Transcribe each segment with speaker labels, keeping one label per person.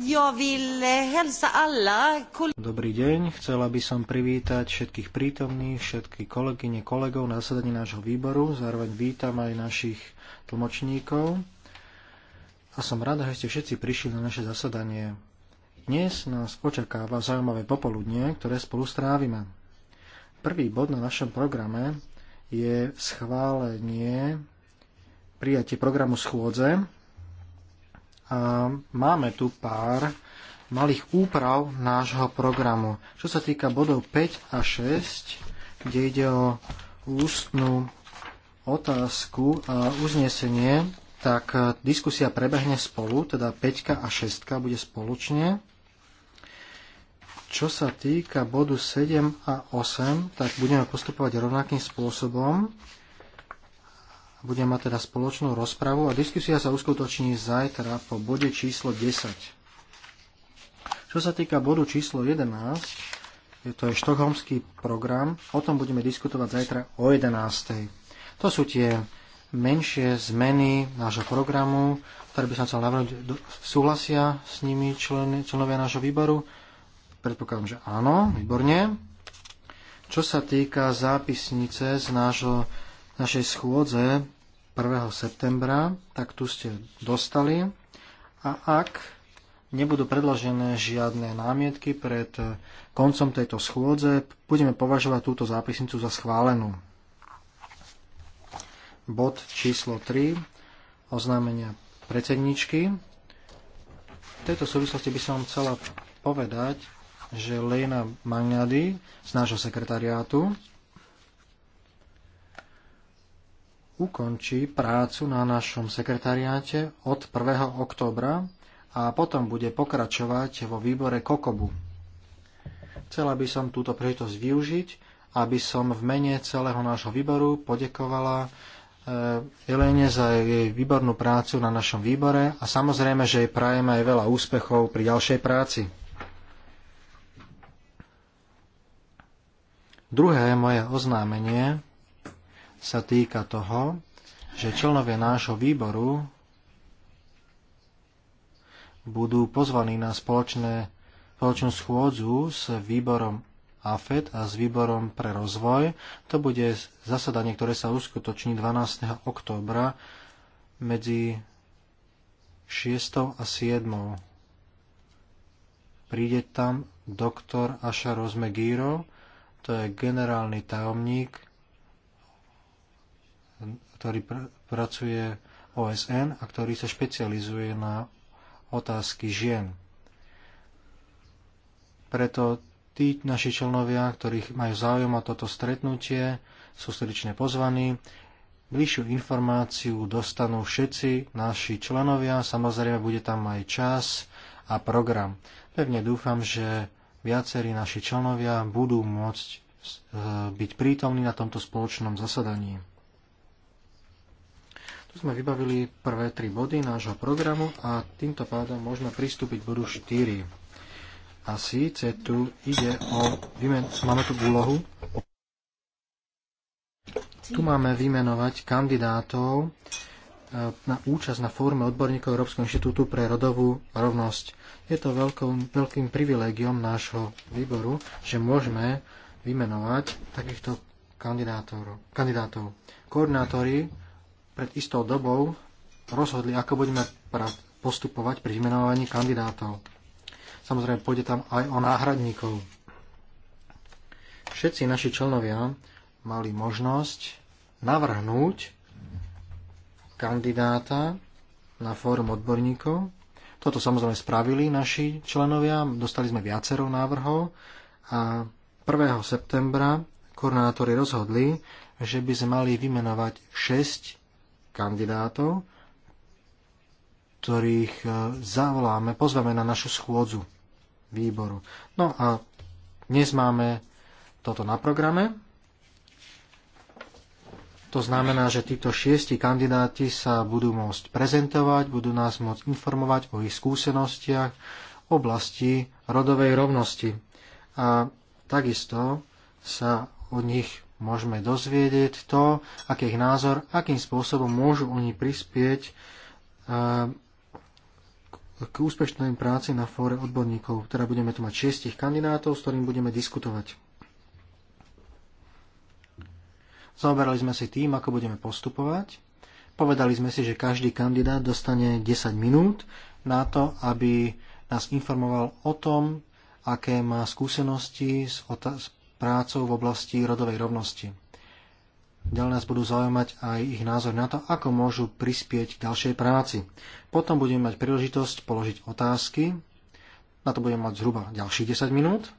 Speaker 1: Eh,
Speaker 2: Dobrý deň, chcela by som privítať všetkých prítomných, všetky kolegyne, kolegov na zasadení nášho výboru. Zároveň vítam aj našich tlmočníkov. A som rada, že ste všetci prišli na naše zasadanie. Dnes nás očakáva zaujímavé popoludnie, ktoré spolu strávime. Prvý bod na našom programe je schválenie prijatie programu schôdze máme tu pár malých úprav nášho programu. Čo sa týka bodov 5 a 6, kde ide o ústnu otázku a uznesenie, tak e, diskusia prebehne spolu, teda 5 a 6 bude spoločne. Čo sa týka bodu 7 a 8, tak budeme postupovať rovnakým spôsobom. Budem mať teda spoločnú rozpravu a diskusia sa uskutoční zajtra po bode číslo 10. Čo sa týka bodu číslo 11, to je štokholmský program, o tom budeme diskutovať zajtra o 11. To sú tie menšie zmeny nášho programu, ktoré by som chcel navrhnúť. Súhlasia s nimi člen, členovia nášho výboru? Predpokladám, že áno, výborne. Čo sa týka zápisnice z nášho našej schôdze 1. septembra, tak tu ste dostali. A ak nebudú predložené žiadne námietky pred koncom tejto schôdze, budeme považovať túto zápisnicu za schválenú. Bod číslo 3. Oznámenia predsedničky. V tejto súvislosti by som chcela povedať, že Lena Magnady z nášho sekretariátu ukončí prácu na našom sekretariáte od 1. oktobra a potom bude pokračovať vo výbore Kokobu. Chcela by som túto príležitosť využiť, aby som v mene celého nášho výboru podekovala Jelene e, za jej výbornú prácu na našom výbore a samozrejme, že jej prajeme aj veľa úspechov pri ďalšej práci. Druhé moje oznámenie sa týka toho, že členovia nášho výboru budú pozvaní na spoločné, spoločnú schôdzu s výborom AFED a s výborom pre rozvoj. To bude zasadanie, ktoré sa uskutoční 12. októbra medzi 6. a 7. Príde tam doktor Ašaro Rozmegíro, to je generálny tajomník ktorý pr- pracuje OSN a ktorý sa špecializuje na otázky žien. Preto tí naši členovia, ktorých majú záujem o toto stretnutie, sú srdečne pozvaní. Bližšiu informáciu dostanú všetci naši členovia, samozrejme bude tam aj čas a program. Pevne dúfam, že viacerí naši členovia budú môcť e, byť prítomní na tomto spoločnom zasadaní. Tu sme vybavili prvé tri body nášho programu a týmto pádom môžeme pristúpiť bodu 4. A síce tu ide o... Vymen, máme tu úlohu. Tu máme vymenovať kandidátov e, na účasť na fórume odborníkov Európskeho inštitútu pre rodovú rovnosť. Je to veľkou, veľkým privilégiom nášho výboru, že môžeme vymenovať takýchto kandidátov. Koordinátori pred istou dobou rozhodli, ako budeme postupovať pri vymenovaní kandidátov. Samozrejme, pôjde tam aj o náhradníkov. Všetci naši členovia mali možnosť navrhnúť kandidáta na fórum odborníkov. Toto samozrejme spravili naši členovia, dostali sme viacero návrhov a 1. septembra koordinátori rozhodli, že by sme mali vymenovať 6 kandidátov, ktorých e, zavoláme, pozveme na našu schôdzu výboru. No a dnes máme toto na programe. To znamená, že títo šiesti kandidáti sa budú môcť prezentovať, budú nás môcť informovať o ich skúsenostiach v oblasti rodovej rovnosti. A takisto sa o nich môžeme dozvedieť to, aký ich názor, akým spôsobom môžu oni prispieť eh, k úspešnej práci na fóre odborníkov. Teda budeme tu mať šiestich kandidátov, s ktorým budeme diskutovať. Zaoberali sme si tým, ako budeme postupovať. Povedali sme si, že každý kandidát dostane 10 minút na to, aby nás informoval o tom, aké má skúsenosti s, prácou v oblasti rodovej rovnosti. Ďalej nás budú zaujímať aj ich názor na to, ako môžu prispieť k ďalšej práci. Potom budeme mať príležitosť položiť otázky. Na to budeme mať zhruba ďalších 10 minút.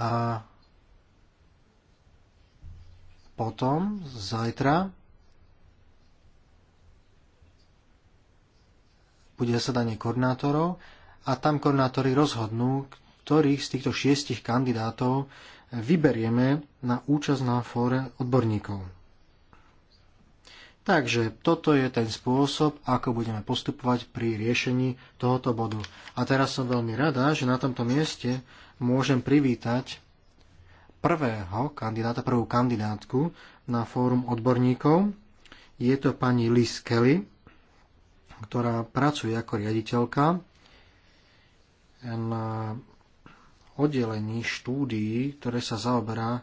Speaker 2: A potom zajtra bude zasadanie koordinátorov a tam koordinátori rozhodnú, ktorých z týchto šiestich kandidátov vyberieme na účasť na fóre odborníkov. Takže toto je ten spôsob, ako budeme postupovať pri riešení tohoto bodu. A teraz som veľmi rada, že na tomto mieste môžem privítať prvého kandidáta, prvú kandidátku na fórum odborníkov. Je to pani Liz Kelly, ktorá pracuje ako riaditeľka na oddelení štúdií, ktoré sa zaoberá e,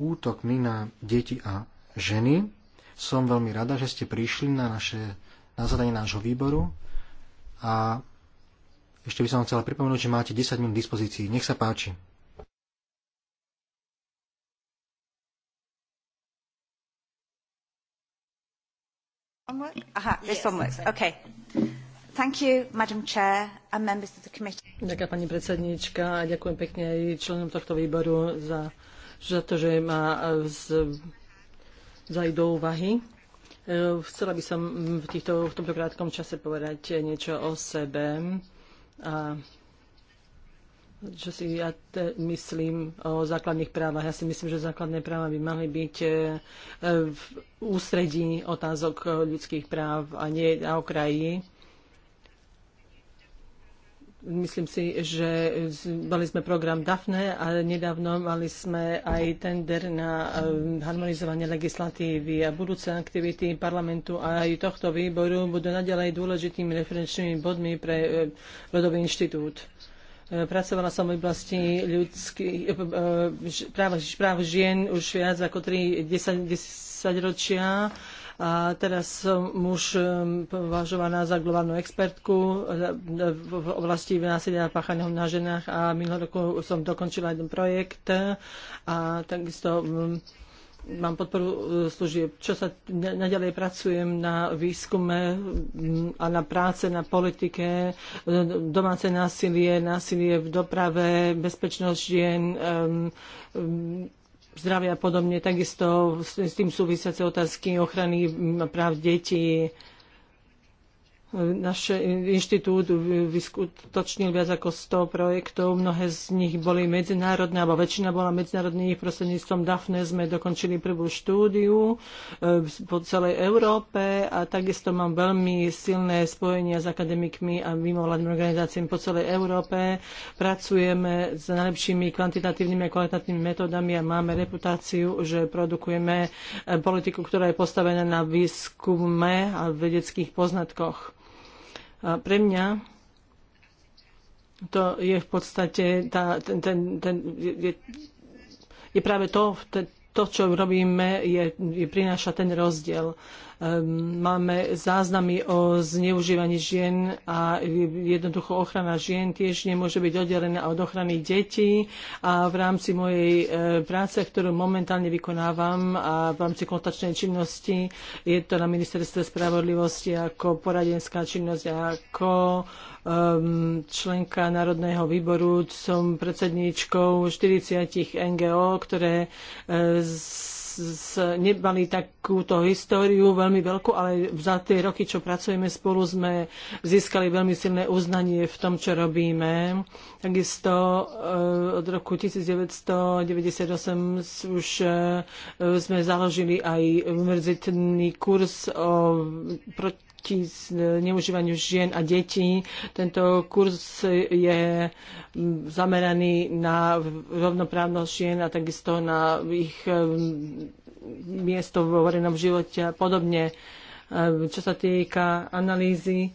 Speaker 2: útokmi na deti a ženy. Som veľmi rada, že ste prišli na, naše, na zadanie nášho výboru a ešte by som chcela pripomenúť, že máte 10 minút dispozícií. Nech sa páči.
Speaker 3: Aha, there's Okay ďakujem pani predsedníčka a ďakujem
Speaker 4: pekne aj členom tohto výboru za, za to, že ma e, vzali do úvahy. E, chcela by som v, týchto, v tomto krátkom čase povedať niečo o sebe. A čo si ja myslím o základných právach. Ja si myslím, že základné práva by mali byť e, v ústredí otázok ľudských práv a nie na okraji. Myslím si, že mali sme program DAFNE a nedávno mali sme aj tender na eh, harmonizovanie legislatívy a budúce aktivity parlamentu a aj tohto výboru budú nadalej dôležitými referenčnými bodmi pre eh, Rodový inštitút. Eh, pracovala som v oblasti ľudských práv, práv žien už viac ako 3 10, 10 ročia a teraz som už považovaná za globálnu expertku e, e, v oblasti násilia páchaného na ženách a minulý roku som dokončila jeden projekt a takisto mám podporu e, služieb. Čo sa naďalej pracujem na výskume a na práce, na politike, domáce násilie, násilie v doprave, bezpečnosť žien, um, um, zdravia a podobne. Takisto s tým súvisiace otázky ochrany práv detí, Náš inštitút vyskutočnil viac ako 100 projektov, mnohé z nich boli medzinárodné, alebo väčšina bola medzinárodných. Prostredníctvom DAFNE sme dokončili prvú štúdiu e, po celej Európe a takisto mám veľmi silné spojenia s akademikmi a mimovládnym organizáciami po celej Európe. Pracujeme s najlepšími kvantitatívnymi a kvalitatívnymi metodami a máme reputáciu, že produkujeme politiku, ktorá je postavená na výskume a vedeckých poznatkoch. A pre mňa to je v podstate tá, ten, ten, ten, je, je práve to, ten, to, čo robíme, je, je, prináša ten rozdiel. Ehm, máme záznamy o zneužívaní žien a jednoducho ochrana žien tiež nemôže byť oddelená od ochrany detí a v rámci mojej ehm, práce, ktorú momentálne vykonávam a v rámci kontačnej činnosti je to na ministerstve spravodlivosti ako poradenská činnosť a ako ehm, členka Národného výboru som predsedníčkou 40 NGO, ktoré z. E, nemali takúto históriu veľmi veľkú, ale za tie roky, čo pracujeme spolu, sme získali veľmi silné uznanie v tom, čo robíme. Takisto eh, od roku 1998 už eh, sme založili aj univerzitný kurz o pro, proti e, neužívaniu žien a detí. Tento kurz je zameraný na rovnoprávnosť žien a takisto na ich e, miesto vo verejnom živote a podobne. E, čo sa týka analýzy,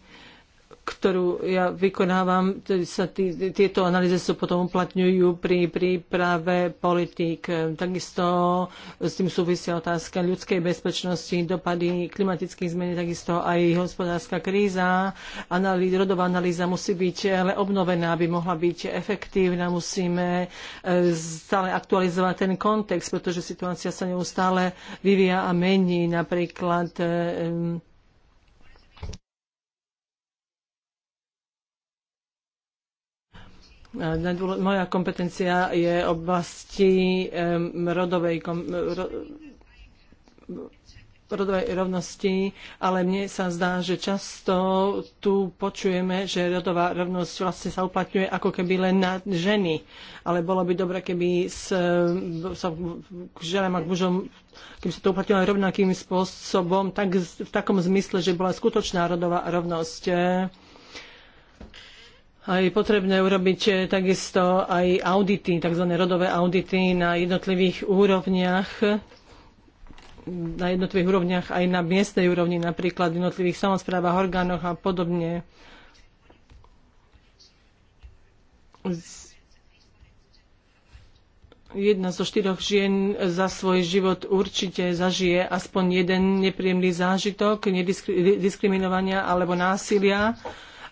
Speaker 4: ktorú ja vykonávam, sa tí, tieto analýzy sa potom uplatňujú pri príprave politík. Takisto s tým súvisia otázka ľudskej bezpečnosti, dopady klimatických zmeny, takisto aj hospodárska kríza. Analý, rodová analýza musí byť ale obnovená, aby mohla byť efektívna. Musíme e, stále aktualizovať ten kontext, pretože situácia sa neustále vyvíja a mení. Napríklad e, Moja kompetencia je oblasti rodovej, rodovej rovnosti, ale mne sa zdá, že často tu počujeme, že rodová rovnosť vlastne sa uplatňuje ako keby len na ženy. Ale bolo by dobre, keby sa k ženám a k mužom keby sa to uplatňovalo rovnakým spôsobom, tak v takom zmysle, že bola skutočná rodová rovnosť a je potrebné urobiť eh, takisto aj audity, tzv. rodové audity na jednotlivých úrovniach na jednotlivých úrovniach, aj na miestnej úrovni, napríklad v jednotlivých samozprávach, orgánoch a podobne. Jedna zo štyroch žien za svoj život určite zažije aspoň jeden nepríjemný zážitok nediskriminovania alebo násilia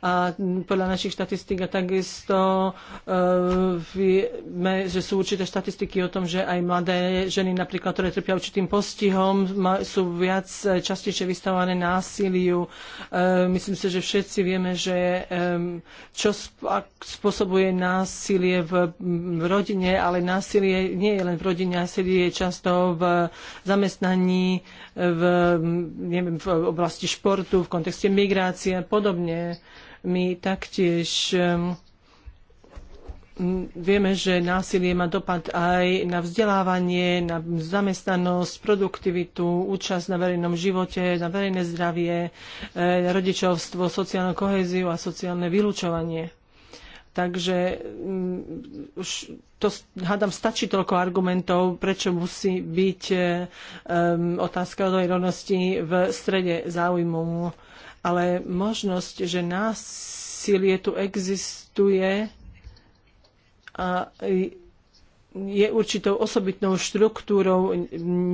Speaker 4: a podľa našich štatistík a takisto eh, vieme, že sú určité štatistiky o tom, že aj mladé ženy, napríklad, ktoré trpia určitým postihom, sú viac eh, častejšie vystavované násiliu. Eh, myslím si, že všetci vieme, že čo spôsobuje násilie v rodine, ale násilie nie je len v rodine, násilie je často v zamestnaní, v, neviem, v oblasti športu, v kontexte migrácie a podobne. My taktiež vieme, že násilie má dopad aj na vzdelávanie, na zamestnanosť, produktivitu, účasť na verejnom živote, na verejné zdravie, eh, rodičovstvo, sociálnu kohéziu a sociálne vylúčovanie. Takže mm, to, hádam, stačí toľko argumentov, prečo musí byť um, otázka o rovnosti v strede záujmu. Ale možnosť, že násilie tu existuje a je určitou osobitnou štruktúrou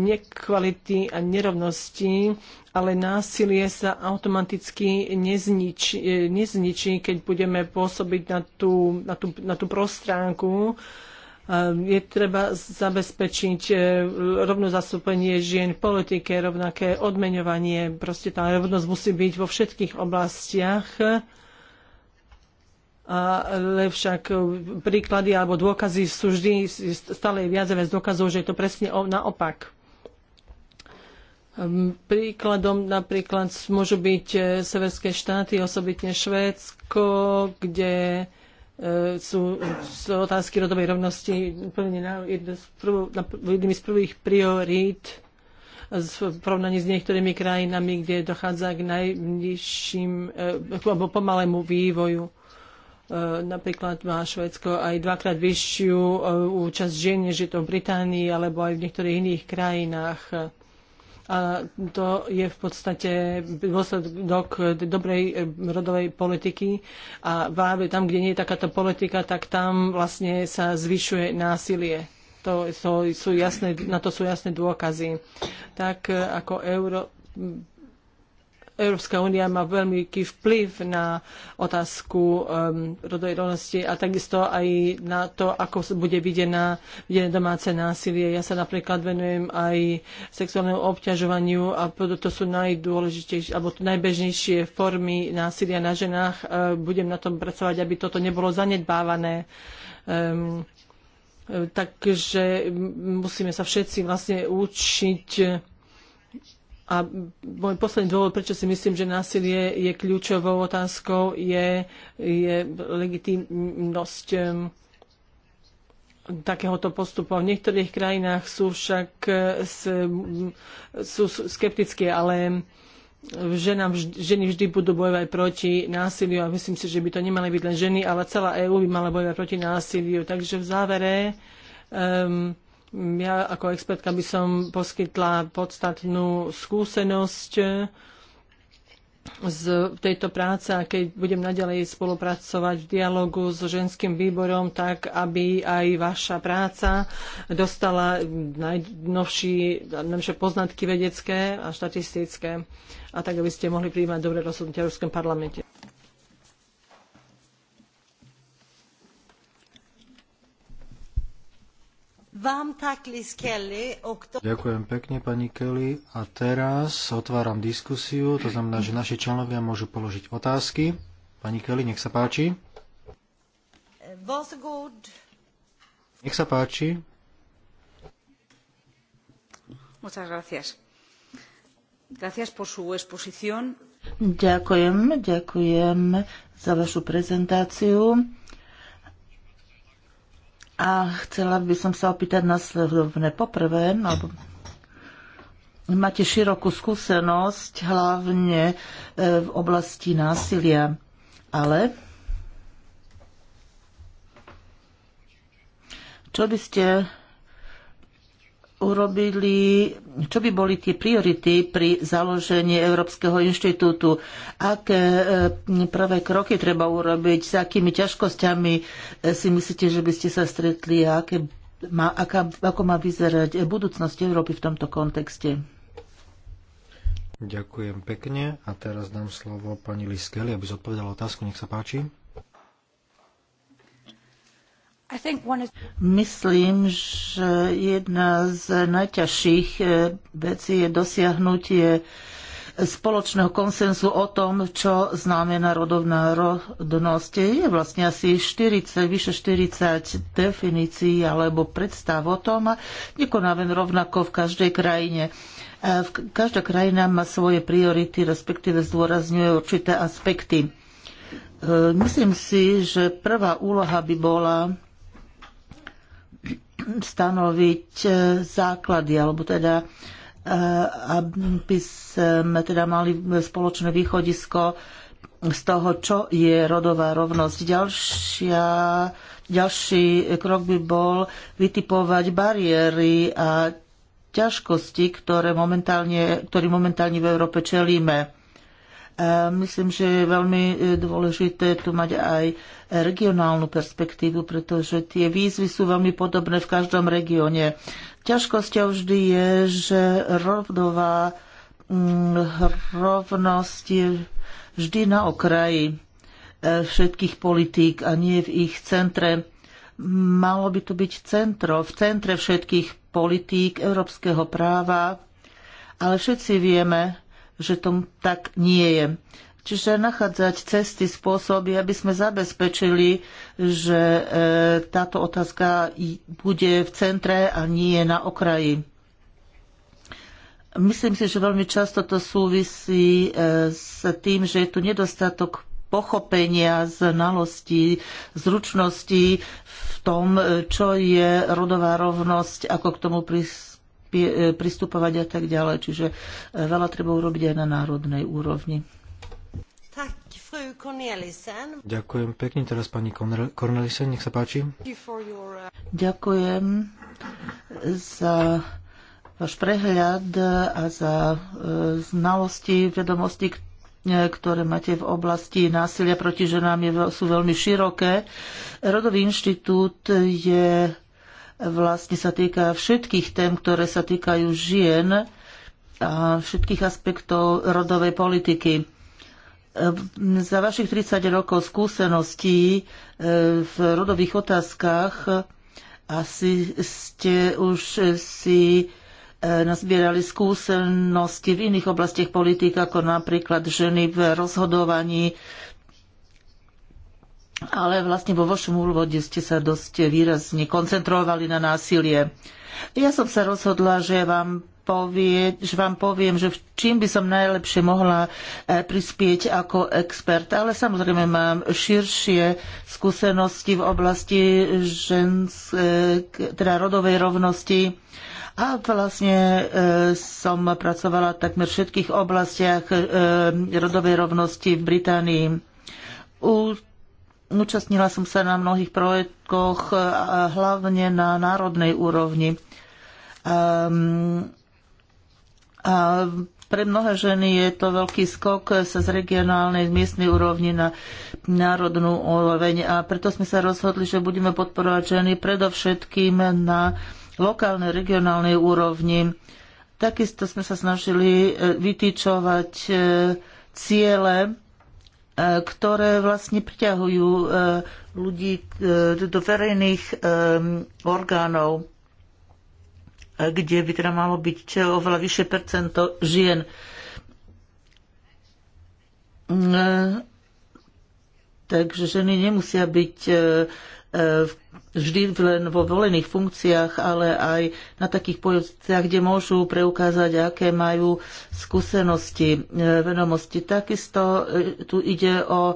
Speaker 4: nekvality a nerovnosti, ale násilie sa automaticky nezničí, e, nezničí keď budeme pôsobiť na tú, na tú, na tú prostránku. Je treba zabezpečiť e, rovno zastúpenie žien v politike, rovnaké odmeňovanie. Proste tá rovnosť musí byť vo všetkých oblastiach ale však e, príklady alebo dôkazy sú vždy stále viac a viac dôkazov, že je to presne naopak. Ehm, príkladom napríklad môžu byť e, severské štáty, osobitne Švédsko, kde e, sú, sú otázky rodovej rovnosti úplne na, na, jednými z prvých priorít v porovnaní s niektorými krajinami, kde dochádza k najnižším alebo pomalému vývoju E, napríklad má Švedsko aj dvakrát vyššiu e, účasť žien, než je to v Británii alebo aj v niektorých iných krajinách. A to je v podstate dôsledok dobrej e, rodovej politiky. A práve tam, kde nie je takáto politika, tak tam vlastne sa zvyšuje násilie. To, sú jasné, na to sú jasné dôkazy. Tak ako Euro. Európska únia má veľký vplyv na otázku um, rodovej rovnosti a takisto aj na to, ako bude videná, videné domáce násilie. Ja sa napríklad venujem aj sexuálnemu obťažovaniu a to sú najdôležitejšie alebo najbežnejšie formy násilia na ženách. Uh, budem na tom pracovať, aby toto nebolo zanedbávané. Um, uh, takže musíme sa všetci vlastne učiť a môj posledný dôvod, prečo si myslím, že násilie je kľúčovou otázkou, je, je legitimnosť takéhoto postupu. V niektorých krajinách sú však eh, sú skeptické, ale žena, ženy vždy budú bojovať proti násiliu a myslím si, že by to nemali byť len ženy, ale celá EÚ by mala bojovať proti násiliu. Takže v závere um, ja ako expertka by som poskytla podstatnú skúsenosť eh, z tejto práce a keď budem naďalej spolupracovať v dialogu s ženským výborom, tak aby aj vaša práca dostala najnovší, najnovšie poznatky vedecké a štatistické a tak, aby ste mohli príjmať dobré rozhodnutia v Európskom parlamente.
Speaker 2: Ďakujem pekne, pani Kelly. A teraz otváram diskusiu, to znamená, že naši členovia môžu položiť otázky. Pani Kelly, nech sa páči. Eh, nech sa páči.
Speaker 3: Ďakujem, ďakujem za vašu prezentáciu. A chcela by som sa opýtať nasledovne. Poprvé, alebo no, máte širokú skúsenosť, hlavne e, v oblasti násilia, ale čo by ste urobili, čo by boli tie priority pri založení Európskeho inštitútu, aké e, prvé kroky treba urobiť, s akými ťažkosťami e, si myslíte, že by ste sa stretli a aké má, aká, ako má vyzerať budúcnosť Európy v tomto kontexte.
Speaker 2: Ďakujem pekne a teraz dám slovo pani Liskeli, aby zodpovedala otázku, nech sa páči.
Speaker 3: Myslím, že jedna z najťažších eh, vecí je dosiahnutie spoločného konsenzu o tom, čo znamená rodovná rodnosť. Je vlastne asi 40, vyše 40 definícií alebo predstav o tom a nekoná rovnako v každej krajine. Eh, každá krajina má svoje priority, respektíve zdôrazňuje určité aspekty. Eh, myslím si, že prvá úloha by bola stanoviť e, základy, alebo teda e, aby sme teda mali spoločné východisko z toho, čo je rodová rovnosť. Ďalšia, ďalší krok by bol vytipovať bariéry a ťažkosti, ktoré momentálne, ktorý momentálne v Európe čelíme. Myslím, že je veľmi e, dôležité tu mať aj regionálnu perspektívu, pretože tie výzvy sú veľmi podobné v každom regióne. Ťažkosťou vždy je, že rovnová mm, rovnosť je vždy na okraji e, všetkých politík a nie v ich centre. Malo by to byť centro, v centre všetkých politík európskeho práva, ale všetci vieme, že tom tak nie je. Čiže nachádzať cesty, spôsoby, aby sme zabezpečili, že e, táto otázka bude v centre a nie na okraji. Myslím si, že veľmi často to súvisí e, s tým, že je tu nedostatok pochopenia, znalostí, zručnosti v tom, e, čo je rodová rovnosť, ako k tomu pristúpiť E, pristupovať a tak ďalej. Čiže e, veľa treba urobiť aj na národnej úrovni.
Speaker 2: Ďakujem pekne. Teraz pani Cornelissen, nech sa páči. Ďakujem za váš prehľad a
Speaker 3: za e, znalosti, vedomosti, ktoré máte v oblasti násilia proti ženám je, sú veľmi široké. Rodový inštitút je vlastne sa týka všetkých tém, ktoré sa týkajú žien a všetkých aspektov rodovej politiky. E, za vašich 30 rokov skúseností e, v rodových otázkach asi ste už si e, nazbierali skúsenosti v iných oblastiach politik, ako napríklad ženy v rozhodovaní, ale vlastne vo vašom úvode ste sa dosť výrazne koncentrovali na násilie. Ja som sa rozhodla, že vám povie, že vám poviem, že čím by som najlepšie mohla e, prispieť ako expert, ale samozrejme mám širšie skúsenosti v oblasti žensk, e, teda rodovej rovnosti a vlastne e, som pracovala takmer v všetkých oblastiach rodovej rovnosti v Británii. U Účastnila som sa na mnohých projektoch, hlavne na národnej úrovni. Ehm, a pre mnohé ženy je to veľký skok sa z regionálnej, z miestnej úrovni na národnú úroveň a preto sme sa rozhodli, že budeme podporovať ženy predovšetkým na lokálnej, regionálnej úrovni. Takisto sme sa snažili e, vytýčovať e, ciele E, ktoré vlastne priťahujú e, ľudí e, do verejných orgánov, kde by teda malo byť oveľa vyššie percento žien. Takže ženy nemusia byť v vždy len vo volených funkciách, ale aj na takých pozíciách, kde môžu preukázať, aké majú skúsenosti, e, venomosti. Takisto e, tu ide o e,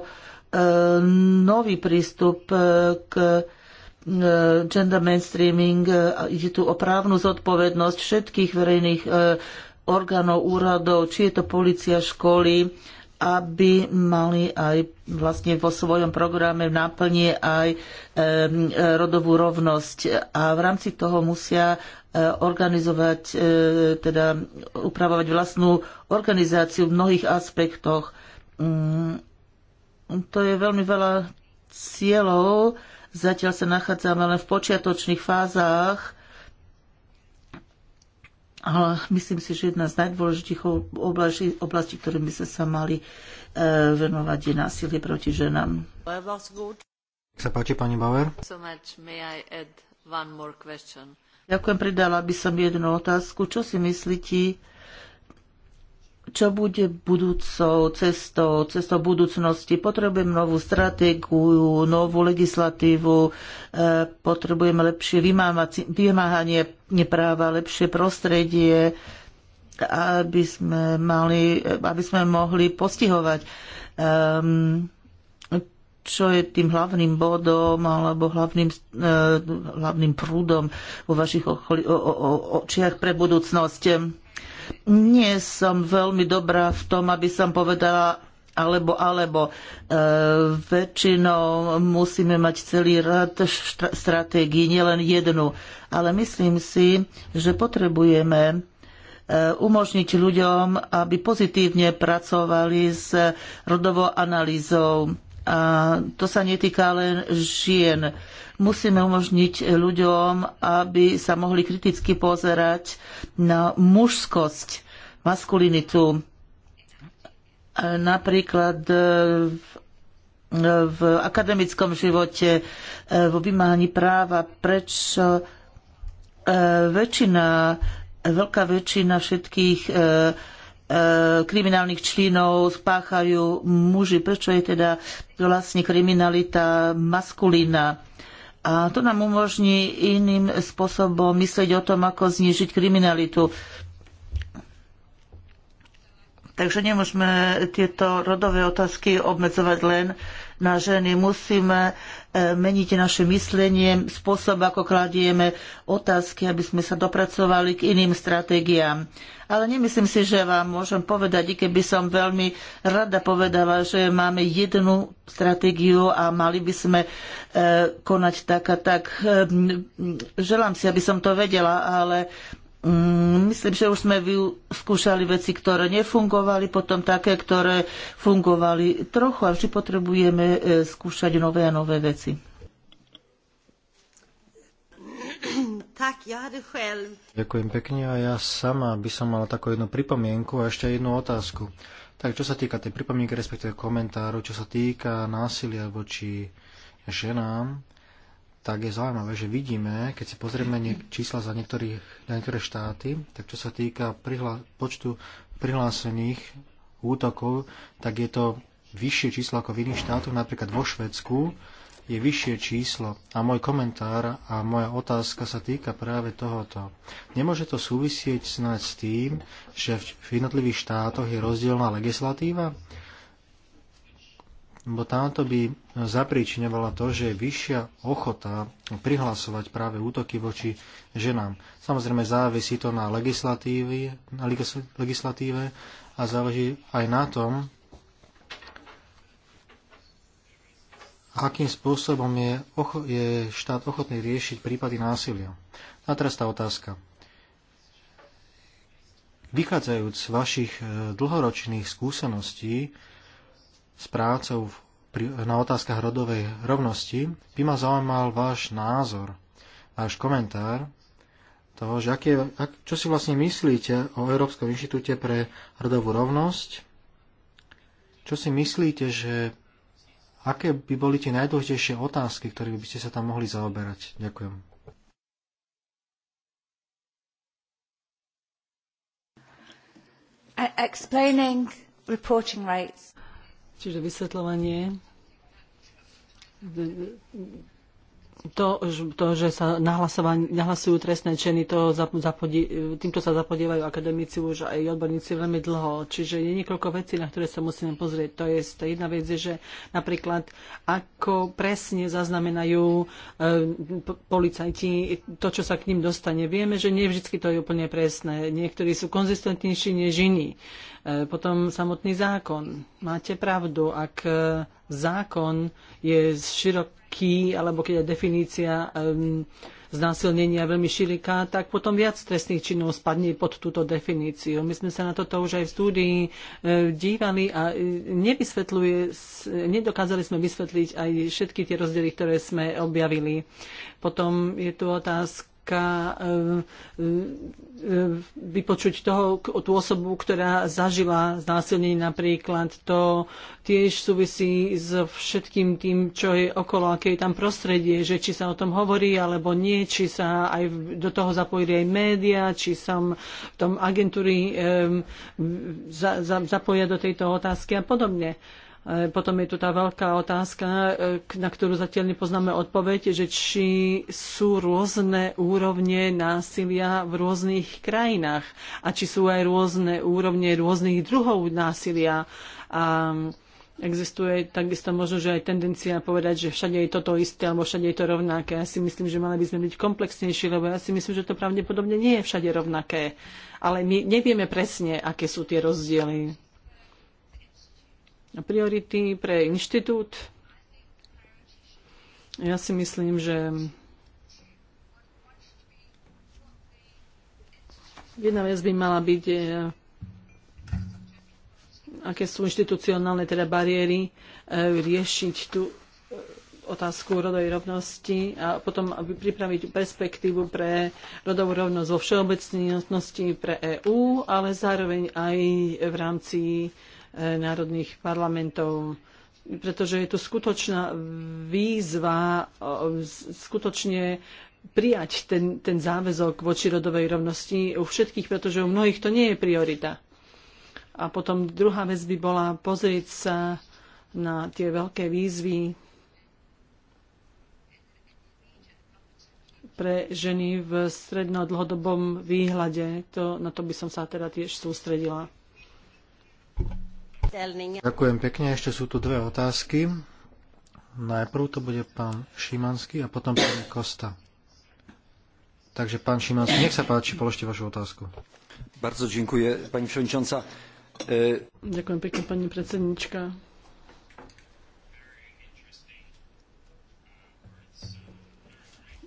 Speaker 3: nový prístup k gender mainstreaming, ide tu o právnu zodpovednosť všetkých verejných orgánov, úradov, či je to policia, školy, aby mali aj vlastne vo svojom programe v náplni aj rodovú rovnosť a v rámci toho musia e, organizovať, e, teda upravovať vlastnú organizáciu v mnohých aspektoch. Mm, to je veľmi veľa cieľov, zatiaľ sa nachádzame len v počiatočných fázách ale myslím si, že jedna z najdôležitých oblastí, oblastí ktorým by sme sa mali e, venovať, je násilie proti ženám. Sa páči, pani Bauer?
Speaker 4: So much. May I add one more question?
Speaker 3: Ďakujem, pridala by som jednu otázku. Čo si myslíte, čo bude budúcou cestou, cestou budúcnosti. Potrebujeme novú stratégiu, novú legislatívu, e, potrebujeme lepšie vymáhanie práva, lepšie prostredie, aby sme, mali, aby sme mohli postihovať, ehm, čo je tým hlavným bodom alebo hlavným, e, hlavným prúdom vo vašich očiach pre budúcnosť nie som veľmi dobrá v tom, aby som povedala alebo, alebo e, väčšinou musíme mať celý rad stratégií, nielen jednu. Ale myslím si, že potrebujeme e, umožniť ľuďom, aby pozitívne pracovali s rodovou analýzou a to sa netýka len žien. Musíme umožniť ľuďom, aby sa mohli kriticky pozerať na mužskosť, maskulinitu. Napríklad e, v e, v akademickom živote, e, v vymáhaní práva, prečo väčšina, veľká väčšina všetkých E, kriminálnych činov spáchajú muži. Prečo je teda vlastne kriminalita maskulína? A to nám umožní iným spôsobom myslieť o tom, ako znižiť kriminalitu. Takže nemôžeme tieto rodové otázky obmedzovať len na ženy. Musíme E, meniť naše myslenie, spôsob, ako kladieme otázky, aby sme sa dopracovali k iným stratégiám. Ale nemyslím si, že vám môžem povedať, i keby som veľmi rada povedala, že máme jednu stratégiu a mali by sme e, konať tak a tak. E, želám si, aby som to vedela, ale Mm, myslím, že už sme vyskúšali veci, ktoré nefungovali, potom také, ktoré fungovali trochu a vždy potrebujeme
Speaker 2: e, skúšať nové a nové veci. Ďakujem pekne a ja sama by som mala takú jednu pripomienku a ešte jednu otázku. Tak čo sa týka tej pripomienky, respektíve komentáru, čo sa týka násilia voči ženám, tak je zaujímavé, že vidíme, keď si pozrieme niek- čísla za, niektorých, za niektoré štáty, tak čo sa týka prihla- počtu prihlásených útokov, tak je to vyššie číslo ako v iných štátoch, napríklad vo Švedsku je vyššie číslo. A môj komentár a moja otázka sa týka práve tohoto. Nemôže to súvisieť snáď s tým, že v jednotlivých štátoch je rozdielna legislatíva? lebo táto by zapríčinovala to, že je vyššia ochota prihlasovať práve útoky voči ženám. Samozrejme závisí to na legislatíve, na legislatíve a záleží aj na tom, akým spôsobom je, ocho- je štát ochotný riešiť prípady násilia. A teraz tá otázka. Vychádzajúc z vašich e, dlhoročných skúseností, správcov na otázkach rodovej rovnosti, by ma zaujímal váš názor, váš komentár toho, že aké, ak, čo si vlastne myslíte o Európskom inštitúte pre rodovú rovnosť, čo si myslíte, že aké by boli tie najdôležitejšie otázky, ktoré by ste sa tam mohli zaoberať. Ďakujem.
Speaker 4: E-, explaining reporting rights Čiže vysvetľovanie to, to, že sa nahlasujú trestné činy, to týmto sa zapodievajú akademici už aj odborníci veľmi dlho. Čiže je niekoľko vecí, na ktoré sa musíme pozrieť. To je to jedna vec, je, že napríklad ako presne zaznamenajú e, policajti to, čo sa k ním dostane. Vieme, že nie vždy to je úplne presné. Niektorí sú konzistentnejší než iní. E, potom samotný zákon. Máte pravdu, ak e, zákon je široký key, alebo keď je definícia um, znásilnenia veľmi široká, tak potom viac trestných činov spadne pod túto definíciu. My sme sa na toto už aj v štúdii e, dívali a e, nevysvetľuje, nedokázali sme vysvetliť aj všetky tie rozdiely, ktoré sme objavili. Potom je tu otázka, taká e, e, vypočuť toho, tú osobu, ktorá zažila znásilnenie napríklad. To tiež súvisí s všetkým tým, čo je okolo, aké je tam prostredie, že či sa o tom hovorí alebo nie, či sa aj do toho zapojili aj médiá, či sa v tom agentúry um, za, za, zapoja do tejto otázky a podobne. Uh, E, potom je tu tá veľká otázka, e, na ktorú zatiaľ nepoznáme odpoveď, že či sú rôzne úrovne násilia v rôznych krajinách a či sú aj rôzne úrovne rôznych druhov násilia. A mm, existuje takisto možno, že aj tendencia povedať, že všade je toto isté alebo všade je to rovnaké. Ja si myslím, že mali by sme byť komplexnejší, lebo ja si myslím, že to pravdepodobne nie je všade rovnaké. Ale my nevieme presne, aké sú tie rozdiely priority pre inštitút. Ja si myslím, že jedna vec by mala byť, e, aké sú inštitucionálne teda bariéry, e, riešiť tú e, otázku rodovej rovnosti a potom aby pripraviť perspektívu pre rodovú rovnosť vo všeobecnosti pre EÚ, ale zároveň aj v rámci národných parlamentov pretože je to skutočná výzva skutočne prijať ten, ten záväzok voči rodovej rovnosti u všetkých, pretože u mnohých to nie je priorita. A potom druhá vec by bola pozrieť sa na tie veľké výzvy pre ženy v stredno dlhodobom výhľade. To, na to by som sa teda tiež sústredila.
Speaker 1: Ďakujem
Speaker 2: pekne, ešte sú tu dve otázky. Najprv to bude pán Šimanský a potom pán Kosta. Takže pán Šimanský, nech sa páči, položte vašu otázku. Bardzo dziękuję, pani przewodnicząca. E... Ďakujem pekne, pani predsednička.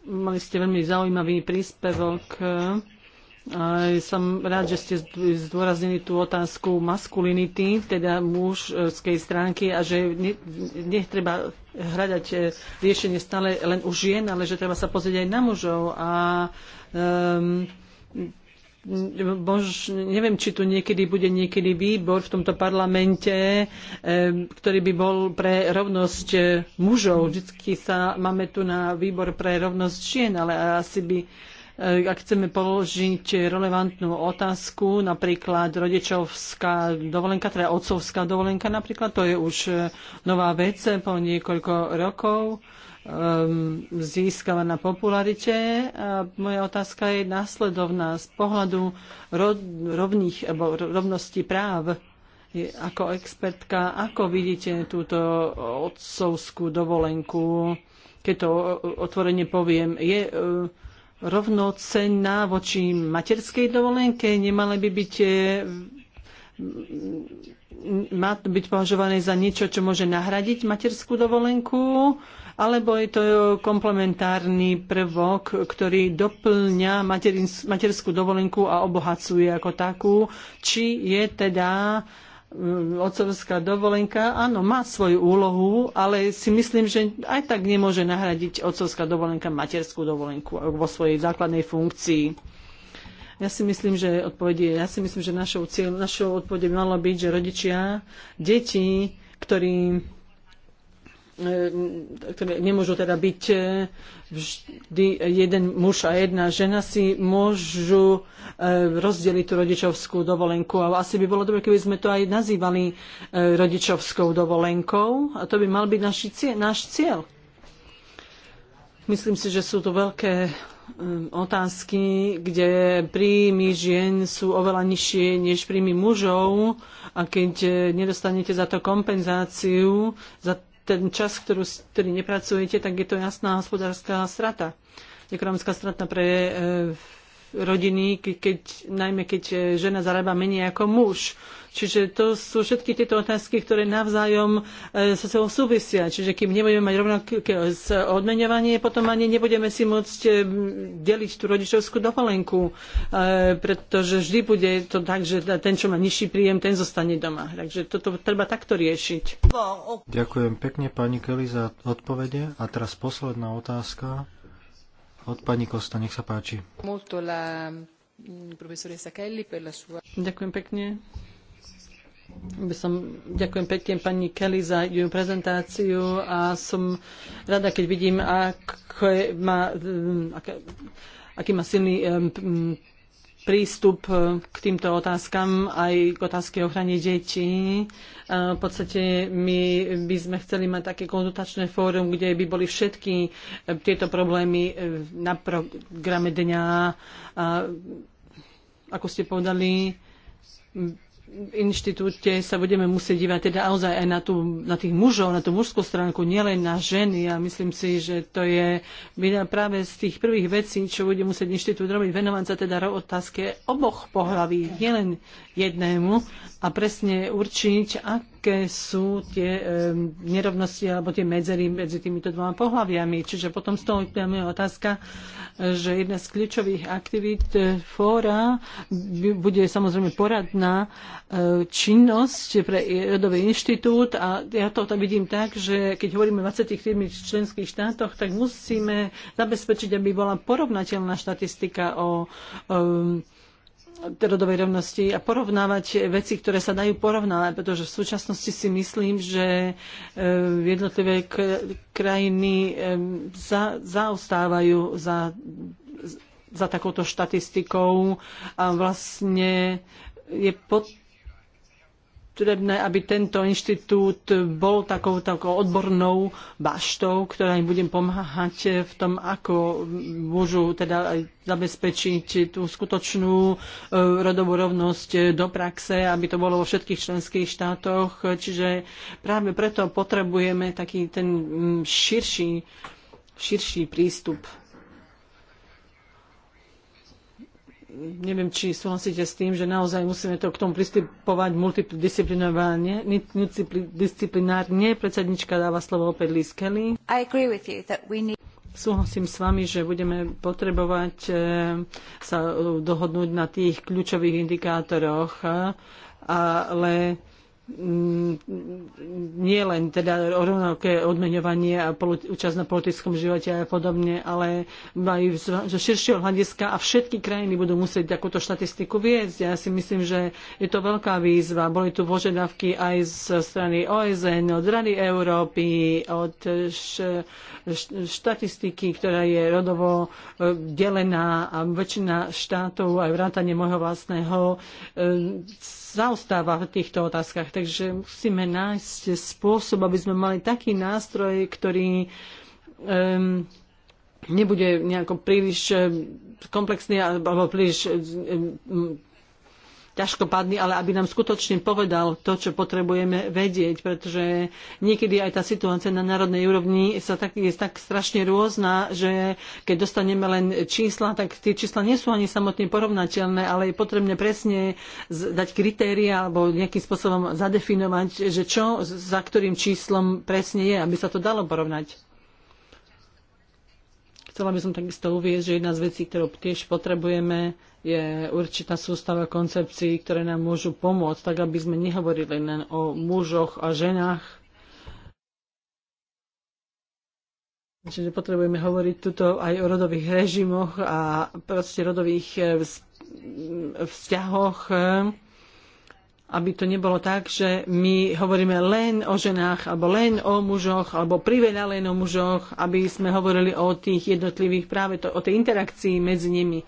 Speaker 4: Mali ste veľmi zaujímavý príspevok a som rád, že ste zdôraznili tú otázku maskulinity, teda mužskej stránky a že netreba hľadať e, riešenie stále len u žien, ale že treba sa pozrieť aj na mužov. A um, Bož, neviem, či tu niekedy bude niekedy výbor v tomto parlamente, ktorý by bol pre rovnosť e, mužov. Vždycky sa máme tu na výbor pre rovnosť žien, ale asi by E, ak chceme položiť relevantnú otázku, napríklad rodičovská dovolenka, teda otcovská dovolenka napríklad, to je už e, nová vec po niekoľko rokov, ehm, získava na popularite. A moja otázka je následovná z pohľadu rovných, alebo rovnosti práv. Ako expertka, ako vidíte túto otcovskú dovolenku, keď to otvorene poviem, je uh, rovnocenná voči materskej dovolenke, nemala by byť e, má byť považované za niečo, čo môže nahradiť materskú dovolenku, alebo je to komplementárny prvok, ktorý doplňa materskú dovolenku a obohacuje ako takú, či je teda uh, Mm, otcovská dovolenka, áno, má svoju úlohu, ale si myslím, že aj tak nemôže nahradiť otcovská dovolenka materskú dovolenku vo svojej základnej funkcii. Ja si myslím, že odpovedie, ja si myslím, že našou, cieľ, našou odpovede malo byť, že rodičia, deti, ktorí E, ktoré nemôžu teda byť e, vždy jeden muž a jedna žena, si môžu e, rozdeliť tú rodičovskú dovolenku. A asi by bolo dobre, keby sme to aj nazývali rodičovskou dovolenkou. A to by mal byť náš cieľ. Náš cieľ. Myslím si, že sú to veľké otázky, kde príjmy žien sú oveľa nižšie než príjmy mužov a keď nedostanete za to kompenzáciu, za ten čas, ktorú, ktorý nepracujete, tak je to jasná hospodárska strata. Ekonomická strata pre e, rodiny, keď, najmä keď e, žena zarába menej ako muž. Čiže to sú všetky tieto otázky, ktoré navzájom e, sa sebou súvisia. Čiže kým nebudeme mať rovnaké odmeňovanie, potom ani nebudeme si môcť e, deliť tú rodičovskú dovolenku, e, pretože vždy bude to tak, že ten, čo má nižší príjem, ten zostane doma. Takže toto treba takto riešiť.
Speaker 2: Ďakujem pekne pani Kelly za odpovede. A teraz posledná otázka od pani Kosta, nech sa páči. Mm, ďakujem pekne.
Speaker 4: Som, ďakujem pekne pani Kelly za jej prezentáciu a som rada, keď vidím, aké má, mm, aké, aký má silný um, prístup e, k týmto otázkam, aj k otázke ochrany detí. E, v podstate my by sme chceli mať také konzultačné fórum, kde by boli všetky e, tieto problémy na programe dňa. ako ste povedali, inštitúte sa budeme musieť dívať teda naozaj aj na, tú, na tých mužov, na tú mužskú stránku, nielen na ženy. A myslím si, že to je práve z tých prvých vecí, čo bude musieť inštitút robiť, venovať sa teda otázke oboch pohlaví, nielen jednému a presne určiť, aké sú tie e, nerovnosti alebo tie medzery medzi týmito dvoma pohľaviami. Čiže potom z toho je otázka, že jedna z kľúčových aktivít e, fóra bude samozrejme poradná e, činnosť pre rodový inštitút a ja to vidím tak, že keď hovoríme o v členských štátoch, tak musíme zabezpečiť, aby bola porovnateľná štatistika o e, E, rodovej rovnosti a porovnávať veci, ktoré sa dajú porovnávať, pretože v súčasnosti si myslím, že e, jednotlivé krajiny e, za, zaostávajú za, za takouto štatistikou a vlastne je pod potrebné, aby tento inštitút bol takou, takou odbornou baštou, ktorá im bude pomáhať v tom, ako môžu teda zabezpečiť tú skutočnú e, rodovú rovnosť do praxe, aby to bolo vo všetkých členských štátoch. Čiže práve preto potrebujeme taký ten mm, širší, širší prístup neviem, či súhlasíte s tým, že naozaj musíme to k tomu pristupovať multidisciplinárne. Disciplinárne predsednička dáva slovo opäť Liz Kelly.
Speaker 5: I agree with you that we need
Speaker 4: Súhlasím s vami, že budeme potrebovať eh, sa dohodnúť na tých kľúčových indikátoroch, eh, ale Mm, nie len teda rovnaké odmeňovanie a účasť na politickom živote a podobne, ale aj zo širšieho hľadiska a všetky krajiny budú musieť takúto štatistiku viesť. Ja si myslím, že je to veľká výzva. Boli tu požiadavky aj z strany OSN, od Rady Európy, od štatistiky, ktorá je rodovo e, delená a väčšina štátov, aj vrátane môjho vlastného, e, zaostáva v týchto otázkach. Takže musíme nájsť spôsob, aby sme mali taký nástroj, ktorý um, nebude nejako príliš eh, komplexný alebo príliš um, ťažkopádny, ale aby nám skutočne povedal to, čo potrebujeme vedieť, pretože niekedy aj tá situácia na národnej úrovni sa tak, je tak strašne rôzna, že keď dostaneme len čísla, tak tie čísla nie sú ani samotne porovnateľné, ale je potrebné presne dať kritéria alebo nejakým spôsobom zadefinovať, že čo za ktorým číslom presne je, aby sa to dalo porovnať. Chcela by som takisto uvieť, že jedna z vecí, ktorú tiež potrebujeme, je určitá sústava koncepcií, ktoré nám môžu pomôcť, tak aby sme nehovorili len o mužoch a ženách. Čiže potrebujeme hovoriť tuto aj o rodových režimoch a proste rodových eh, vzťahoch, eh, aby to nebolo tak, že my hovoríme len o ženách, alebo len o mužoch, alebo priveľa len o mužoch, aby sme hovorili o tých jednotlivých práve to, o tej interakcii medzi nimi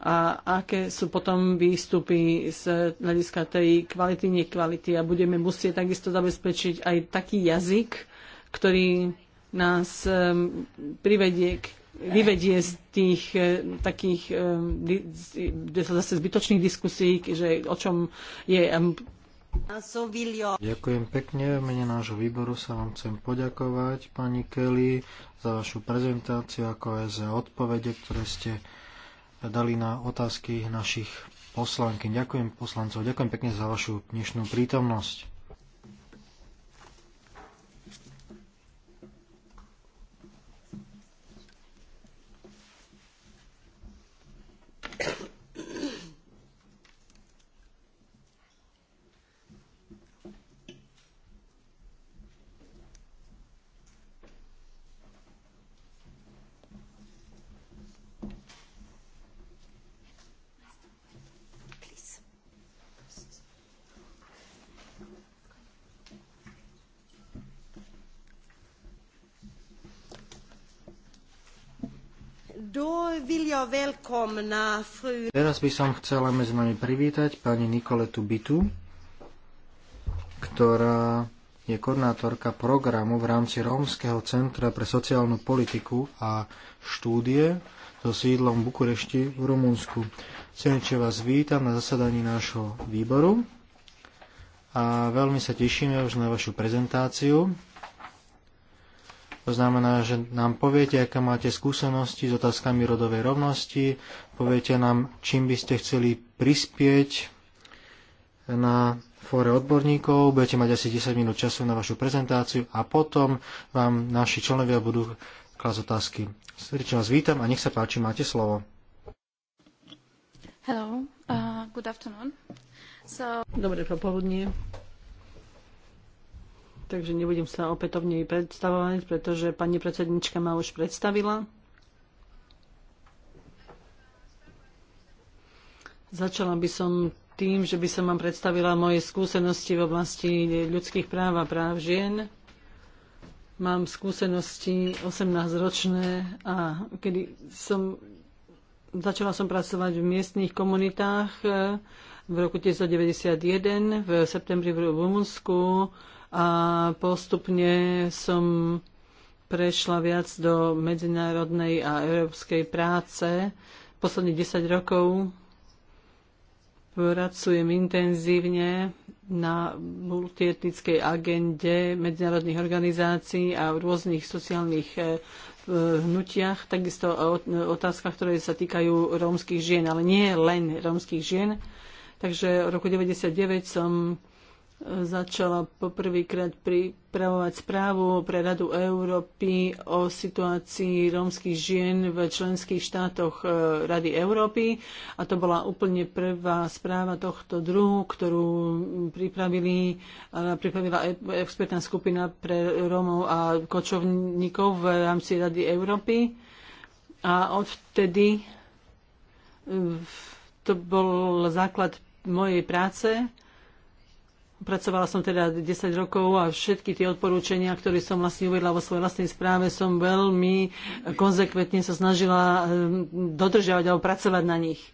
Speaker 4: a aké sú potom výstupy z hľadiska tej kvality, nekvality a budeme musieť takisto zabezpečiť aj taký jazyk, ktorý nás um, privedie k vyvedie z tých e, takých e, zase zbytočných diskusí, že o čom
Speaker 2: je... Um... Ďakujem pekne. V mene nášho výboru sa vám chcem poďakovať, pani Kelly, za vašu prezentáciu, ako aj za odpovede, ktoré ste dali na otázky našich poslanky. Ďakujem poslancov, ďakujem pekne za vašu dnešnú prítomnosť. Thank Teraz by som chcela medzi nami privítať pani Nikoletu Bitu, ktorá je koordinátorka programu v rámci Rómskeho centra pre sociálnu politiku a štúdie so sídlom v Bukurešti v Rumunsku. Srdečne vás vítam na zasadaní nášho výboru a veľmi sa tešíme už na vašu prezentáciu. To znamená, že nám poviete, aké máte skúsenosti s otázkami rodovej rovnosti, poviete nám, čím by ste chceli prispieť na fóre odborníkov, budete mať asi 10 minút času na vašu prezentáciu a potom vám naši členovia budú klásť otázky. Srdečne vás vítam a nech sa páči, máte slovo.
Speaker 6: Hello, uh, good afternoon. So... Dobre
Speaker 4: popoludnie takže nebudem sa opätovne predstavovať, pretože pani predsednička ma už predstavila. Začala by som tým, že by som vám predstavila moje skúsenosti v oblasti ľudských práv a práv žien. Mám skúsenosti 18-ročné a kedy som začala som pracovať v miestnych komunitách v roku 1991 v septembri v Rumunsku a postupne som prešla viac do medzinárodnej a európskej práce. Posledných 10 rokov pracujem intenzívne na multietnickej agende medzinárodných organizácií a v rôznych sociálnych e, hnutiach, takisto o otázkach, ktoré sa týkajú rómskych žien, ale nie len rómskych žien. Takže v roku 1999 som začala poprvýkrát pripravovať správu pre Radu Európy o situácii rómskych žien v členských štátoch e, Rady Európy. A to bola úplne prvá správa tohto druhu, ktorú pripravili, e, pripravila e, expertná skupina pre Rómov a kočovníkov v rámci Rady Európy. A odvtedy to bol základ mojej práce Pracovala som teda 10 rokov a všetky tie odporúčania, ktoré som vlastne uvedla vo svojej vlastnej správe, som veľmi konzekventne sa snažila ehm, dodržiavať alebo pracovať na nich.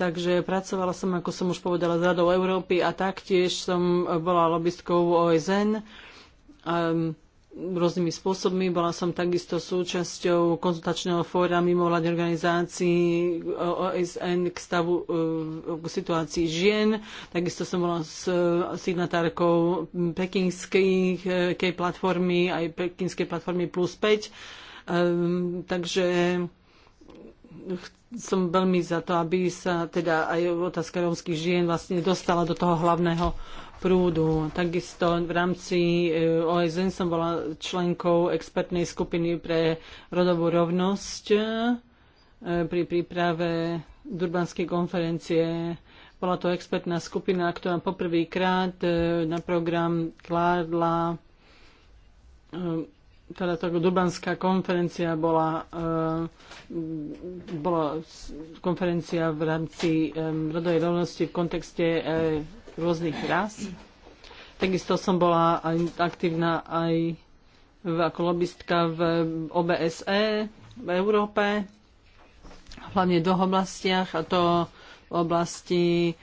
Speaker 4: Takže pracovala som, ako som už povedala, s Radou Európy a taktiež som bola lobbystkou OSN. Um, ehm, rôznymi spôsobmi. Bola som takisto súčasťou konzultačného fóra mimo mimovládnej organizácií OSN k stavu eh, k situácii žien. Takisto som bola s signatárkou pekinskej eh, platformy, aj pekinskej platformy plus 5. Um, ehm, takže som veľmi za to, aby sa teda aj otázka rómskych žien vlastne dostala do toho hlavného prúdu. Takisto v rámci e, OSN som bola členkou expertnej skupiny pre rodovú rovnosť e, pri príprave Durbanskej konferencie. Bola to expertná skupina, ktorá poprvýkrát e, na program kládla teda tá Dubanská konferencia bola, bola konferencia v rámci rodovej rovnosti v kontexte rôznych ras. Takisto som bola aj aktívna aj v, ako lobbystka v OBSE v Európe, hlavne v dvoch oblastiach, a to v oblasti e,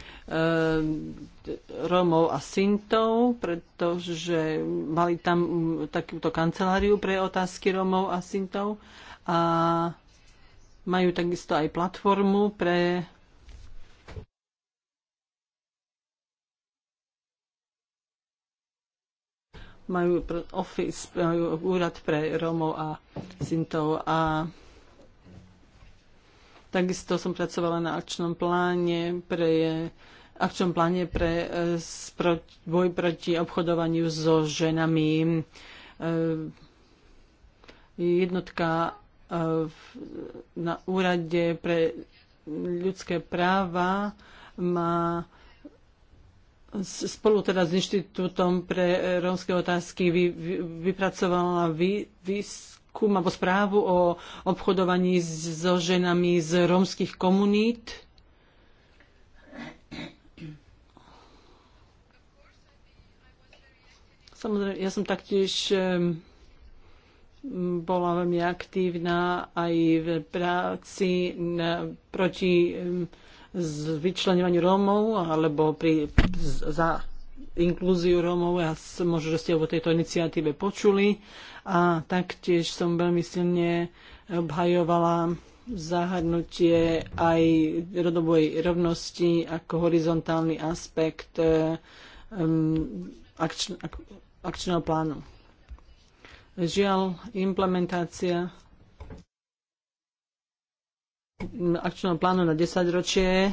Speaker 4: Rómov a Sintov, pretože mali tam takúto kanceláriu pre otázky Rómov a Sintov a majú takisto aj platformu pre majú office, majú úrad pre Rómov a Sintov a takisto som pracovala na akčnom pláne pre akčnom pláne pre e, boj proti obchodovaniu so ženami. E, jednotka e, na úrade pre ľudské práva má spolu teda s Inštitútom pre rómske otázky vy, vy, vypracovala vy, výskum alebo správu o obchodovaní so ženami z rómskych komunít. Samozrejme, ja som taktiež bola veľmi aktívna aj v práci na, proti vyčlenovaní Rómov alebo pri, za inklúziu Rómov. Ja možno, že ste o tejto iniciatíve počuli. A taktiež som veľmi silne obhajovala zahrnutie aj rodovej rovnosti ako horizontálny aspekt um, akč, ak, akčného plánu. Žiaľ, implementácia akčnom plánu na 10 ročie,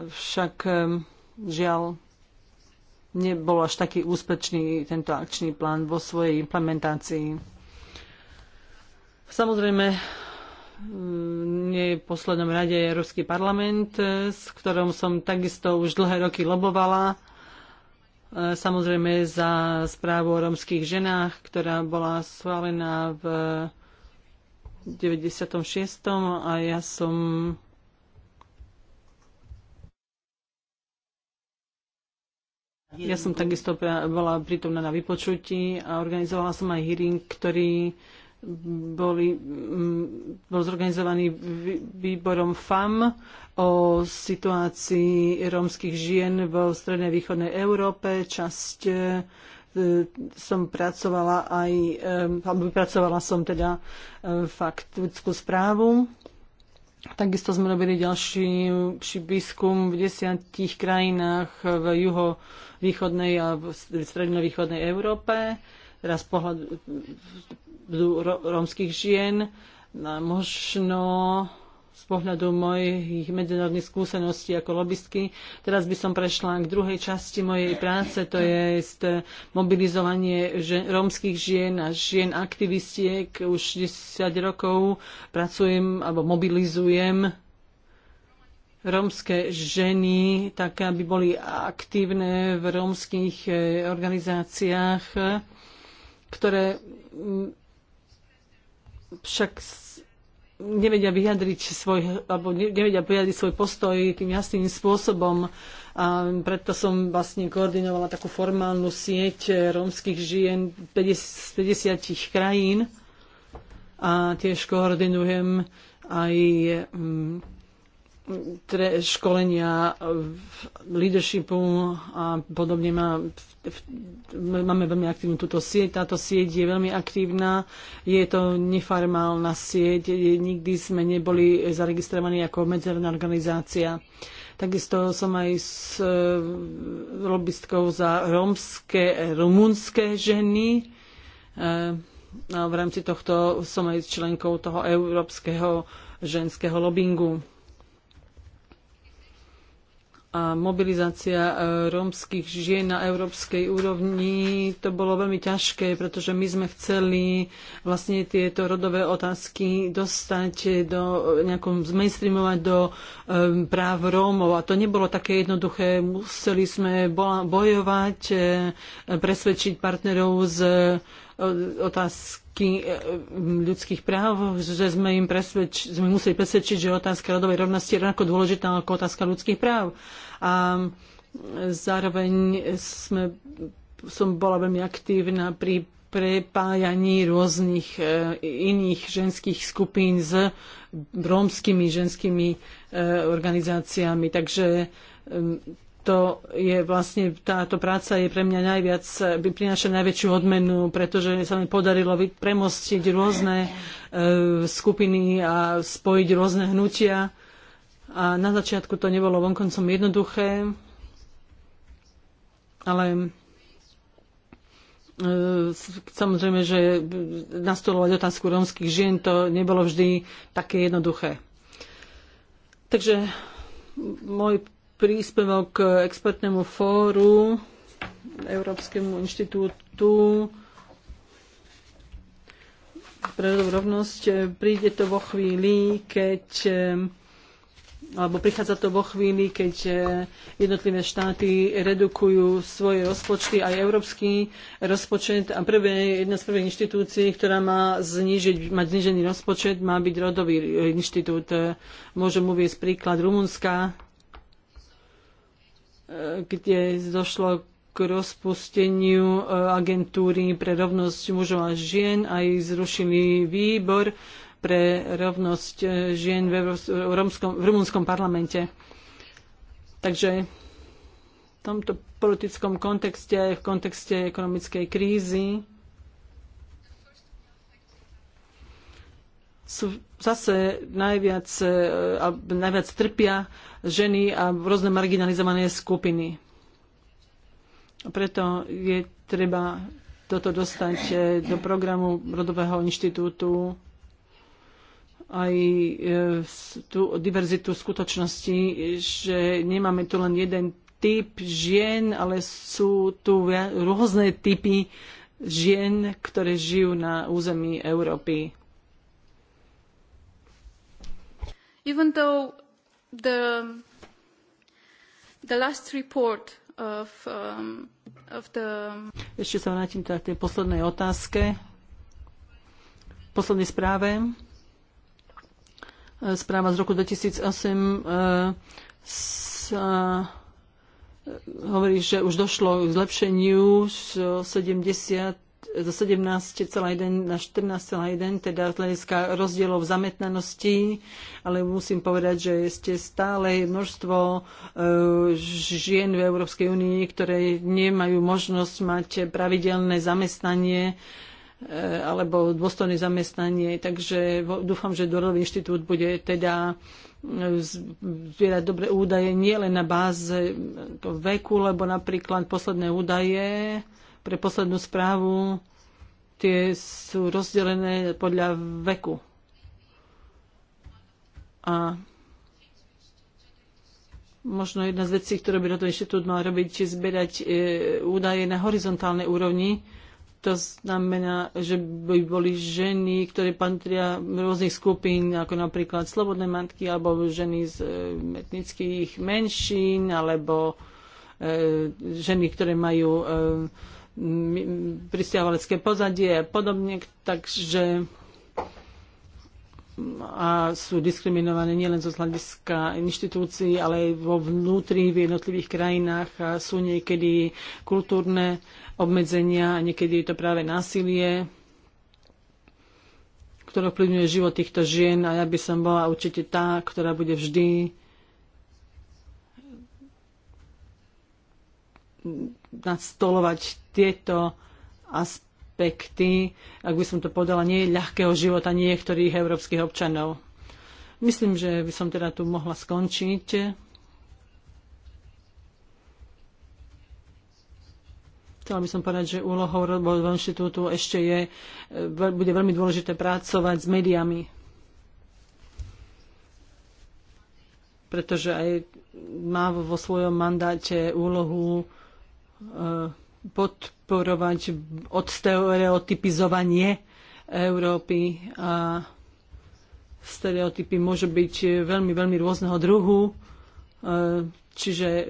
Speaker 4: však ehm, žiaľ nebol až taký úspešný tento akčný plán vo svojej implementácii. Samozrejme, ehm, nie v poslednom rade Európsky parlament, e, s ktorom som takisto už dlhé roky lobovala. E, samozrejme za správu o romských ženách, ktorá bola schválená v 96. a ja som Ja som takisto bola prítomná na vypočutí a organizovala som aj hearing, ktorý boli, mm, bol zorganizovaný výborom FAM o situácii rómskych žien v strednej východnej Európe. Časť som pracovala aj, alebo pracovala som teda faktickú správu. Takisto sme robili ďalší výskum v desiatich krajinách v juho-východnej a v stredno-východnej Európe, teraz pohľad rómskych žien. Možno z pohľadu mojich medzinárodných skúseností ako lobbystky. Teraz by som prešla k druhej časti mojej práce, to je mobilizovanie žen, rómskych žien a žien aktivistiek. Už 10 rokov pracujem alebo mobilizujem rómske ženy, tak aby boli aktívne v rómskych e, organizáciách, ktoré však nevedia vyjadriť svoj, alebo nevedia vyjadriť svoj postoj tým jasným spôsobom. A preto som vlastne koordinovala takú formálnu sieť rómskych žien 50, z 50 krajín a tiež koordinujem aj mm, školenia leadershipu a podobne má, máme veľmi aktívnu túto sieť. Táto sieť je veľmi aktívna, je to neformálna sieť, nikdy sme neboli zaregistrovaní ako medzerná organizácia. Takisto som aj s e, lobbystkou za romské, rumunské ženy. E, a v rámci tohto som aj členkou toho európskeho ženského lobingu a mobilizácia e, rómskych žien na európskej úrovni, to bolo veľmi ťažké, pretože my sme chceli vlastne tieto rodové otázky dostať do nejakom zmainstreamovať do um, práv Rómov a to nebolo také jednoduché. Museli sme bojovať, e, presvedčiť partnerov z otázky e, ľudských práv, že sme im presvedči, sme museli presvedčiť, že otázka rodovej rovnosti je rovnako dôležitá ako otázka ľudských práv. A zároveň sme, som bola veľmi aktívna pri prepájaní rôznych e, iných ženských skupín s rómskymi ženskými e, organizáciami. Takže to je vlastne, táto práca je pre mňa najviac, by prináša najväčšiu odmenu, pretože sa mi podarilo premostiť rôzne e, skupiny a spojiť rôzne hnutia. A na začiatku to nebolo vonkoncom jednoduché, ale e, samozrejme, že nastolovať otázku rómskych žien to nebolo vždy také jednoduché. Takže môj príspevok k expertnému fóru Európskemu inštitútu pre rovnosť príde to vo chvíli, keď alebo prichádza to vo chvíli, keď jednotlivé štáty redukujú svoje rozpočty, aj európsky rozpočet a prvé, jedna z prvých inštitúcií, ktorá má znižiť, mať znižený rozpočet, má byť rodový inštitút. Môžem uvieť príklad Rumunska, kde došlo k rozpusteniu e, agentúry pre rovnosť mužov a žien, aj zrušili výbor pre rovnosť e, žien v, romskom, v rumunskom parlamente. Takže v tomto politickom kontexte, v kontexte ekonomickej krízy, sú zase najviac, e, najviac trpia ženy a rôzne marginalizované skupiny. Preto je treba toto dostať e, do programu Rodového inštitútu aj e, tú diverzitu skutočnosti, že nemáme tu len jeden typ žien, ale sú tu rôzne typy žien, ktoré žijú na území Európy.
Speaker 6: even though the the last report of, um, of the...
Speaker 4: Ešte sa vrátim teda k tej poslednej otázke, poslednej správe. E, správa z roku 2008 uh, e, sa e, hovorí, že už došlo k zlepšeniu z 70 zo 17,1 na 14,1, teda z hľadiska rozdielov zametnanosti, ale musím povedať, že ste stále množstvo e, žien v Európskej únii, ktoré nemajú možnosť mať pravidelné zamestnanie e, alebo dôstojné zamestnanie. Takže dúfam, že Dorový inštitút bude teda e, zbierať dobré údaje nielen na báze veku, lebo napríklad posledné údaje pre poslednú správu, tie sú rozdelené podľa veku. A možno jedna z vecí, ktorú by na to inštitút mal robiť, je zbierať e, údaje na horizontálnej úrovni. To znamená, že by boli ženy, ktoré patria rôznych skupín, ako napríklad slobodné matky, alebo ženy z e, etnických menšín, alebo e, ženy, ktoré majú e, pristiavalecké pozadie a podobne, takže a sú diskriminované nielen zo hľadiska inštitúcií, ale aj vo vnútri v jednotlivých krajinách a sú niekedy kultúrne obmedzenia a niekedy je to práve násilie, ktoré vplyvňuje život týchto žien a ja by som bola určite tá, ktorá bude vždy nastolovať tieto aspekty, ak by som to povedala, nie je ľahkého života niektorých európskych občanov. Myslím, že by som teda tu mohla skončiť. chcela by som povedať, že úlohou v inštitútu ešte je, e, bude veľmi dôležité pracovať s médiami. Pretože aj má vo svojom mandáte úlohu e, podporovať odstereotypizovanie Európy a stereotypy môžu byť veľmi, veľmi rôzneho druhu. E, čiže e,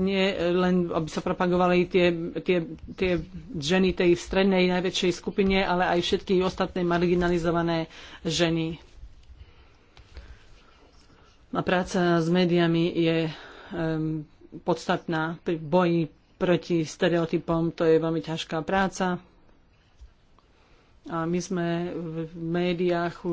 Speaker 4: nie len, aby sa propagovali tie, tie, tie ženy tej strednej najväčšej skupine, ale aj všetky ostatné marginalizované ženy. A práca s médiami je um, podstatná pri boji proti stereotypom. To je veľmi ťažká práca. A my sme v médiách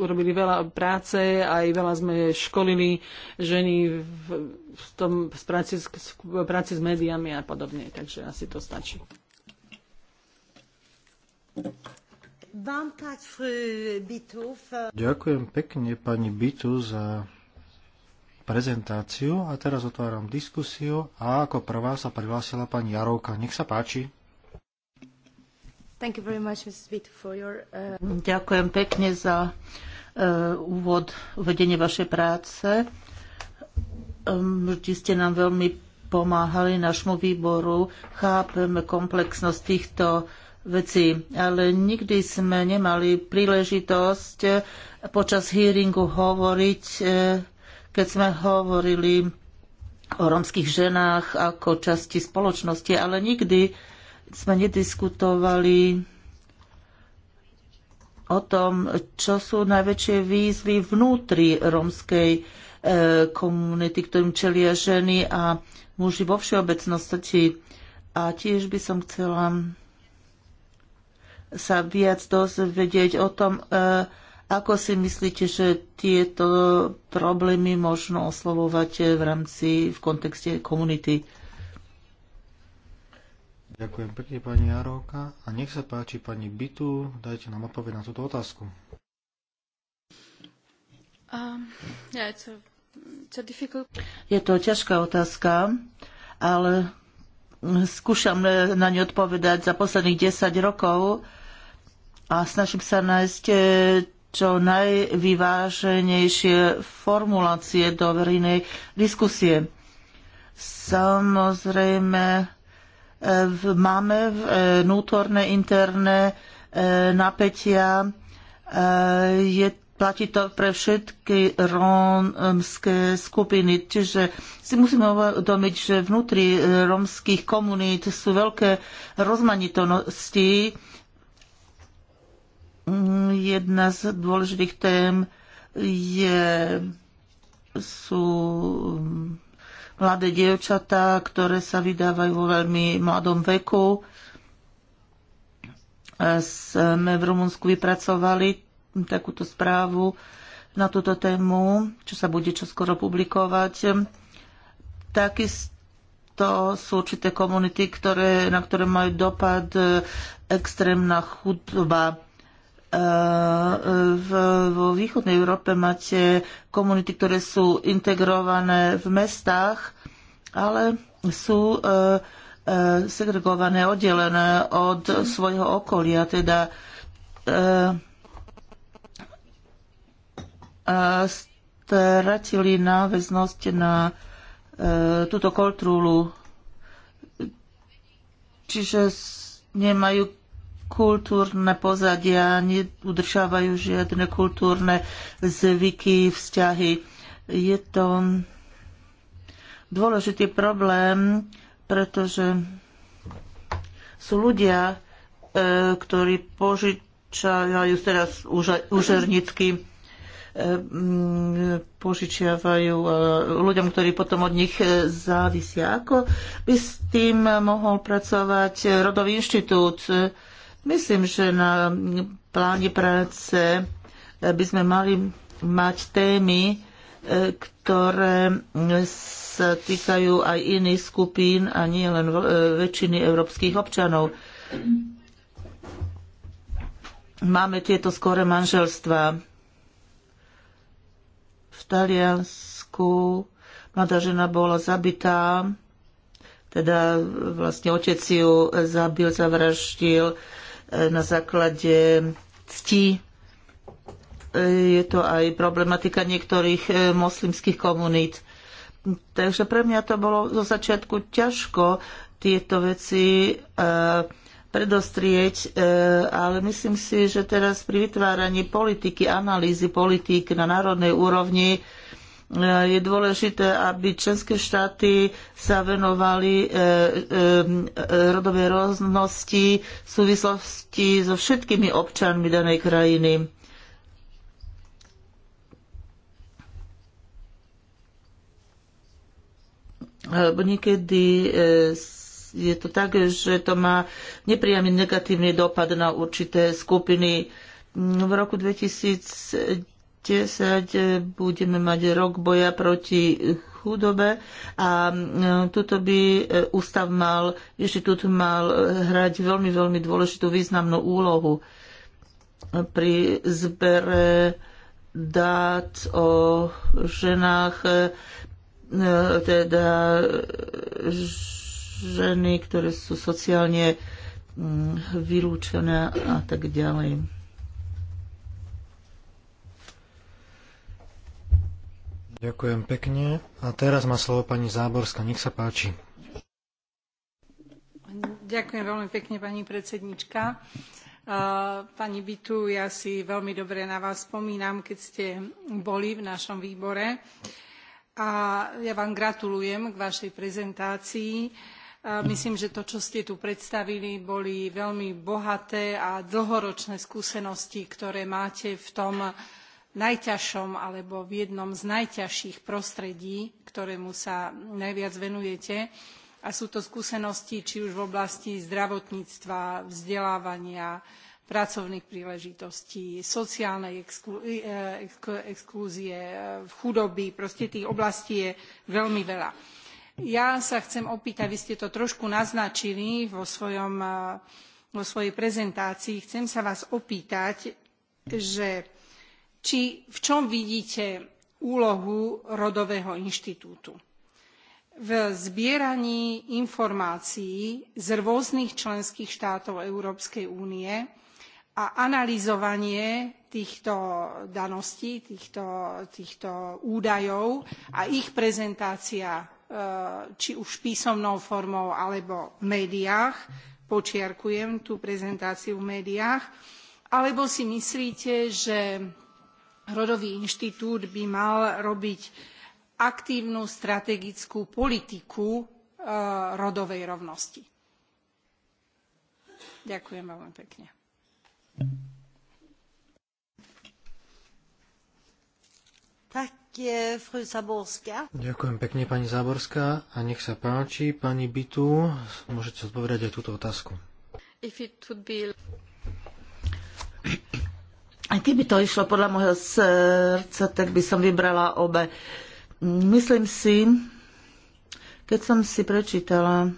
Speaker 4: urobili veľa práce, aj veľa sme školili ženy v, tom, v práci, v práci s médiami a podobne. Takže asi to stačí.
Speaker 2: Ďakujem pekne pani Bitu za prezentáciu a teraz otváram diskusiu a ako prvá sa prihlásila pani Jarovka. Nech sa páči.
Speaker 1: Thank you very much, for your, uh...
Speaker 2: Ďakujem pekne za uh, úvod,
Speaker 3: uvedenie vašej práce. Um, vždy ste nám veľmi pomáhali našmu výboru. Chápeme komplexnosť týchto veci, ale nikdy sme nemali príležitosť uh, počas hearingu hovoriť uh, keď sme hovorili o romských ženách ako časti spoločnosti, ale nikdy sme nediskutovali o tom, čo sú najväčšie výzvy vnútri rómskej e, komunity, ktorým čelia ženy a muži vo všeobecnosti. A tiež by som chcela sa viac dozvedieť o tom, e, ako si myslíte, že tieto problémy možno oslovovať v rámci, v kontexte komunity?
Speaker 2: Ďakujem pekne pani Jarovka a nech sa páči pani Bitu, dajte nám odpoveď na túto otázku.
Speaker 6: Um, yeah, it's a, it's a
Speaker 2: Je to ťažká otázka,
Speaker 3: ale skúšam na ňu odpovedať za posledných 10 rokov a snažím sa nájsť čo najvyváženejšie formulácie do verejnej diskusie. Samozrejme, e, máme e, vnútorné, interné e, napätia. Je platí to pre všetky rómske skupiny. Čiže si musíme uvedomiť, že vnútri rómskych komunít sú veľké rozmanitosti Jedna z dôležitých tém je, sú mm, mladé dievčatá, ktoré sa vydávajú vo veľmi mladom veku. Sme v Rumunsku vypracovali takúto správu na túto tému, čo sa bude čoskoro publikovať. Takisto sú určité komunity, ktoré, na ktoré majú dopad e, extrémna chudoba E, v, vo východnej Európe máte komunity, ktoré sú integrované v mestách, ale sú e, e, segregované, oddelené od svojho okolia, teda stratili náväznosť na túto kontrolu. Čiže nemajú kultúrne pozadia, neudržávajú žiadne kultúrne zvyky, vzťahy. Je to dôležitý problém, pretože sú ľudia, e, ktorí požičajú teraz užernicky e, požičiavajú e, ľuďom, ktorí potom od nich závisia. Ako by s tým mohol pracovať Rodový inštitút? Myslím, že na pláne práce eh, by sme mali mať témy, eh, ktoré eh, sa týkajú aj iných skupín a nie len väčšiny európskych občanov. Máme tieto skore manželstva. V Taliansku mladá žena bola zabitá, teda vlastne otec ju zabil, zavraždil na základe cti. E, je to aj problematika niektorých e, moslimských komunít. Takže pre mňa to bolo zo začiatku ťažko tieto veci e, predostrieť, ale myslím si, že teraz pri vytváraní politiky, analýzy politík na národnej úrovni Eh, je dôležité, aby členské štáty sa venovali eh, eh, rodovej rôznosti v súvislosti so všetkými občanmi danej krajiny. Lebo niekedy je to tak, že to má nepriamy negatívny dopad na určité skupiny. V roku 2000. 10 budeme mať rok boja proti chudobe a e, tuto by e, ústav mal, inštitút mal hrať veľmi, veľmi dôležitú významnú úlohu pri zbere dát o ženách, e, teda ženy, ktoré sú sociálne vylúčené
Speaker 2: a tak ďalej. Ďakujem pekne. A teraz má slovo pani Záborská. Nech sa páči.
Speaker 6: Ďakujem veľmi pekne, pani predsednička. Pani Bitu, ja si veľmi dobre na vás spomínam, keď ste boli v našom výbore. A ja vám gratulujem k vašej prezentácii. Myslím, že to, čo ste tu predstavili, boli veľmi bohaté a dlhoročné skúsenosti, ktoré máte v tom, najťažšom alebo v jednom z najťažších prostredí, ktorému sa najviac venujete. A sú to skúsenosti či už v oblasti zdravotníctva, vzdelávania, pracovných príležitostí, sociálnej e, exklúzie, e, chudoby, proste tých oblastí je veľmi veľa. Ja sa chcem opýtať, vy ste to trošku naznačili vo, svojom, e, vo svojej prezentácii, chcem sa vás opýtať, že či v čom vidíte úlohu rodového inštitútu v zbieraní informácií z rôznych členských štátov európskej únie a analyzovanie týchto daností týchto, týchto údajov a ich prezentácia e, či už písomnou formou alebo v médiách podčiarkujem tú prezentáciu v médiách alebo si myslíte že rodový inštitút by mal robiť aktívnu strategickú politiku e, rodovej rovnosti. Ďakujem veľmi pekne.
Speaker 1: E,
Speaker 2: Ďakujem pekne, pani Záborská. A nech sa páči, pani Bitu, môžete odpovedať aj túto otázku. Be... Aj keby to išlo podľa môjho srdca, tak
Speaker 3: by som vybrala obe. Myslím si, keď som si prečítala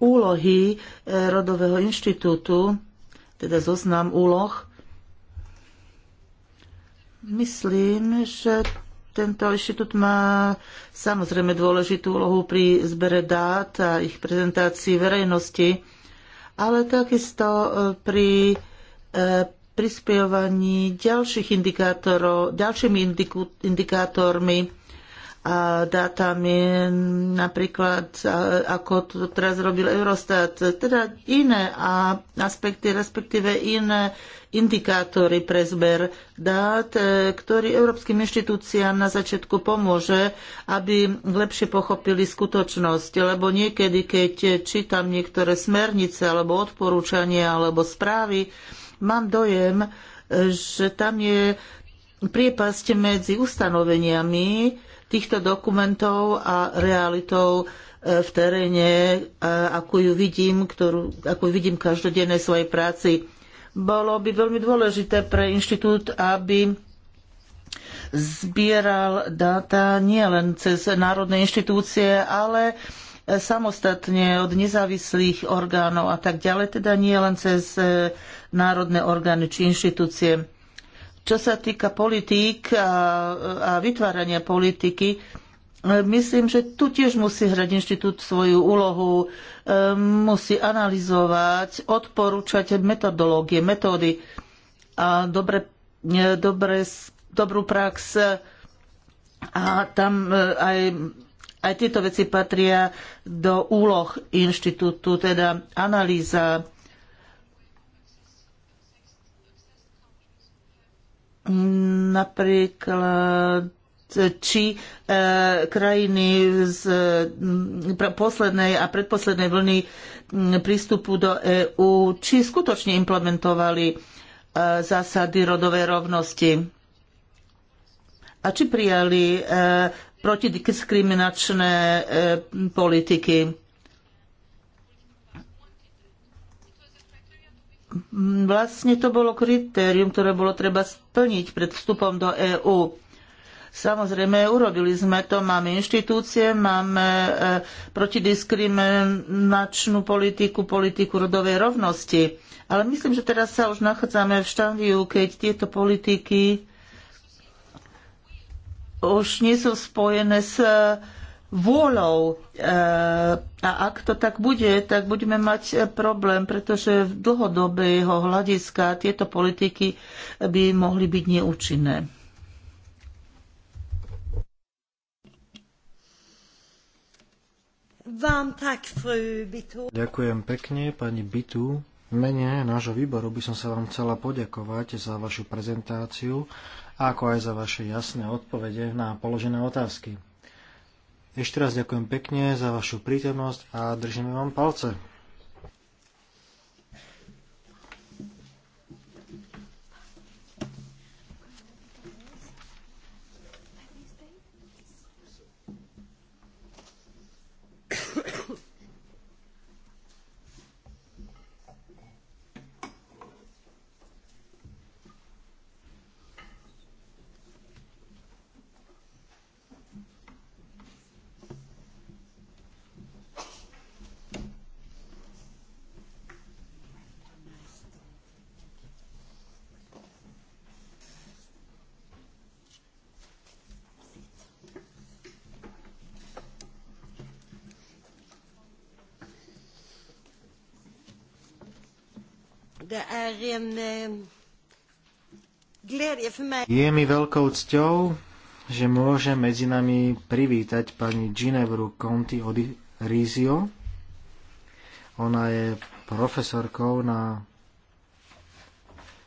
Speaker 3: úlohy e, Rodového inštitútu, teda zoznam úloh, myslím, že tento inštitút má samozrejme dôležitú úlohu pri zbere dát a ich prezentácii verejnosti, ale takisto e, pri e, prispievaní ďalších indikátorov, ďalšími indiku, indikátormi a dátami, napríklad ako to teraz robil Eurostat, teda iné a aspekty, respektíve iné indikátory pre zber dát, e, ktorý európskym inštitúciám na začiatku pomôže, aby lepšie pochopili skutočnosť, lebo niekedy, keď čítam niektoré smernice alebo odporúčania alebo správy, mám dojem, že tam je priepasť medzi ustanoveniami týchto dokumentov a realitou e, v teréne, akú ju vidím, ktorú, ako ju vidím každodennej svojej práci. Bolo by veľmi dôležité pre inštitút, aby zbieral dáta nielen cez národné inštitúcie, ale E, samostatne od nezávislých orgánov a tak ďalej, teda nie len cez e, národné orgány či inštitúcie. Čo sa týka politík a, a vytvárania politiky, e, Myslím, že tu tiež musí hrať inštitút svoju úlohu, musí analyzovať, odporúčať metodológie, metódy a dobre, dobre, dobrú prax a tam aj aj tieto veci patria do úloh inštitútu, teda analýza napríklad či e, krajiny z poslednej a predposlednej vlny prístupu do EÚ, či skutočne implementovali e, zásady rodovej rovnosti a či prijali e, protidiskriminačné e, politiky. Vlastne to bolo kritérium, ktoré bolo treba splniť pred vstupom do EÚ. Samozrejme, urobili sme to, máme inštitúcie, máme e, protidiskriminačnú politiku, politiku rodovej rovnosti. Ale myslím, že teraz sa už nachádzame v štádiu, keď tieto politiky už nie sú spojené s e, vôľou. E, a ak to tak bude, tak budeme mať e, problém, pretože v dlhodobého hľadiska tieto politiky by mohli byť neúčinné.
Speaker 2: Ďakujem pekne, pani Bitu. V mene nášho výboru by som sa vám chcela poďakovať za vašu prezentáciu ako aj za vaše jasné odpovede na položené otázky. Ešte raz ďakujem pekne za vašu prítomnosť a držíme vám palce.
Speaker 1: Eh, je mi veľkou
Speaker 2: cťou, že môžem medzi nami privítať pani Ginevru Conti od Rizio. Ona je profesorkou na,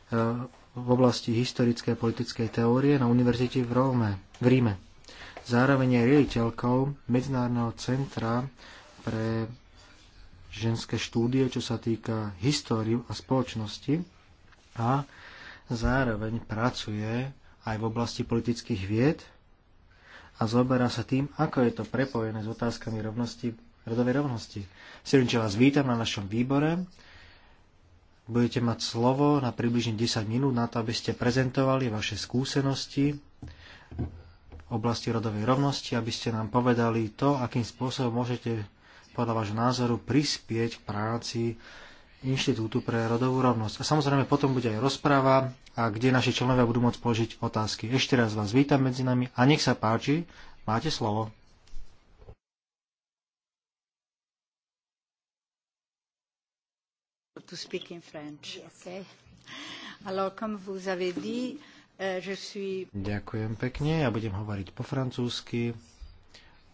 Speaker 2: eh, v oblasti historickej a politickej teórie na univerzite v, Róme, v Ríme. Zároveň je riaditeľkou Medzinárodného centra pre ženské štúdie, čo sa týka históriu a spoločnosti a zároveň pracuje aj v oblasti politických vied a zoberá sa tým, ako je to prepojené s otázkami rovnosti, rodovej rovnosti. Srdečne vás vítam na našom výbore. Budete mať slovo na približne 10 minút na to, aby ste prezentovali vaše skúsenosti v oblasti rodovej rovnosti, aby ste nám povedali to, akým spôsobom môžete podľa vášho názoru prispieť k práci Inštitútu pre rodovú rovnosť. A samozrejme potom bude aj rozpráva, a kde naši členovia budú môcť položiť otázky. Ešte raz vás vítam medzi nami a nech sa páči, máte slovo.
Speaker 6: To speak in French, okay. Alors, comme vous avez dit, euh, je suis...
Speaker 2: Ďakujem pekne, ja budem hovoriť po francúzsky.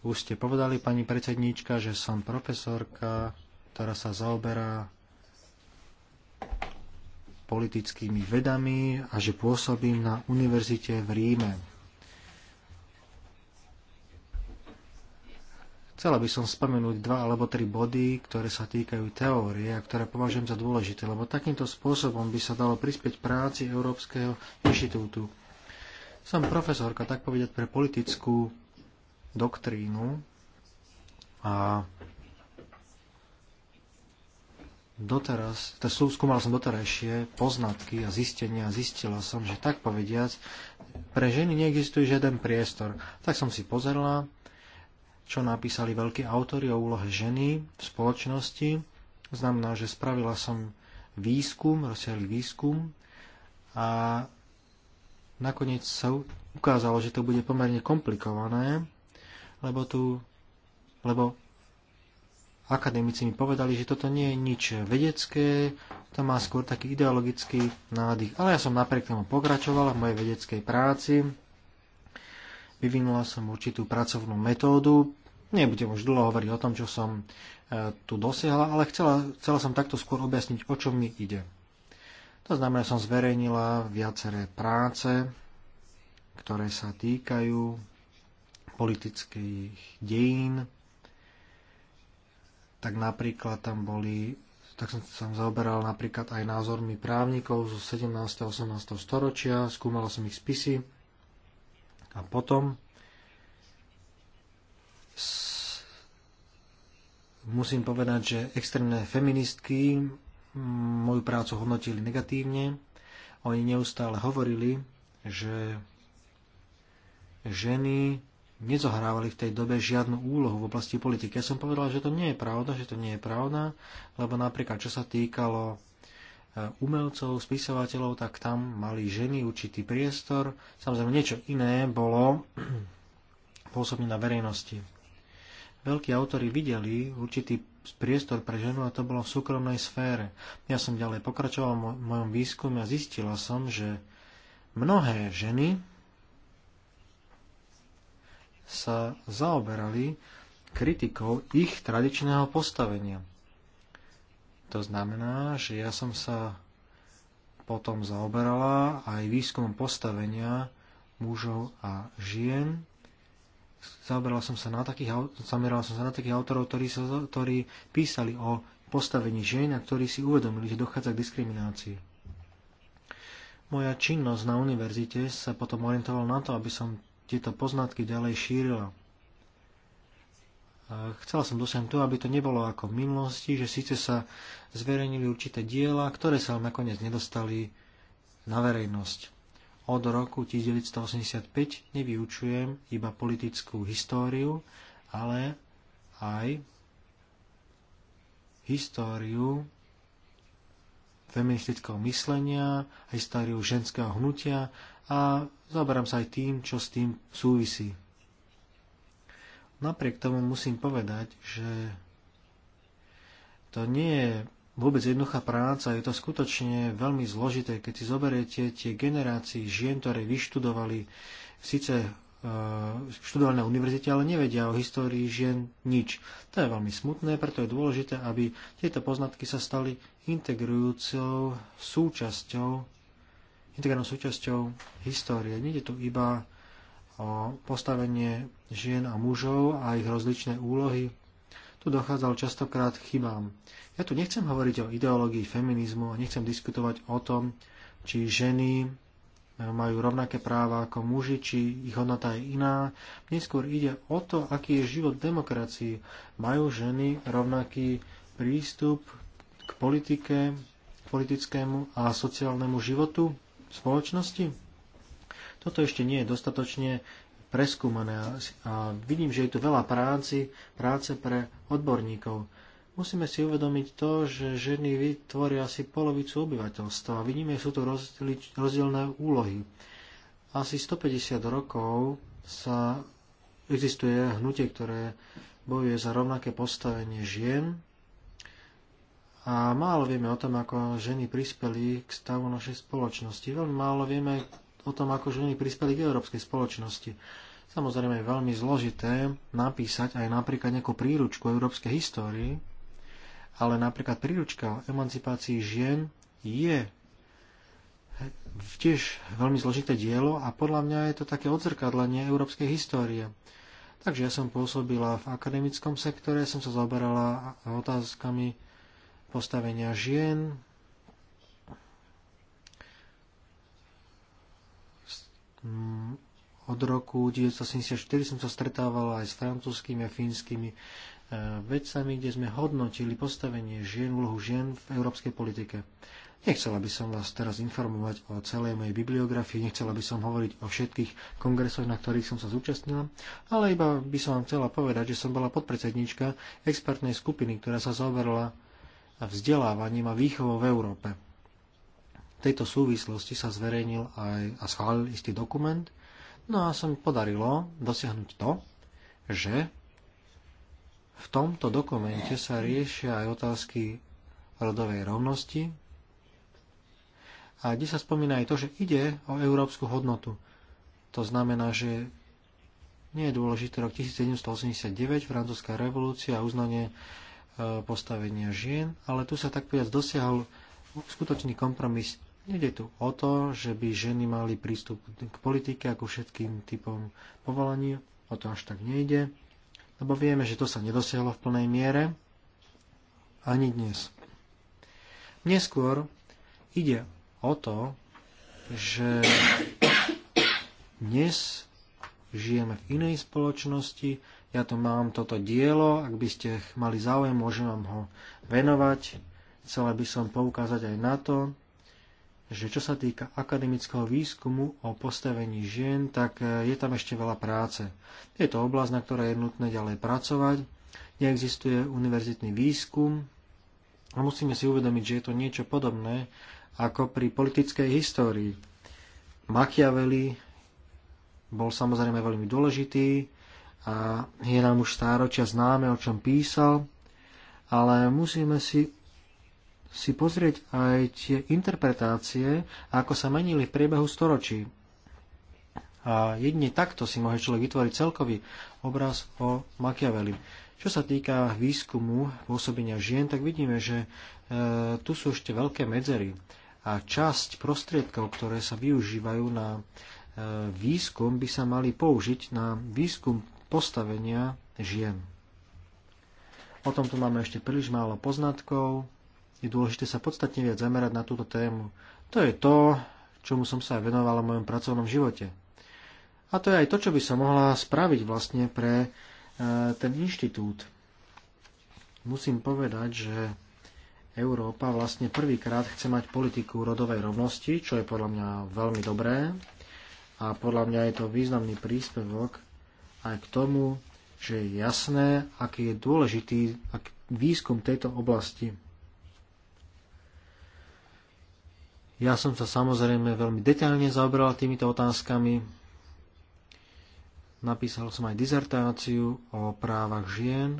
Speaker 2: Už ste povedali, pani predsedníčka, že som profesorka, ktorá sa zaoberá politickými vedami a že pôsobím na univerzite v Ríme. Chcela by som spomenúť dva alebo tri body, ktoré sa týkajú teórie a ktoré považujem za dôležité, lebo takýmto spôsobom by sa dalo prispieť práci Európskeho inštitútu. Som profesorka, tak povedať, pre politickú doktrínu a doteraz, to sú, skúmal som doterajšie poznatky a zistenia a zistila som, že tak povediac, pre ženy neexistuje žiaden priestor. Tak som si pozerala, čo napísali veľkí autory o úlohe ženy v spoločnosti. Znamená, že spravila som výskum, rozsiahly výskum a nakoniec sa ukázalo, že to bude pomerne komplikované, lebo tu, lebo akademici mi povedali, že toto nie je nič vedecké, to má skôr taký ideologický nádych. Ale ja som napriek tomu pokračovala v mojej vedeckej práci, vyvinula som určitú pracovnú metódu, nebudem už dlho hovoriť o tom, čo som e, tu dosiahla, ale chcela, chcela som takto skôr objasniť, o čo mi ide. To znamená, že som zverejnila viaceré práce, ktoré sa týkajú politických dejín. Tak napríklad tam boli, tak som sa zaoberal napríklad aj názormi právnikov zo 17. a 18. storočia, skúmal som ich spisy a potom musím povedať, že extrémne feministky moju prácu hodnotili negatívne. Oni neustále hovorili, že ženy nezohrávali v tej dobe žiadnu úlohu v oblasti politiky. Ja som povedal, že to nie je pravda, že to nie je pravda, lebo napríklad čo sa týkalo eh, umelcov, spisovateľov, tak tam mali ženy určitý priestor. Samozrejme, niečo iné bolo pôsobne na verejnosti. Veľkí autory videli určitý priestor pre ženu a to bolo v súkromnej sfére. Ja som ďalej pokračoval v mojom výskume a zistila som, že mnohé ženy sa zaoberali kritikou ich tradičného postavenia. To znamená, že ja som sa potom zaoberala aj výskumom postavenia mužov a žien. Zaoberala som sa na takých, som sa na takých autorov, ktorí, sa, ktorí písali o postavení žien a ktorí si uvedomili, že dochádza k diskriminácii. Moja činnosť na univerzite sa potom orientovala na to, aby som tieto poznatky ďalej šírila. Chcela som dosiahnuť to, aby to nebolo ako v minulosti, že síce sa zverejnili určité diela, ktoré sa nakoniec nedostali na verejnosť. Od roku 1985 nevyučujem iba politickú históriu, ale aj históriu feministického myslenia, históriu ženského hnutia a zaoberám sa aj tým, čo s tým súvisí. Napriek tomu musím povedať, že to nie je vôbec jednoduchá práca, je to skutočne veľmi zložité, keď si zoberiete tie generácie žien, ktoré vyštudovali síce Eh, študovali na univerzite, ale nevedia o histórii žien nič. To je veľmi smutné, preto je dôležité, aby tieto poznatky sa stali integrujúcou súčasťou, integrálnou súčasťou histórie. Nede tu iba o postavenie žien a mužov a ich rozličné úlohy. Tu dochádzalo častokrát chybám. Ja tu nechcem hovoriť o ideológii feminizmu a nechcem diskutovať o tom, či ženy majú rovnaké práva ako muži, či ich hodnota je iná. Neskôr ide o to, aký je život demokracii. Majú ženy rovnaký prístup k politike, k politickému a sociálnemu životu spoločnosti? Toto ešte nie je dostatočne preskúmané a vidím, že je tu veľa práci, práce pre odborníkov. Musíme si uvedomiť to, že ženy vytvoria asi polovicu obyvateľstva. Vidíme, sú to rozdielne úlohy. Asi 150 rokov sa existuje hnutie, ktoré bojuje za rovnaké postavenie žien a málo vieme o tom, ako ženy prispeli k stavu našej spoločnosti. Veľmi málo vieme o tom, ako ženy prispeli k európskej spoločnosti. Samozrejme je veľmi zložité napísať aj napríklad nejakú príručku európskej histórii, ale napríklad príručka o emancipácii žien je tiež veľmi zložité dielo a podľa mňa je to také odzrkadlenie európskej histórie. Takže ja som pôsobila v akademickom sektore, som sa zaoberala otázkami postavenia žien, mm, od roku 1974 som sa stretávala aj s francúzskými a fínskymi E, vecami, kde sme hodnotili postavenie žien, úlohu žien v európskej politike. Nechcela by som vás teraz informovať o celej mojej bibliografii, nechcela by som hovoriť o všetkých kongresoch, na ktorých som sa zúčastnila, ale iba by som vám chcela povedať, že som bola podpredsednička expertnej skupiny, ktorá sa zaoberala vzdelávaním a výchovou v Európe. V tejto súvislosti sa zverejnil aj a schválil istý dokument, no a sa mi podarilo dosiahnuť to, že v tomto dokumente sa riešia aj otázky rodovej rovnosti a kde sa spomína aj to, že ide o európsku hodnotu. To znamená, že nie je dôležité rok 1789, francúzska revolúcia a uznanie e, postavenia žien, ale tu sa tak povedať dosiahol skutočný kompromis. Nede tu o to, že by ženy mali prístup k politike ako všetkým typom povolaní, o to až tak nejde lebo vieme, že to sa nedosiahlo v plnej miere ani dnes. Neskôr ide o to, že dnes žijeme v inej spoločnosti, ja tu mám toto dielo, ak by ste mali záujem, môžem vám ho venovať. Chcela by som poukázať aj na to, že čo sa týka akademického výskumu o postavení žien, tak e, je tam ešte veľa práce. Je to oblasť, na ktorej je nutné ďalej pracovať. Neexistuje univerzitný výskum a musíme si uvedomiť, že je to niečo podobné ako pri politickej histórii. Machiavelli bol samozrejme veľmi dôležitý a je nám už stáročia známe, o čom písal, ale musíme si si pozrieť aj tie interpretácie, ako sa menili v priebehu storočí. A jedne takto si môže človek vytvoriť celkový obraz o Machiavelli. Čo sa týka výskumu pôsobenia žien, tak vidíme, že e, tu sú ešte veľké medzery. A časť prostriedkov, ktoré sa využívajú na e, výskum, by sa mali použiť na výskum postavenia žien. O tomto máme ešte príliš málo poznatkov, je dôležité sa podstatne viac zamerať na túto tému. To je to, čomu som sa venovala v mojom pracovnom živote. A to je aj to, čo by som mohla spraviť vlastne pre e, ten inštitút. Musím povedať, že Európa vlastne prvýkrát chce mať politiku rodovej rovnosti, čo je podľa mňa veľmi dobré. A podľa mňa je to významný príspevok aj k tomu, že je jasné, aký je dôležitý aký výskum tejto oblasti. Ja som sa samozrejme veľmi detailne zaoberala týmito otázkami. Napísal som aj dizertáciu o právach žien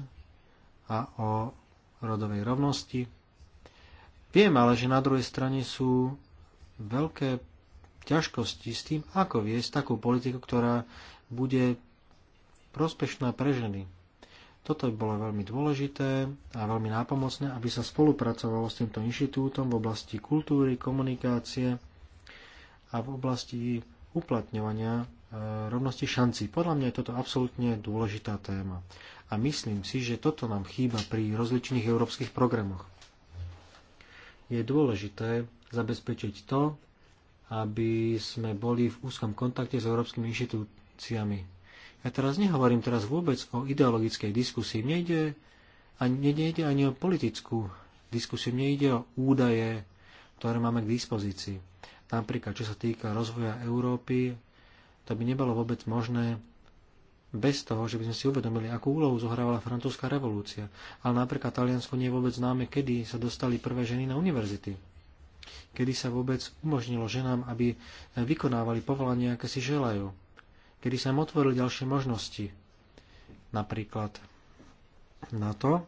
Speaker 2: a o rodovej rovnosti. Viem ale, že na druhej strane sú veľké ťažkosti s tým, ako viesť takú politiku, ktorá bude prospešná pre ženy. Toto by bolo veľmi dôležité a veľmi nápomocné, aby sa spolupracovalo s týmto inštitútom v oblasti kultúry, komunikácie a v oblasti uplatňovania e, rovnosti šancí. Podľa mňa je toto absolútne dôležitá téma. A myslím si, že toto nám chýba pri rozličných európskych programoch. Je dôležité zabezpečiť to, aby sme boli v úzkom kontakte s európskymi inštitúciami. Ja teraz nehovorím teraz vôbec o ideologickej diskusii. Mne ide, a nejde ani o politickú diskusiu, mne ide o údaje, ktoré máme k dispozícii. Napríklad, čo sa týka rozvoja Európy, to by nebolo vôbec možné bez toho, že by sme si uvedomili, akú úlohu zohrávala francúzska revolúcia. Ale napríklad Taliansko nie je vôbec známe, kedy sa dostali prvé ženy na univerzity. Kedy sa vôbec umožnilo ženám, aby vykonávali povolania, aké si želajú kedy sa im otvorili ďalšie možnosti. Napríklad na to,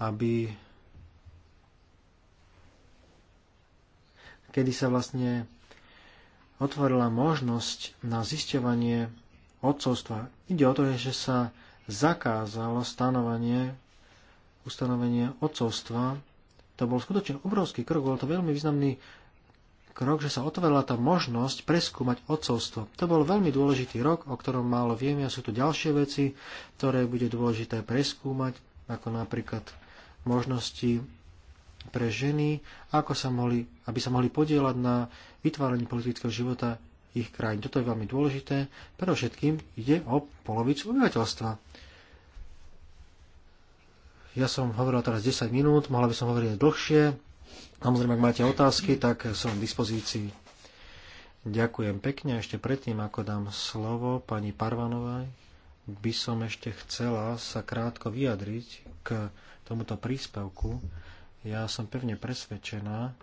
Speaker 2: aby kedy sa vlastne otvorila možnosť na zisťovanie odcovstva. Ide o to, že sa zakázalo stanovanie, ustanovenie odcovstva. To bol skutočne obrovský krok, bol to veľmi významný krok, že sa otvorila tá možnosť preskúmať odcovstvo. To bol veľmi dôležitý rok, o ktorom málo vieme a sú tu ďalšie veci, ktoré bude dôležité preskúmať, ako napríklad možnosti pre ženy, ako sa mohli, aby sa mohli podielať na vytváraní politického života ich krajín. Toto je veľmi dôležité. všetkým ide o polovicu obyvateľstva. Ja som hovoril teraz 10 minút, mohla by som hovoriť dlhšie, Samozrejme, ak máte otázky, tak som v dispozícii. Ďakujem pekne. Ešte predtým, ako dám slovo pani Parvanovej, by som ešte chcela sa krátko vyjadriť k tomuto príspevku. Ja som pevne presvedčená,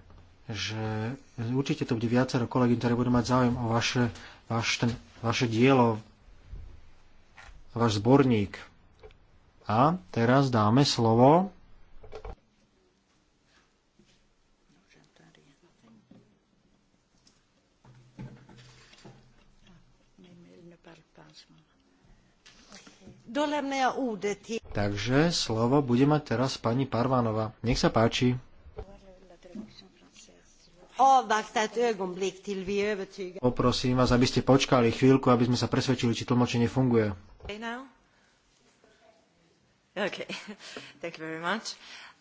Speaker 2: že určite to bude viacero kolegy, ktoré budú mať záujem o vaše, vaš ten, vaše dielo, váš zborník. A teraz dáme slovo Takže slovo bude mať teraz pani Parvanova. Nech sa páči. Poprosím vás, aby ste počkali chvíľku, aby sme sa presvedčili, či tlmočenie funguje.
Speaker 1: Okay.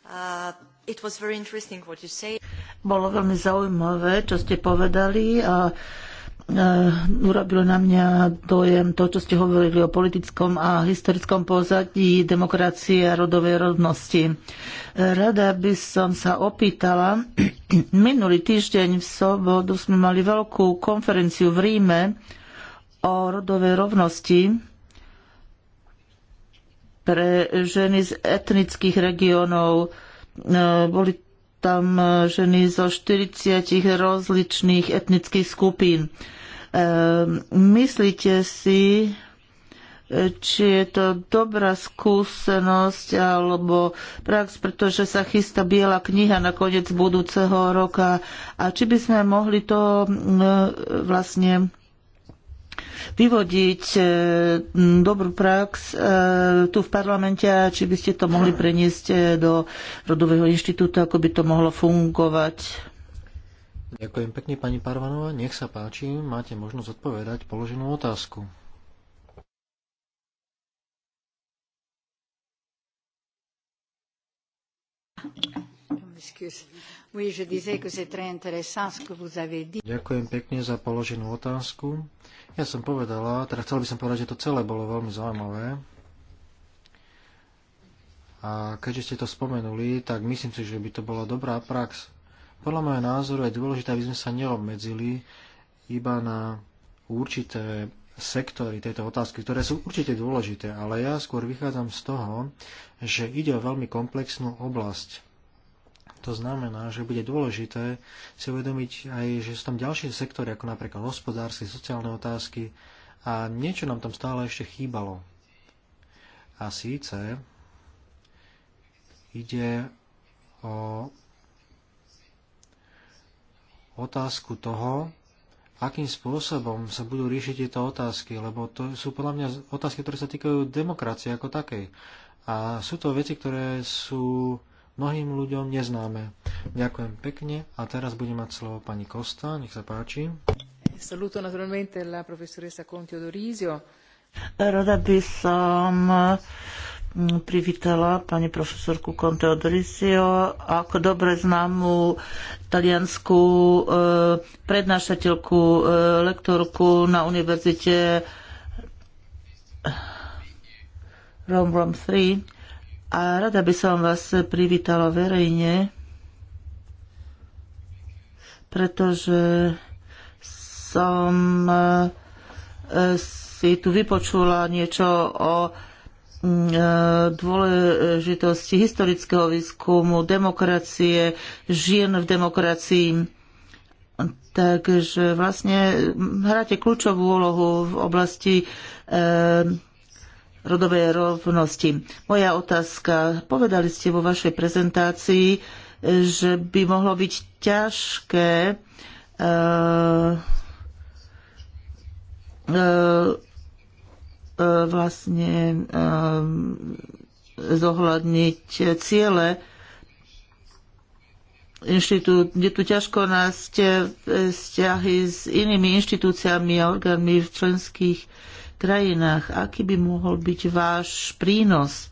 Speaker 1: Uh,
Speaker 3: Bolo veľmi zaujímavé, čo ste povedali. A uh, Eh, urobilo na mňa dojem to, čo ste hovorili o politickom a historickom pozadí demokracie a rodovej rovnosti. Eh, rada by som sa opýtala, minulý týždeň v sobotu sme mali veľkú konferenciu v Ríme o rodovej rovnosti pre ženy z etnických regiónov. Eh, boli tam e, ženy zo 40 rozličných etnických skupín. E, myslíte si, e, či je to dobrá skúsenosť alebo prax, pretože sa chystá biela kniha na koniec budúceho roka a či by sme mohli to vlastne vyvodiť e, dobrú prax e, tu v parlamente a či by ste to mohli preniesť e, do Rodového inštitútu,
Speaker 2: ako by to mohlo fungovať. Ďakujem pekne, pani Parvanova. Nech sa páči, máte možnosť odpovedať položenú otázku. Ďakujem pekne za položenú otázku. Ja som povedala, teda chcel by som povedať, že to celé bolo veľmi zaujímavé. A keďže ste to spomenuli, tak myslím si, že by to bola dobrá prax. Podľa môjho názoru je dôležité, aby sme sa neobmedzili iba na určité sektory tejto otázky, ktoré sú určite dôležité, ale ja skôr vychádzam z toho, že ide o veľmi komplexnú oblasť to znamená, že bude dôležité si uvedomiť aj, že sú tam ďalšie sektory, ako napríklad hospodárske, sociálne otázky a niečo nám tam stále ešte chýbalo. A síce ide o otázku toho, akým spôsobom sa budú riešiť tieto otázky, lebo to sú podľa mňa otázky, ktoré sa týkajú demokracie ako takej. A sú to veci, ktoré sú mnohým ľuďom neznáme. Ďakujem pekne a teraz bude mať slovo pani Kosta, nech sa páči.
Speaker 6: Saluto naturalmente la profesoressa Conti Odorizio.
Speaker 2: Rada by som
Speaker 3: mm, privítala pani profesorku Conte Odorizio ako dobre známu talianskú e, prednášateľku, e, lektorku na univerzite Rome Rome 3 a rada by som vás privítala verejne, pretože som e, si tu vypočula niečo o mm, e, dôležitosti historického výskumu, demokracie, žien v demokracii. Takže vlastne hráte kľúčovú úlohu v oblasti e, rodovej rovnosti. Moja otázka. Povedali ste vo vašej prezentácii, že by mohlo byť ťažké uh, uh, vlastne uh, zohľadniť ciele inštitút, je tu ťažko nájsť vzťahy s inými inštitúciami a orgánmi v členských krajinách. Aký by mohol byť váš prínos?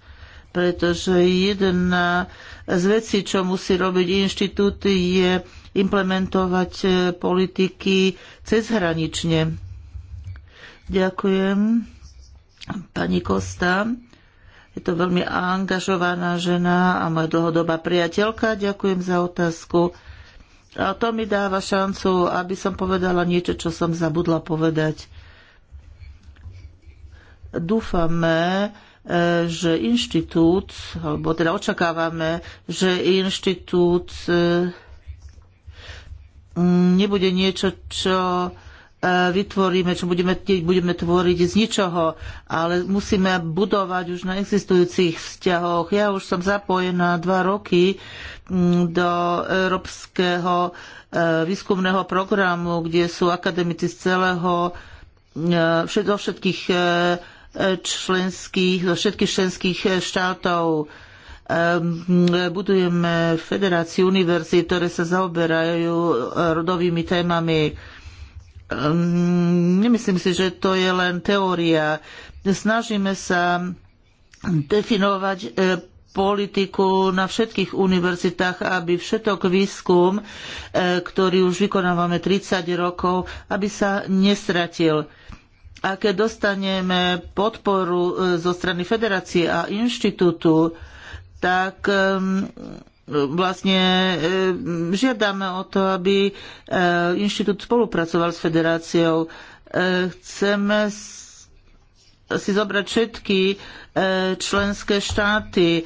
Speaker 3: Pretože jedna z vecí, čo musí robiť inštitút, je implementovať e, politiky cezhranične. Ďakujem. Pani Kosta, je to veľmi angažovaná žena a moja dlhodobá priateľka. Ďakujem za otázku. A to mi dáva šancu, aby som povedala niečo, čo som zabudla povedať dúfame, e, že inštitút, alebo teda očakávame, že inštitút e, nebude niečo, čo e, vytvoríme, čo budeme, budeme tvoriť z ničoho, ale musíme budovať už na existujúcich vzťahoch. Ja už som zapojená dva roky do Európskeho výskumného programu, kde sú akademici z celého zo všetkých členských, zo všetkých členských eh, štátov. Ehm, budujeme federáciu univerzít, ktoré sa zaoberajú eh, rodovými témami. Ehm, nemyslím si, že to je len teória. Snažíme sa definovať eh, politiku na všetkých univerzitách, aby všetok výskum, ktorý už vykonávame 30 rokov, aby sa nestratil a keď dostaneme podporu e, zo strany federácie a inštitútu, tak vlastne žiadame o to, aby e, inštitút spolupracoval s federáciou. E, chceme si zobrať všetky členské štáty,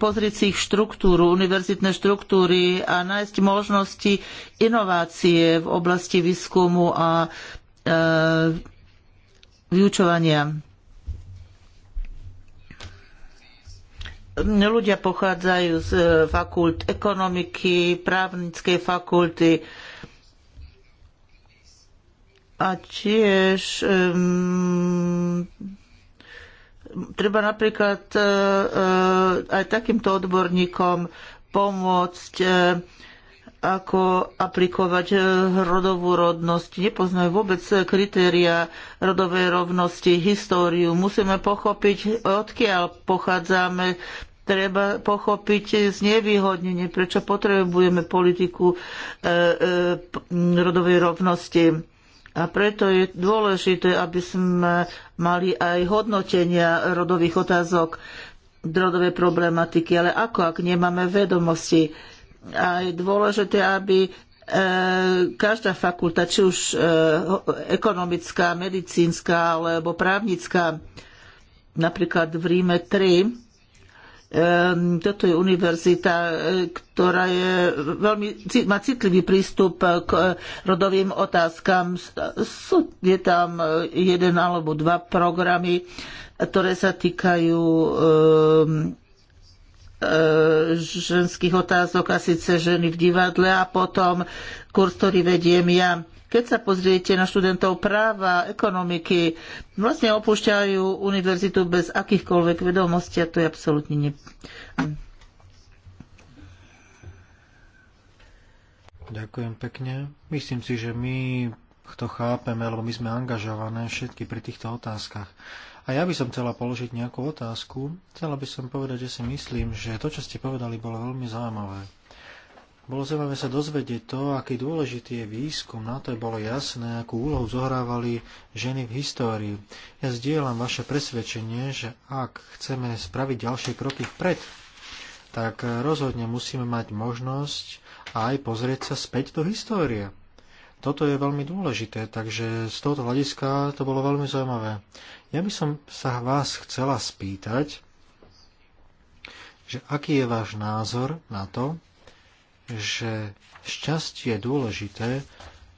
Speaker 3: pozrieť si ich štruktúru, univerzitné štruktúry a nájsť možnosti inovácie v oblasti výskumu a vyučovania. Ľudia pochádzajú z e, fakult ekonomiky, právnickej fakulty a tiež um, treba napríklad uh, aj takýmto odborníkom pomôcť uh, ako aplikovať e, rodovú rodnosť, nepoznajú vôbec kritéria rodovej rovnosti, históriu. Musíme pochopiť, odkiaľ pochádzame, treba pochopiť znevýhodnenie, prečo potrebujeme politiku e, e, rodovej rovnosti. A preto je dôležité, aby sme mali aj hodnotenia rodových otázok, rodovej problematiky. Ale ako, ak nemáme vedomosti? a je dôležité, aby e, každá fakulta, či už e, ekonomická, medicínska alebo právnická, napríklad v Ríme 3, e, toto je univerzita, ktorá je veľmi, má citlivý prístup k rodovým otázkam. Sú, je tam jeden alebo dva programy, ktoré sa týkajú E, ženských otázok a síce ženy v divadle a potom kurz, ktorý vediem ja. Keď sa pozriete na študentov práva, ekonomiky, vlastne opúšťajú univerzitu bez akýchkoľvek vedomostí a to je absolútne ne...
Speaker 2: Ďakujem pekne. Myslím si, že my to chápeme, lebo my sme angažované všetky pri týchto otázkach. A ja by som chcela položiť nejakú otázku. Chcela by som povedať, že si myslím, že to, čo ste povedali, bolo veľmi zaujímavé. Bolo zaujímavé sa dozvedieť to, aký dôležitý je výskum. Na to je bolo jasné, akú úlohu zohrávali ženy v histórii. Ja zdieľam vaše presvedčenie, že ak chceme spraviť ďalšie kroky vpred, tak rozhodne musíme mať možnosť aj pozrieť sa späť do histórie. Toto je veľmi dôležité, takže z tohoto hľadiska to bolo veľmi zaujímavé. Ja by som sa vás chcela spýtať, že aký je váš názor na to, že šťastie je dôležité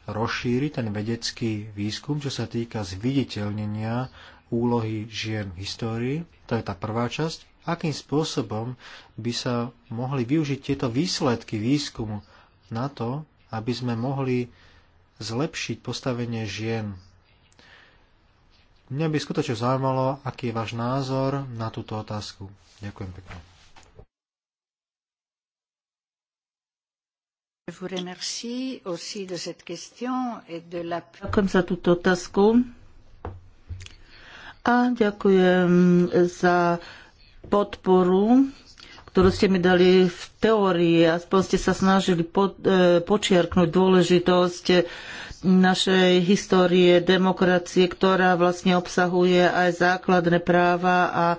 Speaker 2: rozšíriť ten vedecký výskum, čo sa týka zviditeľnenia úlohy žien v histórii. To je tá prvá časť. Akým spôsobom by sa mohli využiť tieto výsledky výskumu na to, aby sme mohli zlepšiť postavenie žien. Mňa by skutočne zaujímalo, aký je váš názor na túto otázku. Ďakujem pekne.
Speaker 3: Ďakujem za túto otázku a ďakujem za podporu ktorú ste mi dali v teórii. Aspoň ste sa snažili po, e, počiarknúť dôležitosť našej histórie demokracie, ktorá vlastne obsahuje aj základné práva a e,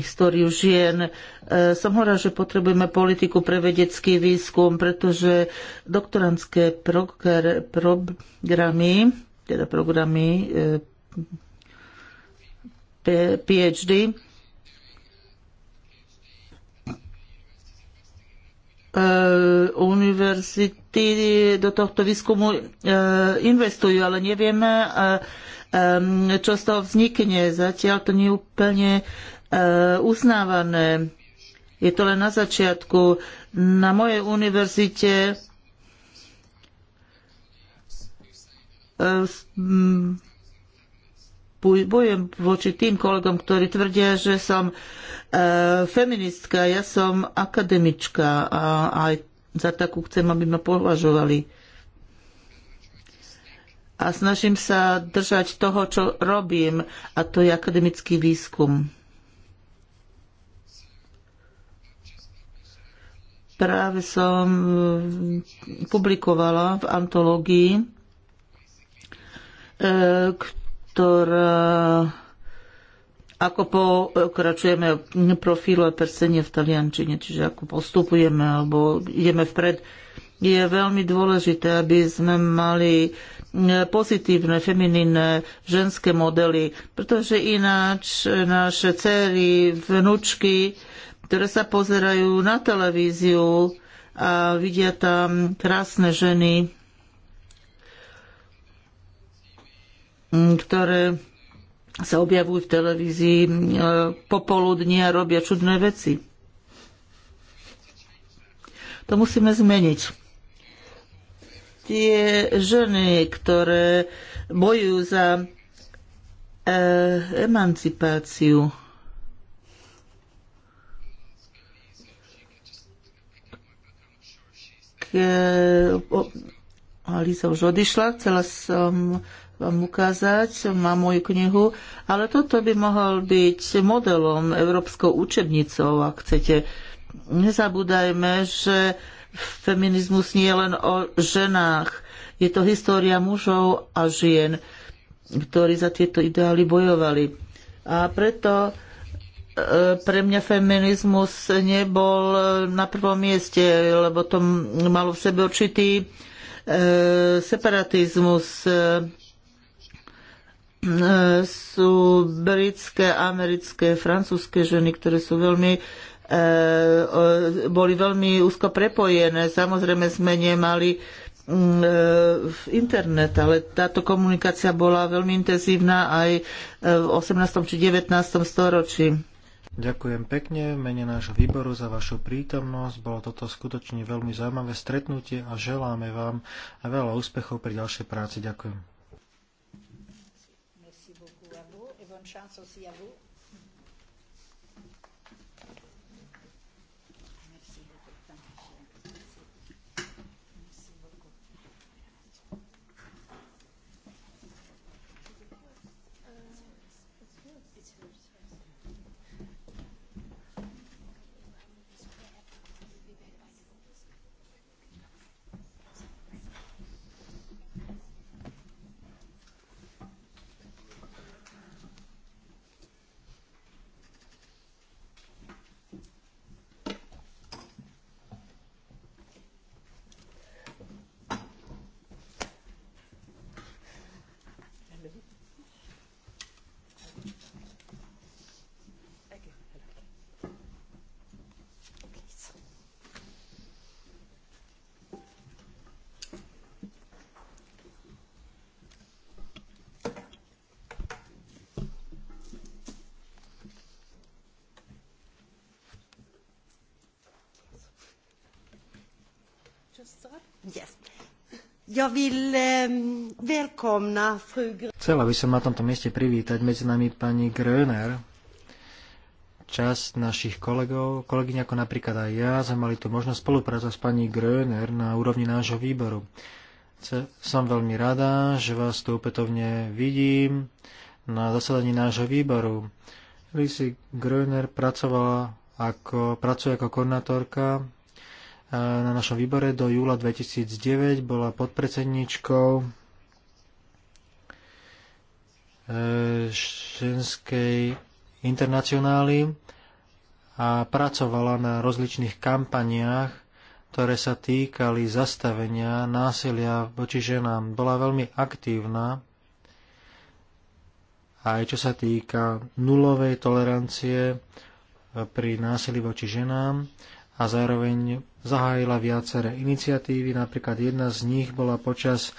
Speaker 3: históriu žien. E, som hovorila, že potrebujeme politiku pre vedecký výskum, pretože doktorantské programy, teda programy e, PhD, E, univerzity do tohto výskumu e, investujú, ale nevieme, e, čo z toho vznikne. Zatiaľ to nie je úplne uznávané. Je to len na začiatku. Na mojej univerzite uh, bojujem voči tým kolegom, ktorí tvrdia, že som e, feministka, ja som akademička a aj za takú chcem, aby ma považovali. A snažím sa držať toho, čo robím, a to je akademický výskum. Práve som e, publikovala v antológii, e, doktor, e, ako pokračujeme a persenie v taliančine, čiže ako postupujeme alebo ideme vpred, je veľmi dôležité, aby sme mali e, pozitívne, femininné, ženské modely, pretože ináč naše céry, vnúčky, ktoré sa pozerajú na televíziu a vidia tam krásne ženy, Mm, ktoré sa objavujú v televízii e, popoludní a robia čudné veci. To musíme zmeniť. Tie ženy, ktoré bojujú za e, emancipáciu, Lisa už odišla, chcela som vám ukázať, má moju knihu, ale toto by mohol byť modelom, európskou učebnicou, ak chcete. Nezabúdajme, že feminizmus nie je len o ženách. Je to história mužov a žien, ktorí za tieto ideály bojovali. A preto e, pre mňa feminizmus nebol e, na prvom mieste, lebo to malo v sebe určitý e, separatizmus, sú britské, americké, francúzske ženy, ktoré sú veľmi e, boli veľmi úzko prepojené. Samozrejme sme nemali mm, e, internet, ale táto komunikácia bola veľmi intenzívna aj e,
Speaker 2: v 18. či 19. storočí. Ďakujem pekne v mene nášho výboru za vašu prítomnosť. Bolo toto skutočne veľmi zaujímavé stretnutie a želáme vám veľa úspechov pri ďalšej práci. Ďakujem.
Speaker 6: šancov zjavu
Speaker 1: Ehm,
Speaker 2: Chcela by som na tomto mieste privítať medzi nami pani Gröner. Časť našich kolegov, kolegyň ako napríklad aj ja, sme mali tu možnosť spolupracovať s pani Gröner na úrovni nášho výboru. Som veľmi rada, že vás tu opätovne vidím na zasadaní nášho výboru. Lisi Gröner pracovala ako, pracuje ako koordinátorka na našom výbore do júla 2009, bola podpredsedničkou e, ženskej internacionály a pracovala na rozličných kampaniách, ktoré sa týkali zastavenia násilia voči ženám. Bola veľmi aktívna aj čo sa týka nulovej tolerancie pri násilí voči ženám a zároveň zahájila viaceré iniciatívy. Napríklad jedna z nich bola počas e,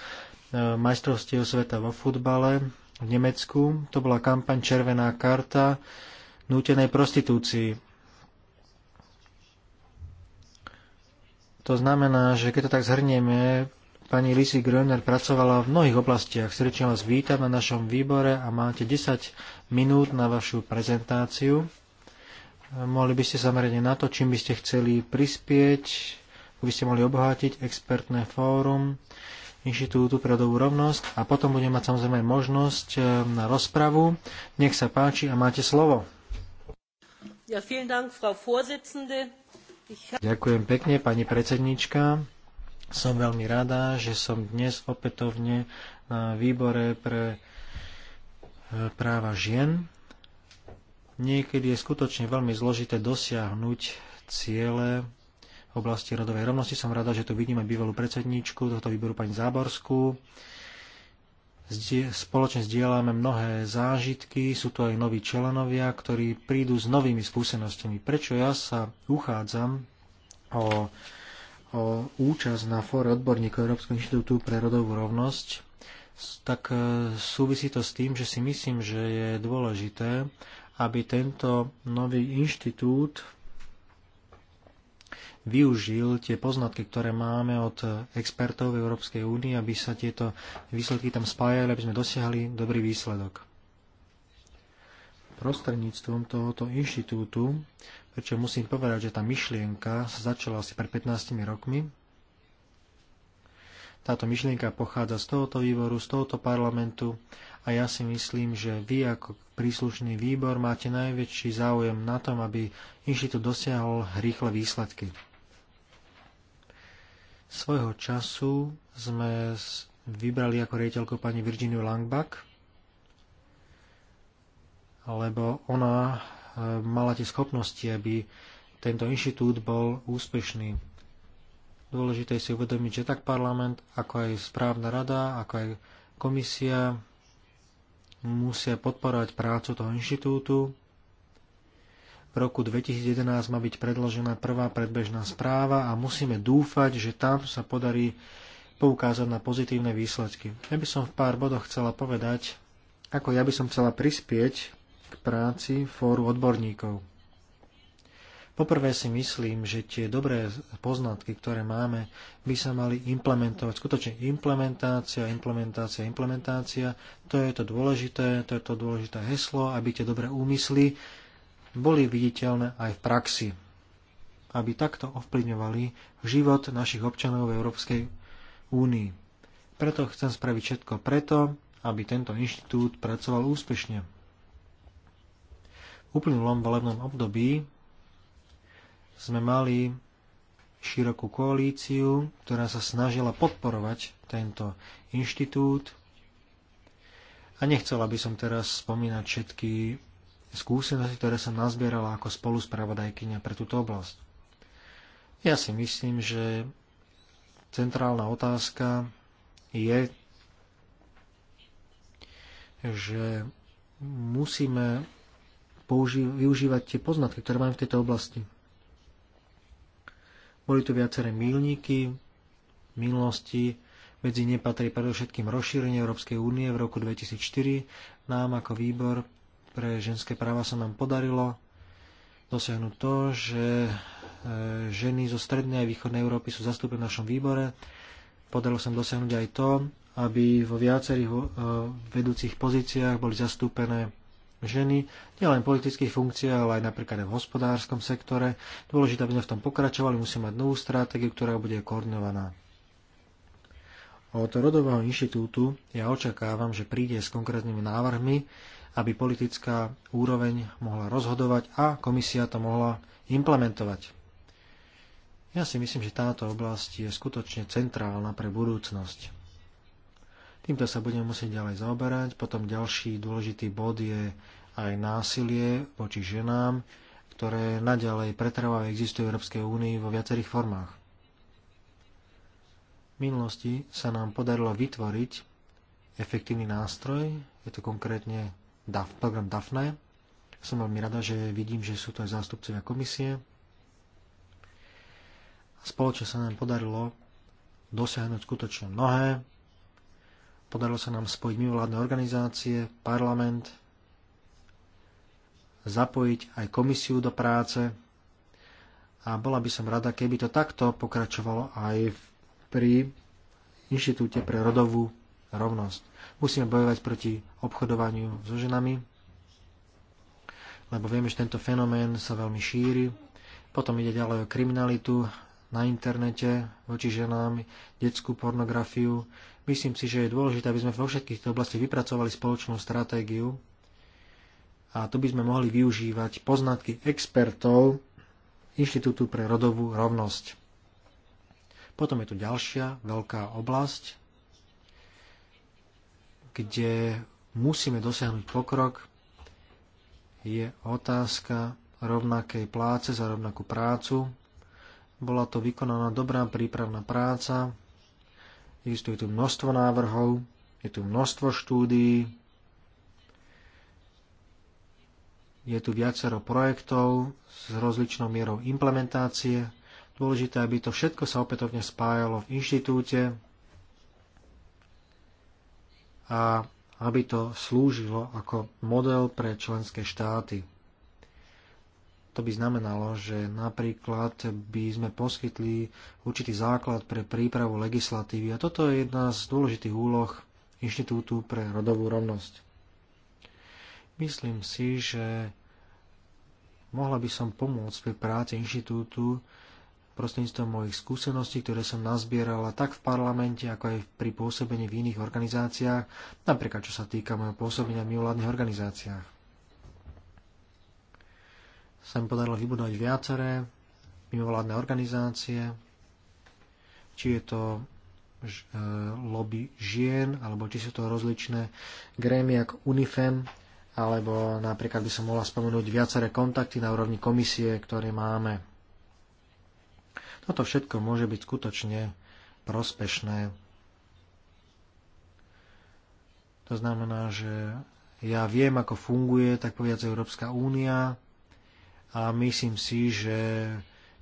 Speaker 2: majstrovstiev sveta vo futbale v Nemecku. To bola kampaň Červená karta nútenej prostitúcii. To znamená, že keď to tak zhrnieme, pani Lisi Gröner pracovala v mnohých oblastiach. Srdečne vás vítam na našom výbore a máte 10 minút na vašu prezentáciu. Mohli by ste zamerať na to, čím by ste chceli prispieť, by ste mohli obohatiť expertné fórum Inštitútu pre dobu rovnosť a potom budem mať samozrejme možnosť eh, na rozpravu. Nech sa páči a máte slovo.
Speaker 1: Ja, Dank, Frau
Speaker 2: ich... Ďakujem pekne, pani predsednička. Som veľmi rada, že som dnes opätovne na výbore pre eh, práva žien Niekedy je skutočne veľmi zložité dosiahnuť ciele v oblasti rodovej rovnosti. Som rada, že tu vidíme bývalú predsedníčku tohto výboru pani Záborskú. Spoločne zdieľame mnohé zážitky, sú tu aj noví členovia, ktorí prídu s novými skúsenostiami. Prečo ja sa uchádzam o, o účasť na fóre odborníkov Európskeho inštitútu pre rodovú rovnosť, tak e, súvisí to s tým, že si myslím, že je dôležité, aby tento nový inštitút využil tie poznatky, ktoré máme od expertov v Európskej únie, aby sa tieto výsledky tam spájali, aby sme dosiahli dobrý výsledok. Prostredníctvom tohoto inštitútu, prečo musím povedať, že tá myšlienka sa začala asi pred 15 rokmi, táto myšlienka pochádza z tohoto výboru, z tohoto parlamentu a ja si myslím, že vy ako príslušný výbor máte najväčší záujem na tom, aby inštitút dosiahol rýchle výsledky. Svojho času sme vybrali ako riaditeľku pani Virginiu Langbach, lebo ona e, mala tie schopnosti, aby tento inštitút bol úspešný. Dôležité si uvedomiť, že tak parlament, ako aj správna rada, ako aj komisia musia podporovať prácu toho inštitútu. V roku 2011 má byť predložená prvá predbežná správa a musíme dúfať, že tam sa podarí poukázať na pozitívne výsledky. Ja by som v pár bodoch chcela povedať, ako ja by som chcela prispieť k práci fóru odborníkov. Poprvé si myslím, že tie dobré poznatky, ktoré máme, by sa mali implementovať. Skutočne implementácia, implementácia, implementácia, to je to dôležité, to je to dôležité heslo, aby tie dobré úmysly boli viditeľné aj v praxi. Aby takto ovplyvňovali život našich občanov v Európskej únii. Preto chcem spraviť všetko preto, aby tento inštitút pracoval úspešne. V uplynulom volebnom období sme mali širokú koalíciu, ktorá sa snažila podporovať tento inštitút. A nechcela by som teraz spomínať všetky skúsenosti, ktoré som nazbierala ako spoluspravodajkynia pre túto oblasť. Ja si myslím, že centrálna otázka je, že musíme použi- využívať tie poznatky, ktoré máme v tejto oblasti. Boli tu viaceré milníky, v minulosti, medzi ne patrí predovšetkým rozšírenie Európskej únie v roku 2004. Nám ako výbor pre ženské práva sa nám podarilo dosiahnuť to, že e, ženy zo strednej a východnej Európy sú zastúpené v našom výbore. Podarilo sa dosiahnuť aj to, aby vo viacerých e, vedúcich pozíciách boli zastúpené ženy, nielen v politických funkciách, ale aj napríklad aj v hospodárskom sektore. Dôležité, aby sme v tom pokračovali, musíme mať novú stratégiu, ktorá bude koordinovaná. Od Rodového inštitútu ja očakávam, že príde s konkrétnymi návrhmi, aby politická úroveň mohla rozhodovať a komisia to mohla implementovať. Ja si myslím, že táto oblasť je skutočne centrálna pre budúcnosť. Týmto sa budeme musieť ďalej zaoberať. Potom ďalší dôležitý bod je aj násilie voči ženám, ktoré naďalej pretrvávajú existujú v Európskej únii vo viacerých formách. V minulosti sa nám podarilo vytvoriť efektívny nástroj, je to konkrétne DAF, program DAFNE. Som veľmi rada, že vidím, že sú to aj zástupcovia komisie. Spoločne sa nám podarilo dosiahnuť skutočne mnohé. Podarilo sa nám spojiť mimovládne organizácie, parlament, zapojiť aj komisiu do práce a bola by som rada, keby to takto pokračovalo aj pri Inštitúte pre rodovú rovnosť. Musíme bojovať proti obchodovaniu so ženami, lebo vieme, že tento fenomén sa veľmi šíri. Potom ide ďalej o kriminalitu, na internete voči ženám, detskú pornografiu. Myslím si, že je dôležité, aby sme vo všetkých tých oblastiach vypracovali spoločnú stratégiu a tu by sme mohli využívať poznatky expertov Inštitútu pre rodovú rovnosť. Potom je tu ďalšia veľká oblasť, kde musíme dosiahnuť pokrok, je otázka rovnakej pláce za rovnakú prácu. Bola to vykonaná dobrá prípravná práca, existuje tu množstvo návrhov, je tu množstvo štúdií, je tu viacero projektov s rozličnou mierou implementácie. Dôležité, aby to všetko sa opätovne spájalo v inštitúte a aby to slúžilo ako model pre členské štáty. To by znamenalo, že napríklad by sme poskytli určitý základ pre prípravu legislatívy a toto je jedna z dôležitých úloh Inštitútu pre rodovú rovnosť. Myslím si, že mohla by som pomôcť pri práci inštitútu prostredníctvom mojich skúseností, ktoré som nazbierala tak v parlamente, ako aj pri pôsobení v iných organizáciách, napríklad čo sa týka mojho pôsobenia v mimovládnych organizáciách sa mi podarilo vybudovať viaceré mimovládne organizácie, či je to e, lobby žien, alebo či sú to rozličné grémy ako UNIFEM, alebo napríklad by som mohla spomenúť viaceré kontakty na úrovni komisie, ktoré máme. Toto všetko môže byť skutočne prospešné. To znamená, že ja viem, ako funguje, tak povedať, Európska únia, a myslím si, že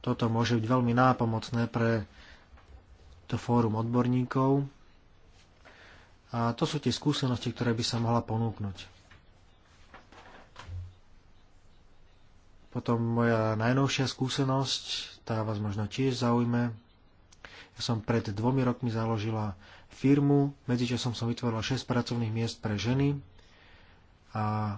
Speaker 2: toto môže byť veľmi nápomocné pre to fórum odborníkov. A to sú tie skúsenosti, ktoré by sa mohla ponúknuť. Potom moja najnovšia skúsenosť, tá vás možno tiež zaujme. Ja som pred dvomi rokmi založila firmu, medzičasom som vytvorila 6 pracovných miest pre ženy a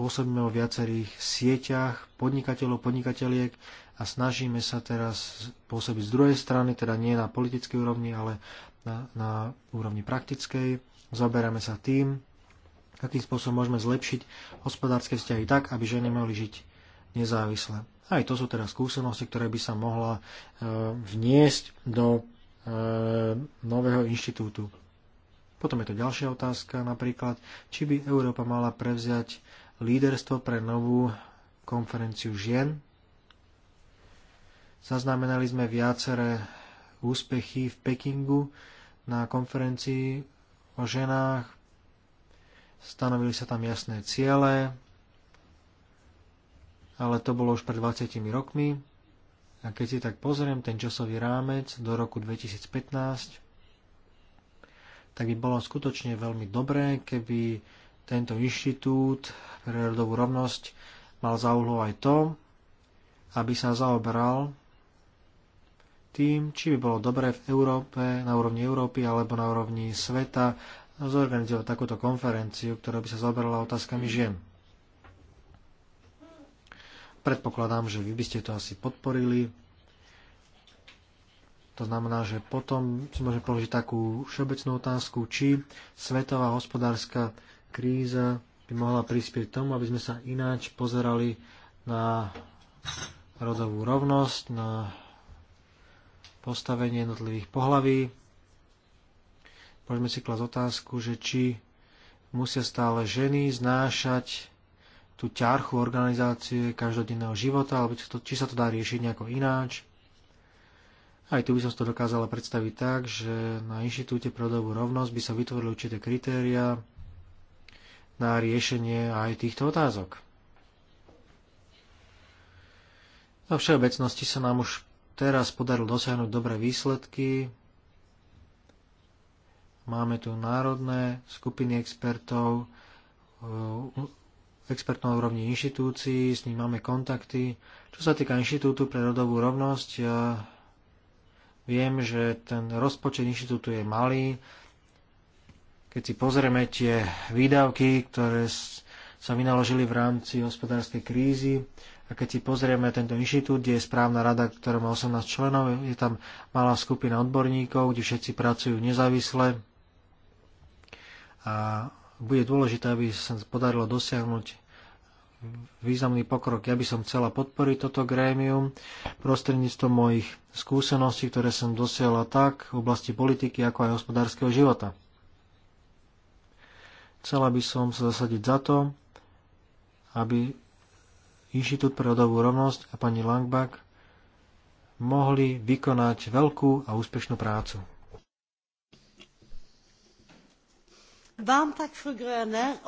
Speaker 2: pôsobíme vo viacerých sieťach podnikateľov, podnikateliek a snažíme sa teraz pôsobiť z druhej strany, teda nie na politickej úrovni, ale na, na úrovni praktickej. Zaberáme sa tým, akým spôsobom môžeme zlepšiť hospodárske vzťahy tak, aby ženy mohli žiť nezávisle. Aj to sú teda skúsenosti, ktoré by sa mohla e, vniesť do e, nového inštitútu. Potom je to ďalšia otázka, napríklad, či by Európa mala prevziať líderstvo pre novú konferenciu žien. Zaznamenali sme viaceré úspechy v Pekingu na konferencii o ženách. Stanovili sa tam jasné ciele, ale to bolo už pred 20 rokmi. A keď si tak pozriem ten časový rámec do roku 2015, tak by bolo skutočne veľmi dobré, keby tento inštitút pre rodovú rovnosť mal za úlohu aj to, aby sa zaoberal tým, či by bolo dobré v Európe, na úrovni Európy alebo na úrovni sveta zorganizovať takúto konferenciu, ktorá by sa zaoberala otázkami žien. Predpokladám, že vy by ste to asi podporili. To znamená, že potom si môžeme položiť takú všeobecnú otázku, či svetová hospodárska kríza by mohla prispieť tomu, aby sme sa ináč pozerali na rodovú rovnosť, na postavenie jednotlivých pohlaví. Môžeme si klasť otázku, že či musia stále ženy znášať tú ťarchu organizácie každodenného života, alebo či sa to dá riešiť nejako ináč. Aj tu by som to dokázala predstaviť tak, že na Inštitúte pre rodovú rovnosť by sa vytvorili určité kritéria, na riešenie aj týchto otázok. Vo všeobecnosti sa nám už teraz podarilo dosiahnuť dobré výsledky. Máme tu národné skupiny expertov, eh, expertov na úrovni inštitúcií, s ním máme kontakty. Čo sa týka Inštitútu pre rodovú rovnosť, ja viem, že ten rozpočet inštitútu je malý, keď si pozrieme tie výdavky, ktoré sa vynaložili v rámci hospodárskej krízy, a keď si pozrieme tento inštitút, kde je správna rada, ktorá má 18 členov, je tam malá skupina odborníkov, kde všetci pracujú nezávisle a bude dôležité, aby sa podarilo dosiahnuť významný pokrok. Ja by som chcela podporiť toto grémium prostredníctvom mojich skúseností, ktoré som dosiahla tak v oblasti politiky, ako aj hospodárskeho života. Chcela by som sa zasadiť za to, aby Inštitút pre rodovú rovnosť a pani Langbach mohli vykonať veľkú a úspešnú prácu.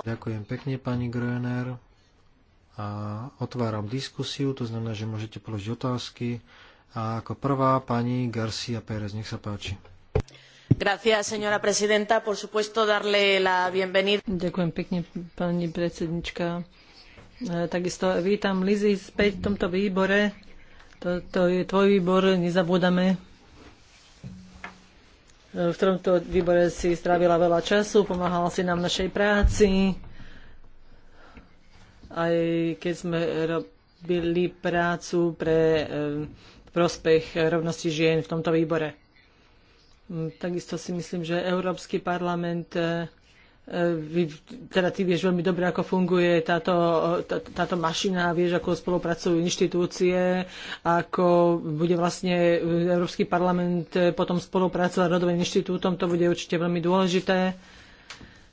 Speaker 2: Ďakujem pekne, pani Gröner. A otváram diskusiu, to znamená, že môžete položiť otázky. A ako prvá pani Garcia Pérez, nech sa páči
Speaker 5: señora presidenta. Por supuesto, darle la bienvenida. Ďakujem pekne, pani
Speaker 4: predsednička. E, takisto vítam Lizy späť v tomto výbore. Toto je tvoj výbor, nezabúdame. E, v tomto výbore si strávila veľa času, pomáhala si nám v našej práci. Aj keď sme robili prácu pre e, prospech rovnosti žien v tomto výbore. Takisto si myslím, že Európsky parlament e, e, vy, teda ty vieš veľmi dobre, ako funguje táto, tá, táto mašina, vieš, ako spolupracujú inštitúcie, ako bude vlastne Európsky parlament e, potom spolupracovať s rodovým inštitútom, to bude určite veľmi dôležité.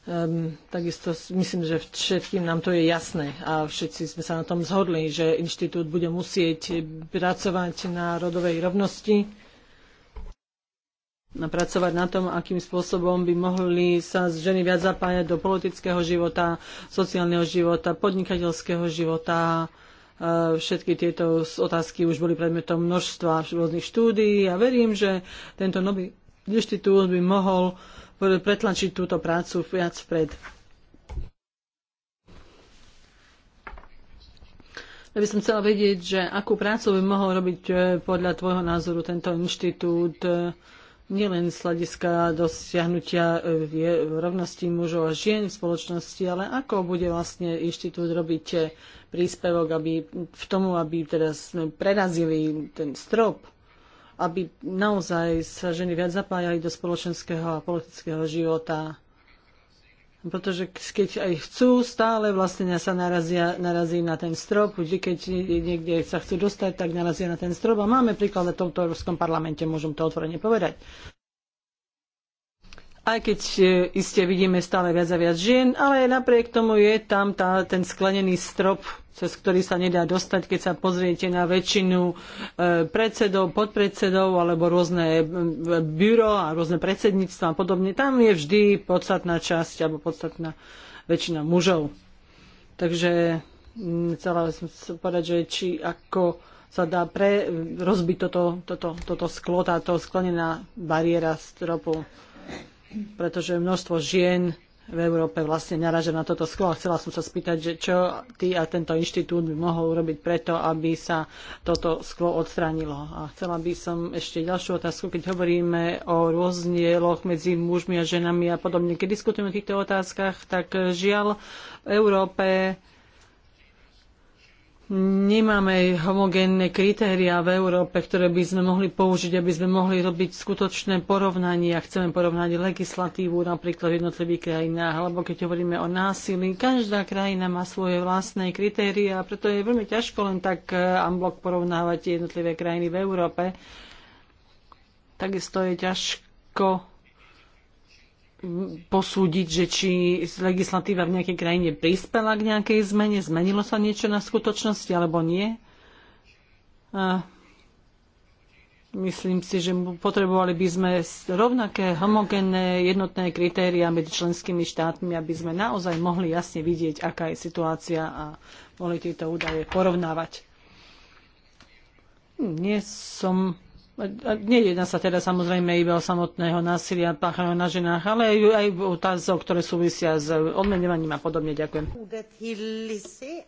Speaker 4: Um, takisto myslím, že všetkým nám to je jasné a všetci sme sa na tom zhodli, že inštitút bude musieť pracovať na rodovej rovnosti pracovať na tom, akým spôsobom by mohli sa ženy viac zapájať do politického života, sociálneho života, podnikateľského života. E, všetky tieto otázky už boli predmetom množstva rôznych štúdií a verím, že tento nový inštitút by mohol pretlačiť túto prácu viac vpred. Ja by som chcela vedieť, že akú prácu by mohol robiť e, podľa tvojho názoru tento inštitút e, nielen z hľadiska dosiahnutia e, rovnosti mužov a žien v spoločnosti, ale ako bude vlastne inštitút robiť e, príspevok aby, v tomu, aby teraz prerazili ten strop, aby naozaj sa ženy viac zapájali do spoločenského a politického života pretože keď aj chcú, stále vlastne sa narazia, narazí na ten strop, vždy keď niekde sa chcú dostať, tak narazia na ten strop a máme príklad v tomto Európskom parlamente, môžem to otvorene povedať. Aj keď e, iste vidíme stále viac a viac žien, ale napriek tomu je tam tá, ten sklenený strop cez ktorý sa nedá dostať, keď sa pozriete na väčšinu e, predsedov, podpredsedov alebo rôzne e, byro a rôzne predsedníctva a podobne. Tam je vždy podstatná časť alebo podstatná väčšina mužov. Takže mm, chcela som povedať, že či ako sa dá pre, rozbiť toto, toto, toto sklo, táto sklenená bariéra stropu, pretože množstvo žien v Európe vlastne naraža na toto sklo a chcela som sa spýtať, že čo ty a tento inštitút by mohol urobiť preto, aby sa toto sklo odstránilo. A chcela by som ešte ďalšiu otázku, keď hovoríme o rozdieloch medzi mužmi a ženami a podobne. Keď diskutujeme o týchto otázkach, tak žiaľ v Európe nemáme homogénne kritéria v Európe, ktoré by sme mohli použiť, aby sme mohli robiť skutočné porovnanie a chceme porovnať legislatívu napríklad v jednotlivých krajinách, alebo keď hovoríme o násilí, každá krajina má svoje vlastné kritéria a preto je veľmi ťažko len tak amblok eh, porovnávať jednotlivé krajiny v Európe. Takisto je ťažko posúdiť, že či legislatíva v nejakej krajine prispela k nejakej zmene, zmenilo sa niečo na skutočnosti alebo nie. A myslím si, že potrebovali by sme rovnaké homogénne jednotné kritéria medzi členskými štátmi, aby sme naozaj mohli jasne vidieť, aká je situácia a mohli tieto údaje porovnávať. Nie som Nejedná sa teda samozrejme iba o samotného násilia páchaného na ženách, ale aj, aj otázok, ktoré súvisia s odmenovaním a podobne. Ďakujem.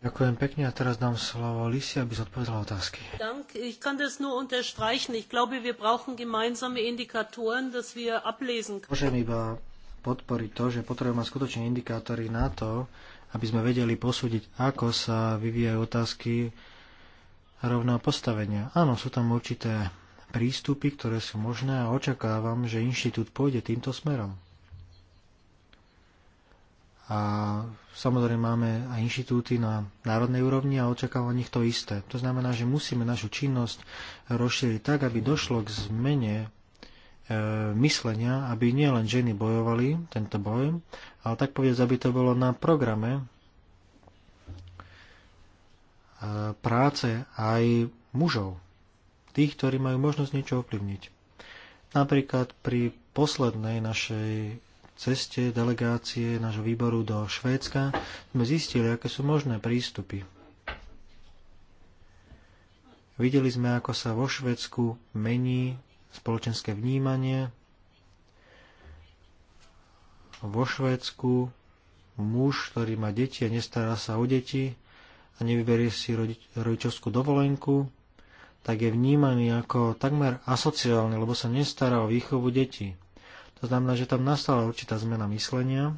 Speaker 2: Ďakujem pekne a teraz dám slovo Lisi, aby zodpovedala otázky. Môžem iba podporiť to, že potrebujeme skutočne indikátory na to, aby sme vedeli posúdiť, ako sa vyvíjajú otázky rovného postavenia. Áno, sú tam určité prístupy, ktoré sú možné a očakávam, že inštitút pôjde týmto smerom. A samozrejme máme aj inštitúty na národnej úrovni a očakávam nich to isté. To znamená, že musíme našu činnosť rozšíriť tak, aby došlo k zmene e, myslenia, aby nielen ženy bojovali tento boj, ale tak povedz, aby to bolo na programe e, práce aj mužov tých, ktorí majú možnosť niečo ovplyvniť. Napríklad pri poslednej našej ceste delegácie nášho výboru do Švédska sme zistili, aké sú možné prístupy. Videli sme, ako sa vo Švedsku mení spoločenské vnímanie. Vo Švédsku muž, ktorý má deti a nestará sa o deti a nevyberie si rodičovskú dovolenku, tak je vnímaný ako takmer asociálny, lebo sa nestará o výchovu detí. To znamená, že tam nastala určitá zmena myslenia.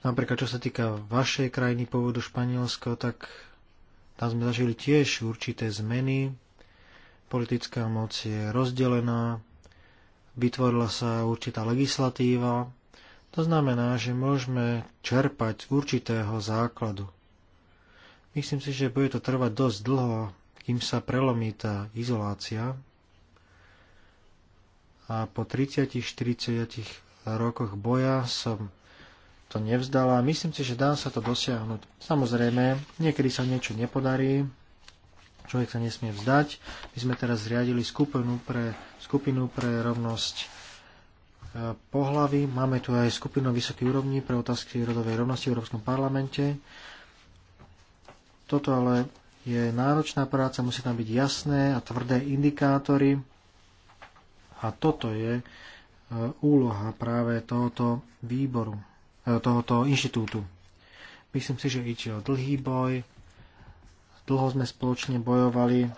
Speaker 2: Napríklad, čo sa týka vašej krajiny pôvodu Španielsko, tak tam sme zažili tiež určité zmeny. Politická moc je rozdelená, vytvorila sa určitá legislatíva, to znamená, že môžeme čerpať z určitého základu. Myslím si, že bude to trvať dosť dlho, kým sa prelomí tá izolácia. A po 30-40 rokoch boja som to nevzdala. Myslím si, že dá sa to dosiahnuť. Samozrejme, niekedy sa niečo nepodarí, človek sa nesmie vzdať. My sme teraz zriadili skupinu pre, skupinu pre rovnosť pohlavy. Máme tu aj skupinu vysokých úrovní pre otázky rodovej rovnosti v Európskom parlamente. Toto ale je náročná práca, musí tam byť jasné a tvrdé indikátory. A toto je e, úloha práve tohoto výboru, e, tohoto inštitútu. Myslím si, že ide o dlhý boj. Dlho sme spoločne bojovali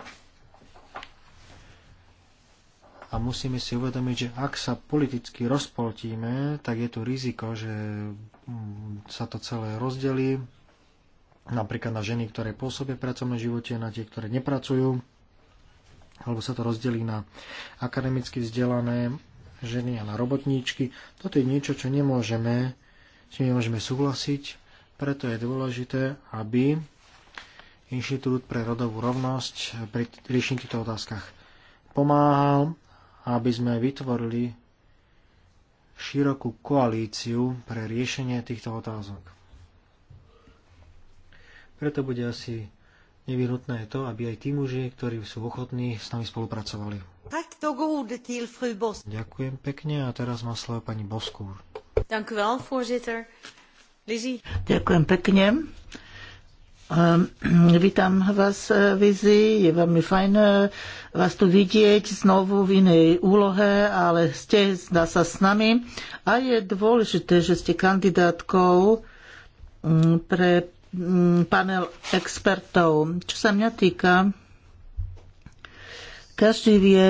Speaker 2: a musíme si uvedomiť, že ak sa politicky rozpoltíme, tak je tu riziko, že mm, sa to celé rozdelí napríklad na ženy, ktoré pôsobia v pracovnom živote, na tie, ktoré nepracujú, alebo sa to rozdelí na akademicky vzdelané ženy a na robotníčky. Toto je niečo, čo nemôžeme, čo nemôžeme súhlasiť, preto je dôležité, aby Inštitút pre rodovú rovnosť pri riešení týchto otázkach pomáhal aby sme vytvorili širokú koalíciu pre riešenie týchto otázok. Preto bude asi nevyhnutné to, aby aj tí muži, ktorí sú ochotní, s nami spolupracovali. Ďakujem pekne a teraz má slovo pani Boskúr. Ďakujem pekne.
Speaker 3: Mm, vítam vás, eh, Vizi, je veľmi fajn eh, vás tu vidieť znovu v inej úlohe, ale ste, zdá sa, s nami. A je dôležité, že ste kandidátkou mm, pre mm, panel expertov. Čo sa mňa týka, každý vie,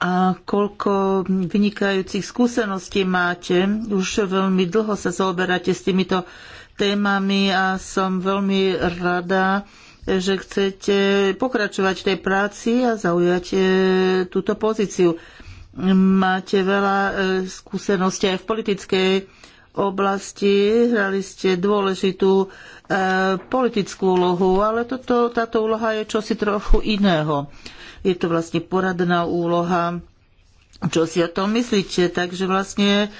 Speaker 3: a koľko vynikajúcich skúseností máte. Už veľmi dlho sa zaoberáte s týmito témami a som veľmi rada, že chcete pokračovať v tej práci a zaujať e, túto pozíciu. Máte veľa e, skúseností aj v politickej oblasti, hrali ste dôležitú e, politickú úlohu, ale toto, táto úloha je čosi trochu iného. Je to vlastne poradná úloha, čo si o tom myslíte. Takže vlastne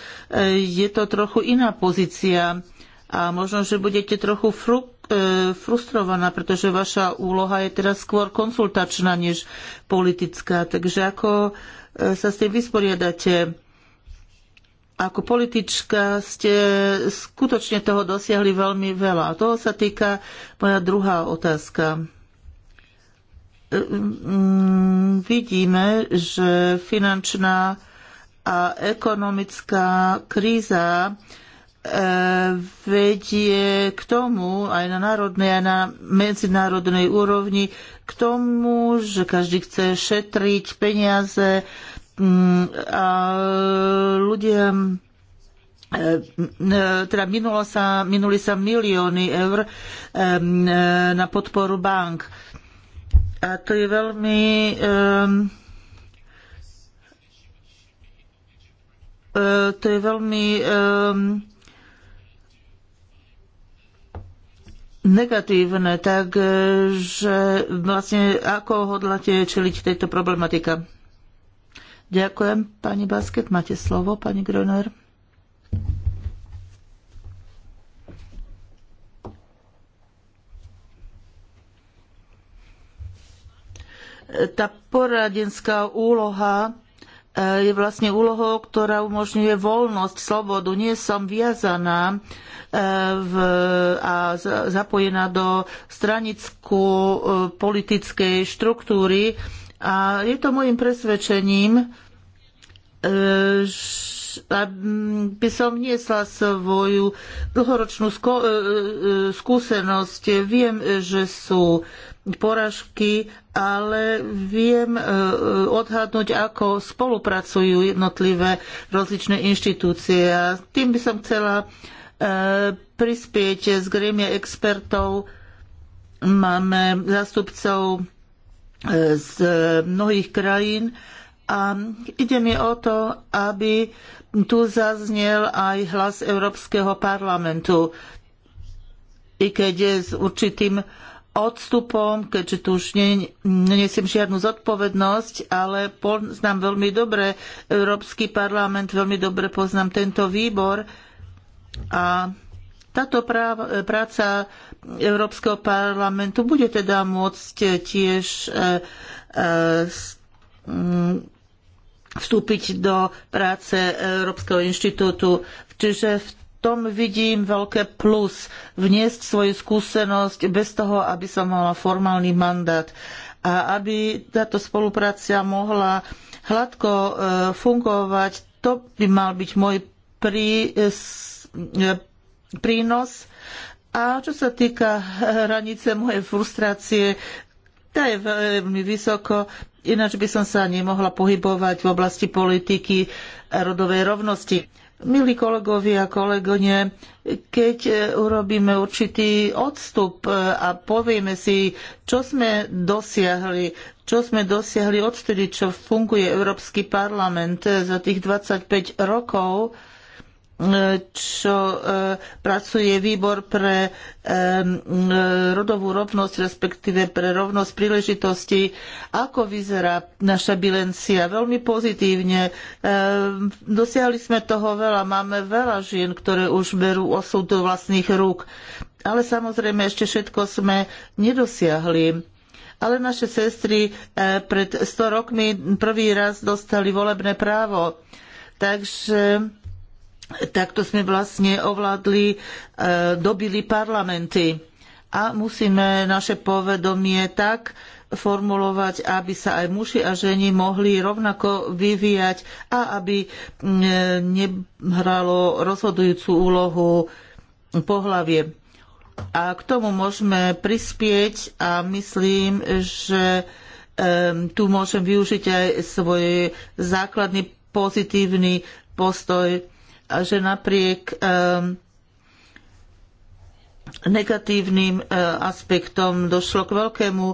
Speaker 3: je to trochu iná pozícia a možno, že budete trochu fru, e, frustrovaná, pretože vaša úloha je teraz skôr konsultačná než politická. Takže ako e, sa s tým vysporiadate? Ako politička ste skutočne toho dosiahli veľmi veľa. A toho sa týka moja druhá otázka e, vidíme, že finančná a ekonomická kríza E, vedie k tomu aj na národnej, aj na medzinárodnej úrovni k tomu, že každý chce šetriť peniaze mm, a ľudia e, e, teda minulo sa, minuli sa milióny eur na podporu bank. A to je veľmi to je veľmi negatívne, takže e, vlastne ako hodláte čeliť tejto problematika? Ďakujem, pani Basket. Máte slovo, pani Gröner. Tá poradenská úloha Eh, je vlastne úlohou, ktorá umožňuje voľnosť, slobodu. Nie som viazaná eh, v, a zapojená do stranicko eh, politickej štruktúry a je to môjim presvedčením, aby mm, som niesla svoju dlhoročnú skúsenosť. Viem, že sú poražky, ale viem e, e, odhadnúť, ako spolupracujú jednotlivé rozličné inštitúcie. A tým by som chcela e, prispieť z grémia expertov. Máme zástupcov z mnohých krajín a ide mi o to, aby tu zaznel aj hlas Európskeho parlamentu, i keď je s určitým odstupom, keďže tu už nenesiem žiadnu zodpovednosť, ale poznám veľmi dobre Európsky parlament, veľmi dobre poznám tento výbor a táto práca Európskeho parlamentu bude teda môcť tiež e, e, vstúpiť do práce Európskeho inštitútu. Čiže v tom vidím veľké plus vniesť svoju skúsenosť bez toho, aby som mala formálny mandát. A aby táto spolupráca mohla hladko e, fungovať, to by mal byť môj prí, e, e, prínos. A čo sa týka hranice mojej frustrácie, tá je veľmi vysoko, ináč by som sa nemohla pohybovať v oblasti politiky rodovej rovnosti. Milí kolegovia a kolegone, keď e, urobíme určitý odstup e, a povieme si, čo sme dosiahli, čo sme dosiahli odtedy, čo funguje Európsky parlament e, za tých 25 rokov, čo e, pracuje výbor pre e, rodovú rovnosť, respektíve pre rovnosť príležitostí. Ako vyzerá naša bilencia? Veľmi pozitívne. E, dosiahli sme toho veľa. Máme veľa žien, ktoré už berú osud do vlastných rúk. Ale samozrejme ešte všetko sme nedosiahli ale naše sestry pred 100 rokmi prvý raz dostali volebné právo. Takže takto sme vlastne ovládli, e, dobili parlamenty. A musíme naše povedomie tak formulovať, aby sa aj muži a ženy mohli rovnako vyvíjať a aby e, nehralo rozhodujúcu úlohu pohlavie. A k tomu môžeme prispieť a myslím, že e, tu môžem využiť aj svoj základný pozitívny postoj a že napriek negatívnym eh, aspektom došlo k veľkému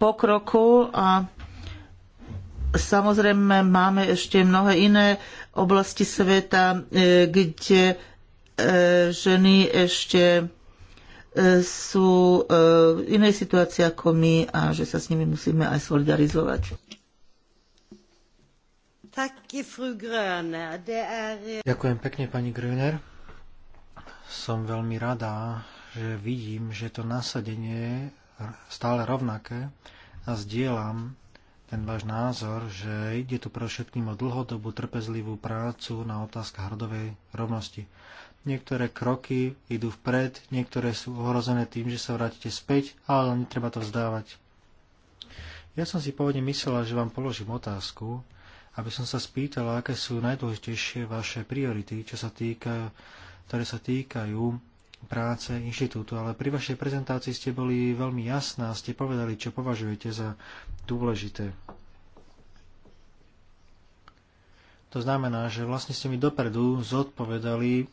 Speaker 3: pokroku a samozrejme máme ešte mnohé iné oblasti sveta, eh, kde eh, ženy ešte sú v inej situácii ako my a že sa s
Speaker 2: nimi musíme aj solidarizovať. Eh, Ďakujem pekne, pani Gröner. Som veľmi rada, že vidím, že to nasadenie je stále rovnaké a zdieľam ten váš názor, že ide tu pre všetkým o dlhodobú trpezlivú prácu na otázkach hrdovej rovnosti. Niektoré kroky idú vpred, niektoré sú ohrozené tým, že sa vrátite späť, ale netreba to vzdávať. Ja som si pôvodne myslela, že vám položím otázku, aby som sa spýtal, aké sú najdôležitejšie vaše priority, čo sa týka, ktoré sa týkajú práce inštitútu. Ale pri vašej prezentácii ste boli veľmi jasná, ste povedali, čo považujete za dôležité. To znamená, že vlastne ste mi dopredu zodpovedali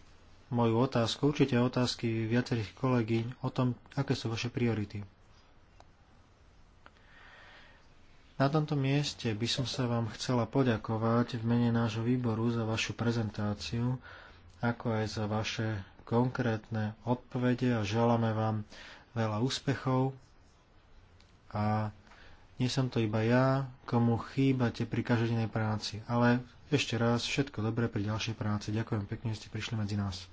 Speaker 2: moju otázku, určite otázky viacerých kolegyň o tom, aké sú vaše priority. Na tomto mieste by som sa vám chcela poďakovať v mene nášho výboru za vašu prezentáciu, ako aj za vaše konkrétne odpovede a želáme vám veľa úspechov. A nie som to iba ja, komu chýbate pri každodennej práci, ale ešte raz všetko dobré pri ďalšej práci. Ďakujem pekne, že ste prišli medzi nás.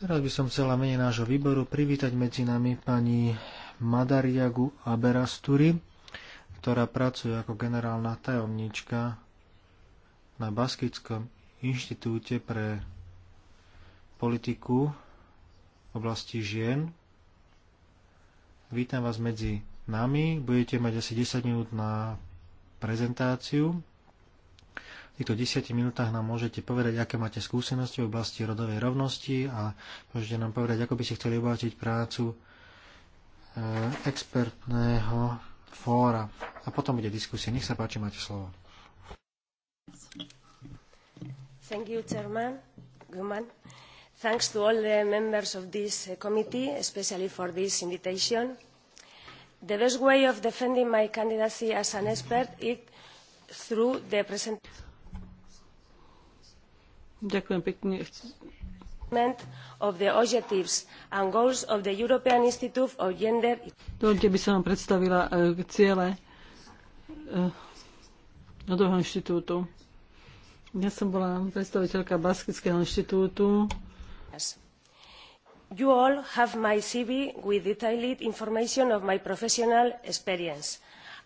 Speaker 2: Teraz by som chcela mene nášho výboru privítať medzi nami pani Madariagu Aberasturi, ktorá pracuje ako generálna tajomníčka na Baskickom inštitúte pre politiku v oblasti žien. Vítam vás medzi nami. Budete mať asi 10 minút na prezentáciu týchto 10 minútach nám môžete povedať, aké máte skúsenosti v oblasti rodovej rovnosti a môžete nám povedať, ako by ste chceli obohatiť prácu eh, expertného fóra. A potom bude diskusia. Nech sa páči, máte slovo.
Speaker 5: Thank you, Chairman. Guman. Thanks to all the members of this eh, committee, especially for this invitation. The best way of defending my candidacy as an expert is through the presentation
Speaker 4: dovoľte pekne. by som vám predstavila e, ciele nového e, inštitútu. Ja som bola predstaviteľka Baskického inštitútu.
Speaker 5: You all have my CV with detailed information of my professional experience.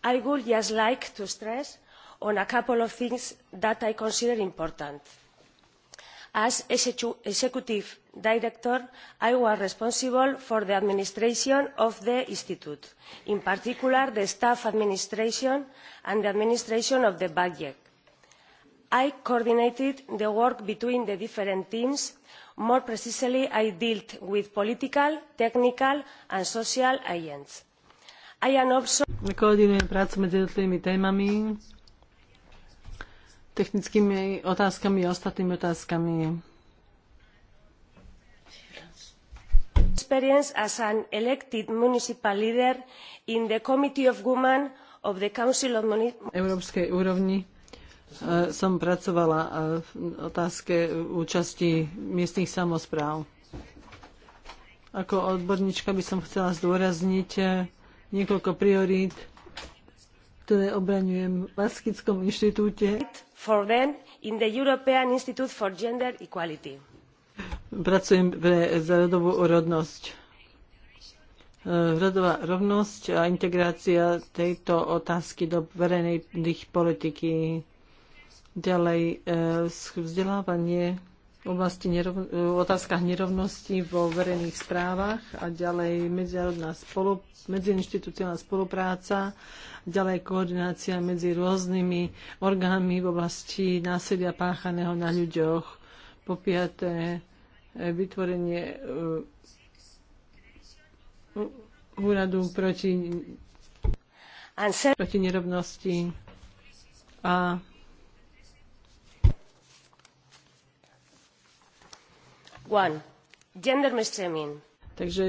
Speaker 5: I would just like to stress on a couple of things that I consider important as executive director i was responsible for the administration of the institute in particular the staff administration and the administration of the budget. i coordinated the work between the different teams more precisely i dealt with political technical and social agents. i am
Speaker 4: also technickými otázkami a ostatnými otázkami.
Speaker 5: experience as an elected municipal leader in the Committee of Women of the Council of
Speaker 4: Európskej úrovni e, som pracovala e, v otázke účasti miestnych samozpráv. Ako odborníčka by som chcela zdôrazniť e, niekoľko priorít, ktoré obraňujem v Baskickom inštitúte
Speaker 5: for them in the European Institute for Gender Equality.
Speaker 4: Pracujem pre rodovú rovnosť. E, rodová rovnosť a integrácia tejto otázky do verejnej politiky. Ďalej e, vzdelávanie v oblasti nerov- otázkach nerovností vo verejných správach a ďalej medzinárodná spolu- medziinstitucionálna spolupráca, ďalej koordinácia medzi rôznymi orgánmi v oblasti násilia páchaného na ľuďoch, po piaté e, vytvorenie e, úradu proti, proti nerovnosti a
Speaker 5: One, gender mainstreaming.
Speaker 4: Takže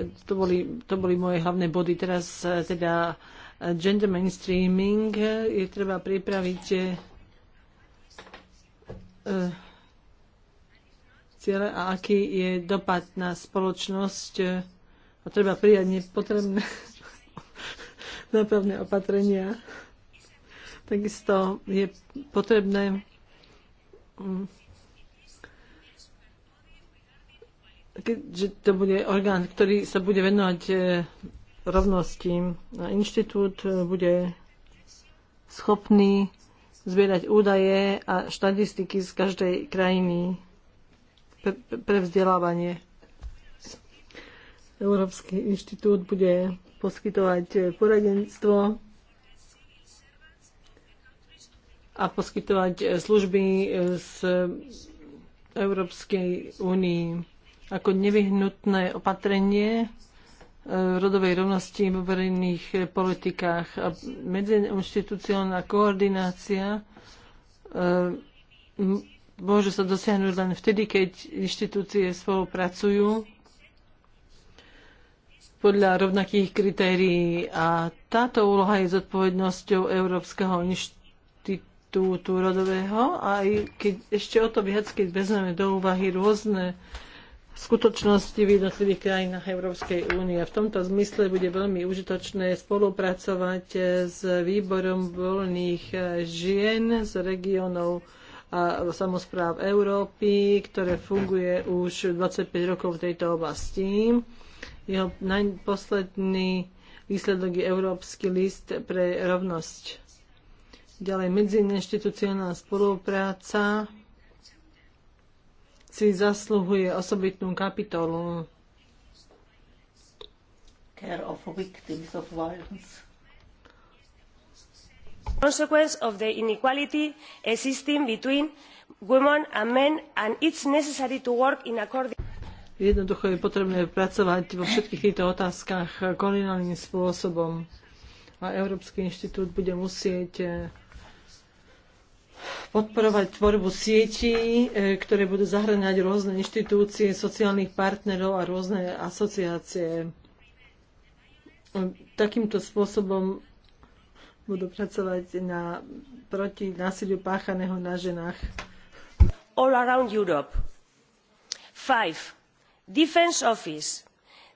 Speaker 4: eh, to boli, to boli moje hlavné body. Teraz eh, teda eh, gender mainstreaming je treba pripraviť eh, ciele a aký je dopad na spoločnosť a treba prijať nepotrebné nápravné opatrenia. Takisto je potrebné hm, keďže to bude orgán, ktorý sa bude venovať e, rovnosti. a Inštitút e, bude schopný zbierať údaje a štatistiky z každej krajiny pre, pre vzdelávanie. Európsky inštitút bude poskytovať e, poradenstvo a poskytovať služby z Európskej únii ako nevyhnutné opatrenie e, rodovej rovnosti v verejných e, politikách. A medziinstitucionálna koordinácia e, môže sa dosiahnuť len vtedy, keď inštitúcie spolupracujú podľa rovnakých kritérií. A táto úloha je zodpovednosťou Európskeho inštitútu rodového, aj keď ešte o to viac, keď vezmeme do úvahy rôzne skutočnosti v jednotlivých krajinách Európskej únie. V tomto zmysle bude veľmi užitočné spolupracovať eh, s výborom voľných eh, žien z regiónov a samozpráv Európy, ktoré funguje už 25 rokov v tejto oblasti. Jeho posledný výsledok je Európsky list pre rovnosť. Ďalej medziinstitucionálna spolupráca si zasluhuje osobitnú kapitolu.
Speaker 3: Care of victims of violence.
Speaker 5: Consequence of the inequality existing between women and men and it's necessary to work in accordance
Speaker 4: Jednoducho je potrebné pracovať vo všetkých týchto otázkach koordinálnym spôsobom a Európsky inštitút bude musieť podporovať tvorbu sietí, e, ktoré budú zahrňať rôzne inštitúcie, sociálnych partnerov a rôzne asociácie. Takýmto spôsobom budú pracovať na, proti násiliu páchaného
Speaker 5: na ženách. All around Europe. Five. Defense Office.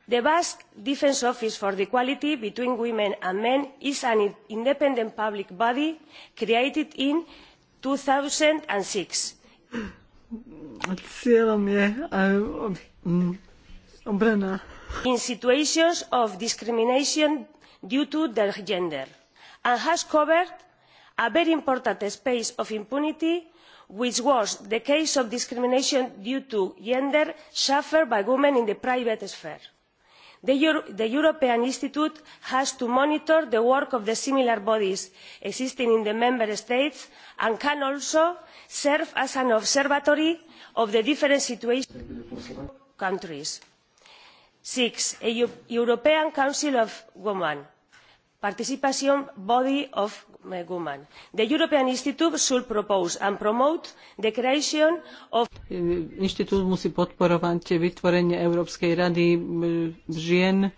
Speaker 5: The Basque Defense Office for the Equality between Women and Men is an independent public body created in 2006. Cieľom je eh, obrana. In situations of discrimination due to their gender and has covered a very important space of impunity which was the case of discrimination due to gender suffered by women in the private sphere The, European Institute has to monitor the work of the similar bodies existing in the member states and can also serve as an observatory of the different situations in countries. Six, a European Council of Women, participation body of women. the european institute should propose and promote the creation of.
Speaker 4: Eh, inštitút musí podporovať vytvorenie európskej rady žien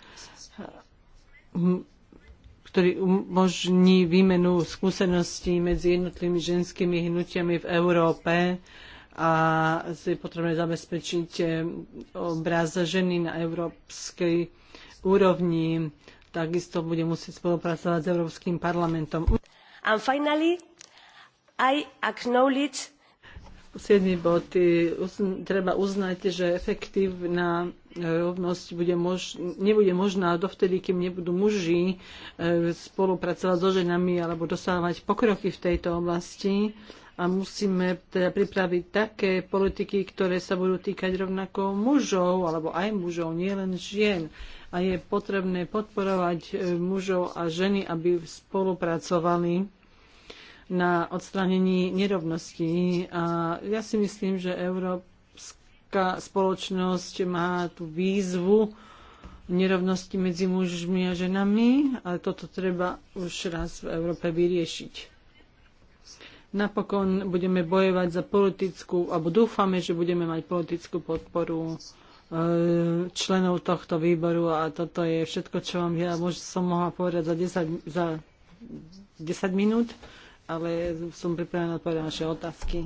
Speaker 4: ktorý umožní výmenu skúseností medzi jednotlivými ženskými hnutiami v Európe a je potrebné zabezpečiť eh, obraz ženy na európskej úrovni. Takisto bude musieť spolupracovať s Európskym parlamentom. And finally, I acknowledge Posledný bod, treba uznať, že efektívna e, rovnosť bude mož, nebude možná dovtedy, kým nebudú muži e, spolupracovať so ženami alebo dosávať pokroky v tejto oblasti. A musíme teda pripraviť také politiky, ktoré sa budú týkať rovnako mužov, alebo aj mužov, nielen žien a je potrebné podporovať e, mužov a ženy, aby spolupracovali na odstranení nerovností. A ja si myslím, že európska spoločnosť má tú výzvu nerovnosti medzi mužmi a ženami, ale toto treba už raz v Európe vyriešiť. Napokon budeme bojovať za politickú, alebo dúfame, že budeme mať politickú podporu E, členov tohto výboru a toto je všetko, čo vám ja môž, som mohla povedať za 10, za 10 minút, ale som pripravená odpovedať na vaše
Speaker 1: otázky.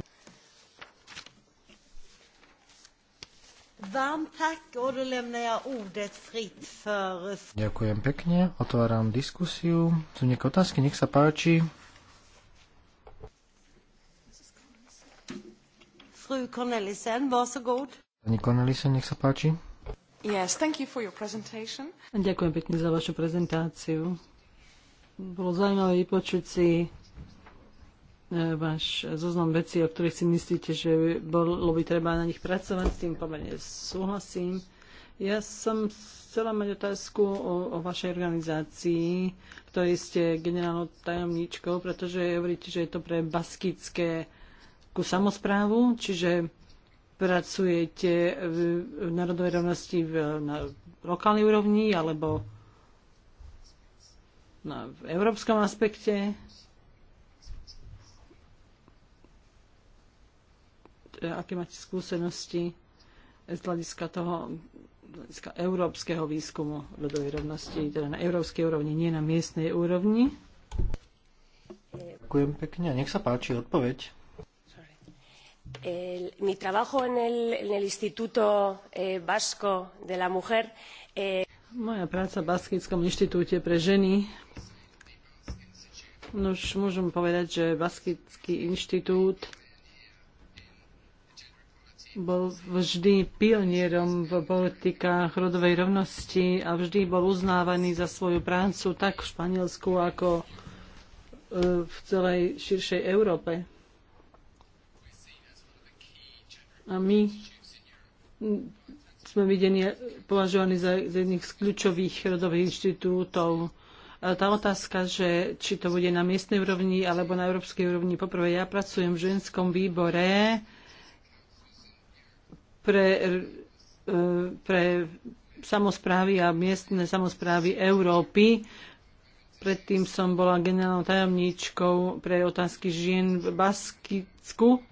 Speaker 2: Ďakujem pekne, otváram diskusiu. Sú nejaké otázky, nech sa páči.
Speaker 1: Fru Cornelissen, varsågod.
Speaker 2: Pani nech sa páči.
Speaker 5: Yes, thank you for your presentation.
Speaker 4: Ďakujem pekne za vašu prezentáciu. Bolo zaujímavé vypočuť si e, váš zoznam vecí, o ktorých si myslíte, že bolo by treba na nich pracovať, s tým pomerne súhlasím. Ja som chcela mať otázku o, o vašej organizácii, ktorej ste generálnou tajomníčkou, pretože hovoríte, že je to pre baskické ku samozprávu, čiže pracujete v, v rovnosti v, na lokálnej úrovni alebo na, v európskom aspekte? aké máte skúsenosti z hľadiska toho z hľadiska európskeho výskumu ľudovej rovnosti, teda na európskej úrovni, nie na miestnej
Speaker 2: úrovni? Ďakujem pekne. Nech sa páči odpoveď
Speaker 5: el, mi trabajo en el, en el Instituto eh, Vasco de la Mujer. Eh...
Speaker 4: Moja práca v Baskickom inštitúte pre ženy. Nož môžem povedať, že Baskický inštitút bol vždy pionierom v politikách rodovej rovnosti a vždy bol uznávaný za svoju prácu tak v Španielsku ako e, v celej širšej Európe. A my sme videní, považovaní za jedných z kľúčových rodových inštitútov. tá otázka, že či to bude na miestnej úrovni alebo na európskej úrovni, poprvé ja pracujem v ženskom výbore pre, e, pre samozprávy a miestne samozprávy Európy. Predtým som bola generálnou tajomníčkou pre otázky žien v Baskicku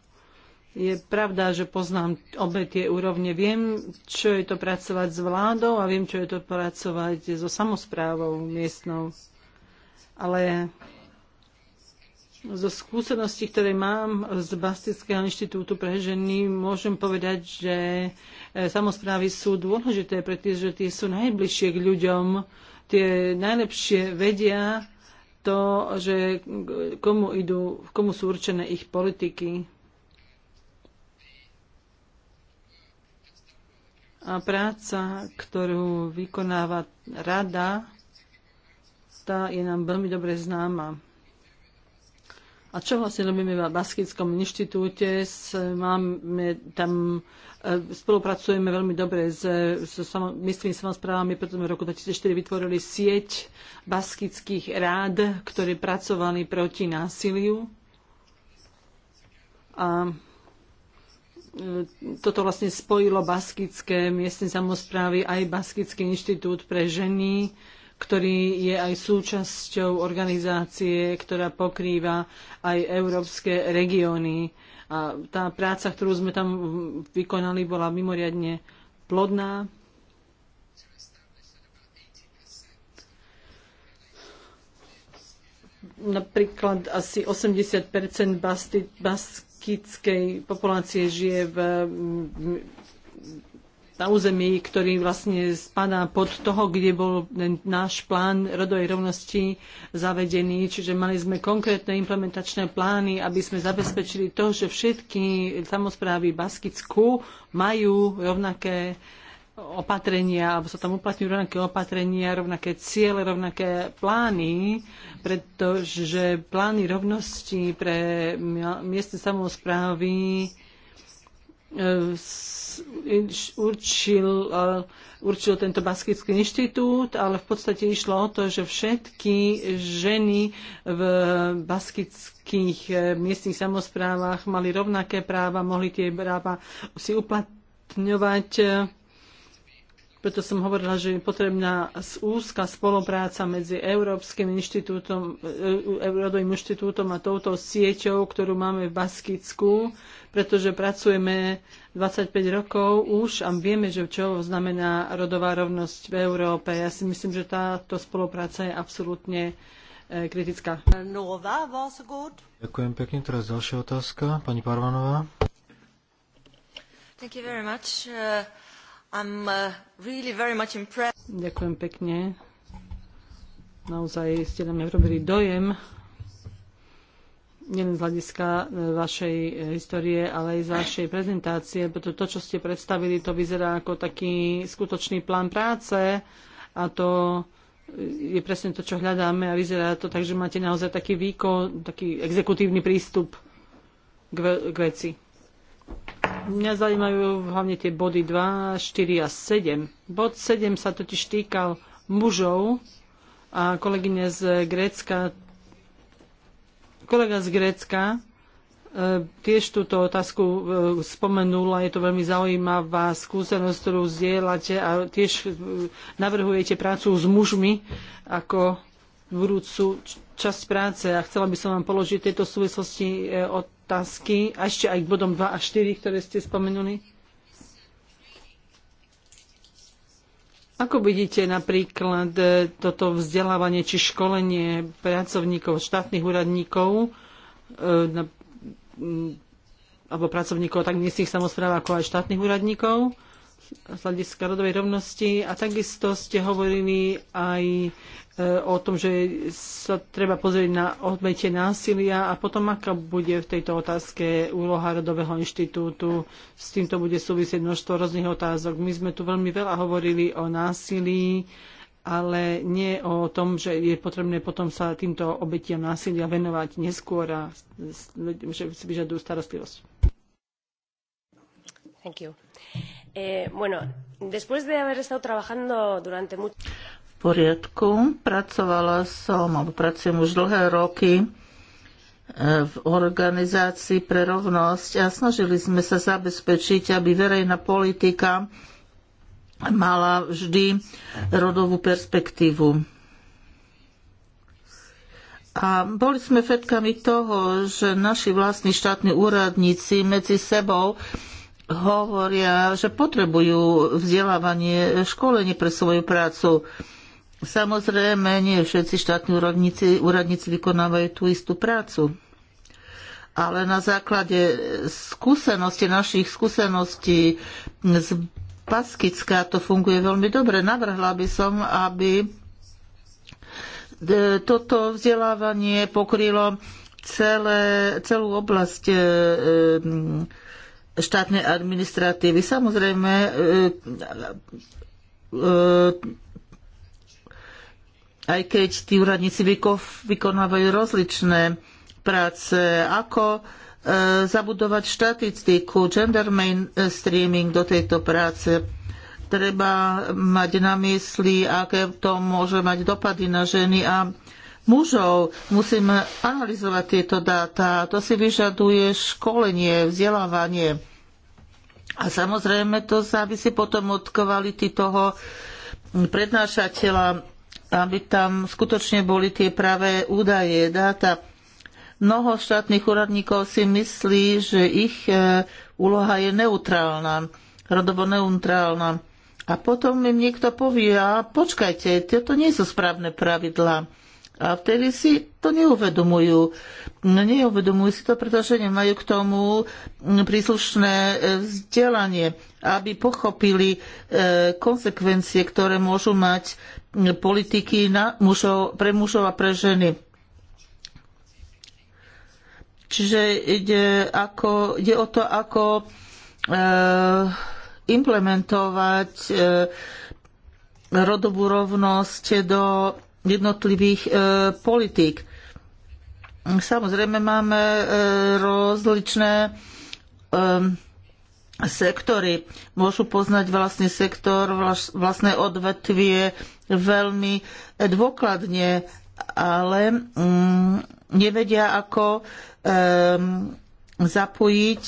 Speaker 4: je pravda, že poznám obe tie úrovne. Viem, čo je to pracovať s vládou a viem, čo je to pracovať so samozprávou miestnou. Ale zo skúseností, ktoré mám z Bastického inštitútu pre ženy, môžem povedať, že e, samozprávy sú dôležité, pretože tie sú najbližšie k ľuďom, tie najlepšie vedia to, že komu, idú, komu sú určené ich politiky. A práca, ktorú vykonáva rada, tá je nám veľmi dobre známa. A čo vlastne robíme v Baskickom inštitúte? Máme tam, e, spolupracujeme veľmi dobre s, s samo, miestnymi samozprávami, preto sme v roku 2004 vytvorili sieť baskických rád, ktorí pracovali proti násiliu. A toto vlastne spojilo baskické miestne samozprávy aj Baskický inštitút pre ženy, ktorý je aj súčasťou organizácie, ktorá pokrýva aj európske regióny. A tá práca, ktorú sme tam vykonali, bola mimoriadne plodná. Napríklad asi 80 bask kitskej populácie žije v, mm, na území, ktorý vlastne spadá pod toho, kde bol ten náš plán rodovej rovnosti zavedený. Čiže mali sme konkrétne implementačné plány, aby sme zabezpečili to, že všetky samozprávy Baskicku majú rovnaké opatrenia, alebo sa tam uplatňujú rovnaké opatrenia, rovnaké ciele, rovnaké plány, pretože plány rovnosti pre miestne samozprávy e, určil, e, určil tento Baskický inštitút, ale v podstate išlo o to, že všetky ženy v baskických e, miestnych samozprávach mali rovnaké práva, mohli tie práva si uplatňovať preto som hovorila, že je potrebná úzka spolupráca medzi Európskym inštitútom, e, e, Európskym inštitútom a touto sieťou, ktorú máme v Baskicku, pretože pracujeme 25 rokov už a vieme, že čo znamená rodová rovnosť v Európe. Ja si myslím, že táto spolupráca je absolútne
Speaker 1: e, kritická.
Speaker 2: Ďakujem pekne. Teraz ďalšia otázka. Pani Parvanová.
Speaker 1: Thank you very much. Uh... Uh,
Speaker 4: Ďakujem pekne. Naozaj ste na mňa robili dojem, nielen z hľadiska e, vašej e, histórie, ale aj z vašej prezentácie, preto to, čo ste predstavili, to vyzerá ako taký skutočný plán práce a to e, je presne to, čo hľadáme a vyzerá to tak, že máte naozaj taký výkon, taký exekutívny prístup k, ve- k veci. Mňa zaujímajú hlavne tie body 2, 4 a 7. Bod 7 sa totiž týkal mužov a kolegyňa z Grécka kolega z Grécka e, tiež túto otázku e, spomenula. Je to veľmi zaujímavá skúsenosť, ktorú zdieľate a tiež e, navrhujete prácu s mužmi ako budúcu časť práce a chcela by som vám položiť tieto súvislosti e, otázky a ešte aj k bodom 2 a 4, ktoré ste spomenuli. Ako vidíte napríklad e, toto vzdelávanie či školenie pracovníkov, štátnych úradníkov e, alebo pracovníkov tak miestnych samozpráv ako aj štátnych úradníkov? z hľadiska rodovej rovnosti a takisto ste hovorili aj e, o tom, že sa treba pozrieť na obete násilia a potom aká bude v tejto otázke úloha Rodového inštitútu. S týmto bude súvisieť množstvo rôznych otázok. My sme tu veľmi veľa hovorili o násilí, ale nie o tom, že je potrebné potom sa týmto obetiam násilia venovať neskôr a že si vyžadujú starostlivosť.
Speaker 5: Thank you. Eh, bueno, después de haber estado trabajando durante mucho... V
Speaker 3: poriadku, pracovala som, alebo pracujem už dlhé roky eh, v organizácii pre rovnosť a snažili sme sa zabezpečiť, aby verejná politika mala vždy rodovú perspektívu. A boli sme vedkami toho, že naši vlastní štátni úradníci medzi sebou hovoria, že potrebujú vzdelávanie, školenie pre svoju prácu. Samozrejme, nie všetci štátni úradníci, úradníci vykonávajú tú istú prácu. Ale na základe skúsenosti, našich skúseností z Paskická to funguje veľmi dobre. Navrhla by som, aby e, toto vzdelávanie pokrylo celé, celú oblasť e, e, štátnej administratívy. Samozrejme, e, e, aj keď tí úradníci vykonávajú rozličné práce, ako e, zabudovať štatistiku, gender mainstreaming do tejto práce. Treba mať na mysli, aké to môže mať dopady na ženy a mužov. Musíme analyzovať tieto dáta. To si vyžaduje školenie, vzdelávanie. A samozrejme to závisí potom od kvality toho prednášateľa, aby tam skutočne boli tie pravé údaje, dáta. Mnoho štátnych úradníkov si myslí, že ich e, úloha je neutrálna, rodovo neutrálna. A potom im niekto povie, a počkajte, toto nie sú správne pravidlá. A vtedy si to neuvedomujú. No, neuvedomujú si to, pretože nemajú k tomu mm, príslušné e, vzdelanie, aby pochopili e, konsekvencie, ktoré môžu mať mm, politiky na mužov, pre mužov a pre ženy. Čiže ide, ako, ide o to, ako e, implementovať rodovú rovnosť do jednotlivých e, politík. Samozrejme máme e, rozličné e, sektory. Môžu poznať vlastný sektor, vlastné odvetvie veľmi dôkladne, ale mm, nevedia, ako zapojiť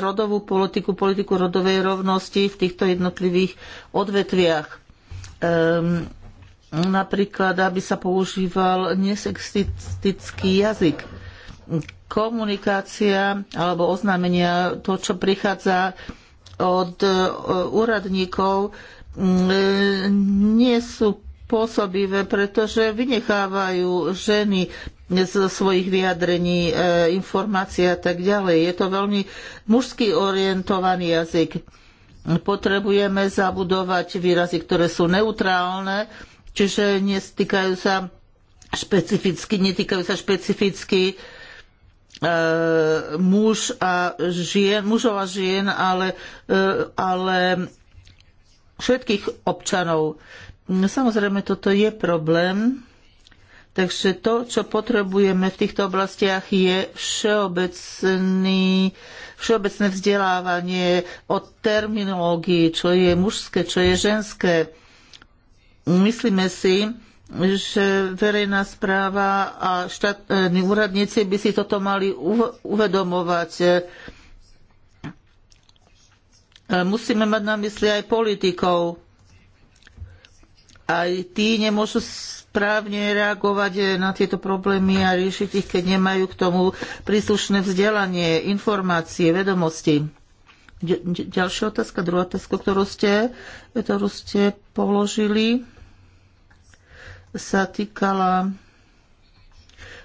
Speaker 3: rodovú politiku, politiku rodovej rovnosti v týchto jednotlivých odvetviach. Ehm, Napríklad, aby sa používal nesexistický jazyk. Komunikácia alebo oznámenia, to, čo prichádza od e, úradníkov, e, nie sú pôsobivé, pretože vynechávajú ženy zo svojich vyjadrení, e, informácií a tak ďalej. Je to veľmi mužsky orientovaný jazyk. Potrebujeme zabudovať výrazy, ktoré sú neutrálne, čiže nestýkajú sa špecificky, netýkajú sa špecificky e, muž a žien, mužov a žien, ale, e, ale všetkých občanov. Samozrejme, toto je problém, takže to, čo potrebujeme v týchto oblastiach, je všeobecný, všeobecné vzdelávanie o terminológii, čo je mužské, čo je ženské Myslíme si, že verejná správa a štátni úradníci by si toto mali uvedomovať. Musíme mať na mysli aj politikov. Aj tí nemôžu správne reagovať na tieto problémy a riešiť ich, keď nemajú k tomu príslušné vzdelanie, informácie, vedomosti ďalšia otázka, druhá otázka, ktorú ste, ktorú ste položili, sa týkala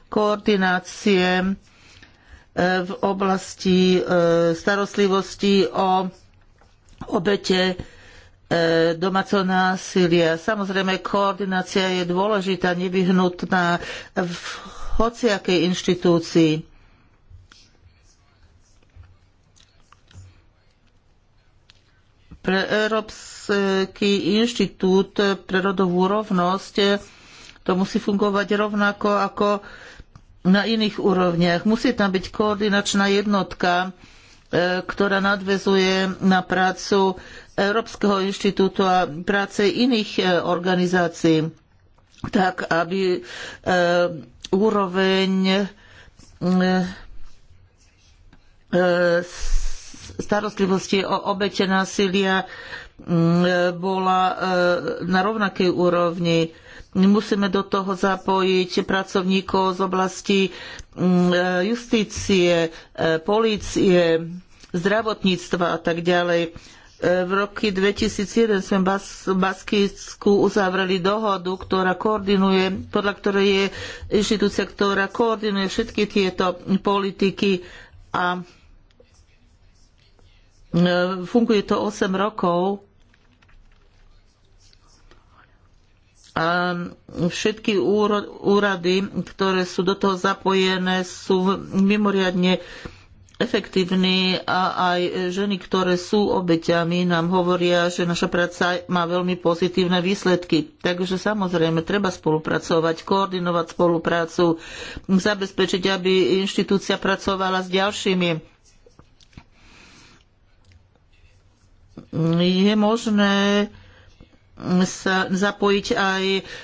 Speaker 3: koordinácie e, v oblasti e, starostlivosti o obete e, domáceho násilia. Samozrejme, koordinácia je dôležitá, nevyhnutná v hociakej inštitúcii. Pre Európsky inštitút pre rodovú rovnosť to musí fungovať rovnako ako na iných úrovniach. Musí tam byť koordinačná jednotka, e, ktorá nadvezuje na prácu Európskeho inštitútu a práce iných e, organizácií, tak aby e, úroveň starostlivosti o obete násilia mm, e, bola e, na rovnakej úrovni. Musíme do toho zapojiť pracovníkov z oblasti mm, e, justície, polície, zdravotníctva a tak ďalej. V roku 2001 sme v Baskicku uzavreli dohodu, ktorá koordinuje, podľa ktorej je inštitúcia, ktorá koordinuje všetky tieto politiky a E, funguje to 8 rokov a všetky úrady, ktoré sú do toho zapojené, sú mimoriadne efektívni a aj ženy, ktoré sú obeťami, nám hovoria, že naša práca má veľmi pozitívne výsledky. Takže samozrejme, treba spolupracovať, koordinovať spoluprácu, zabezpečiť, aby inštitúcia pracovala s ďalšími je možné sa zapojiť aj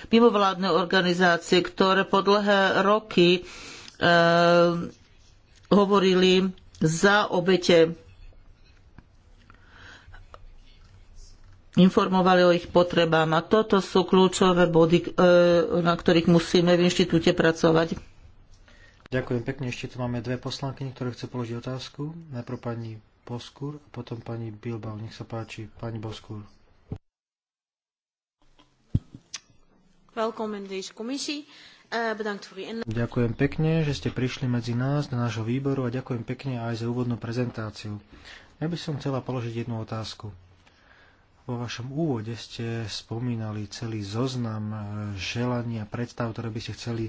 Speaker 3: mimovládne organizácie, ktoré po dlhé roky e, hovorili za obete, informovali o ich potrebách. A toto sú kľúčové body, e, na ktorých musíme v inštitúte
Speaker 2: pracovať. Ďakujem pekne. Ešte tu máme dve poslanky, ktoré chcú položiť otázku. Najprv pani Boskur a potom pani Bilbao. Nech sa páči, pani Boskur. Eh, ďakujem pekne, že ste prišli medzi nás, do nášho výboru a ďakujem pekne aj za úvodnú prezentáciu. Ja by som chcela položiť jednu otázku. Vo vašom úvode ste spomínali celý zoznam eh, želaní a predstav, ktoré by ste chceli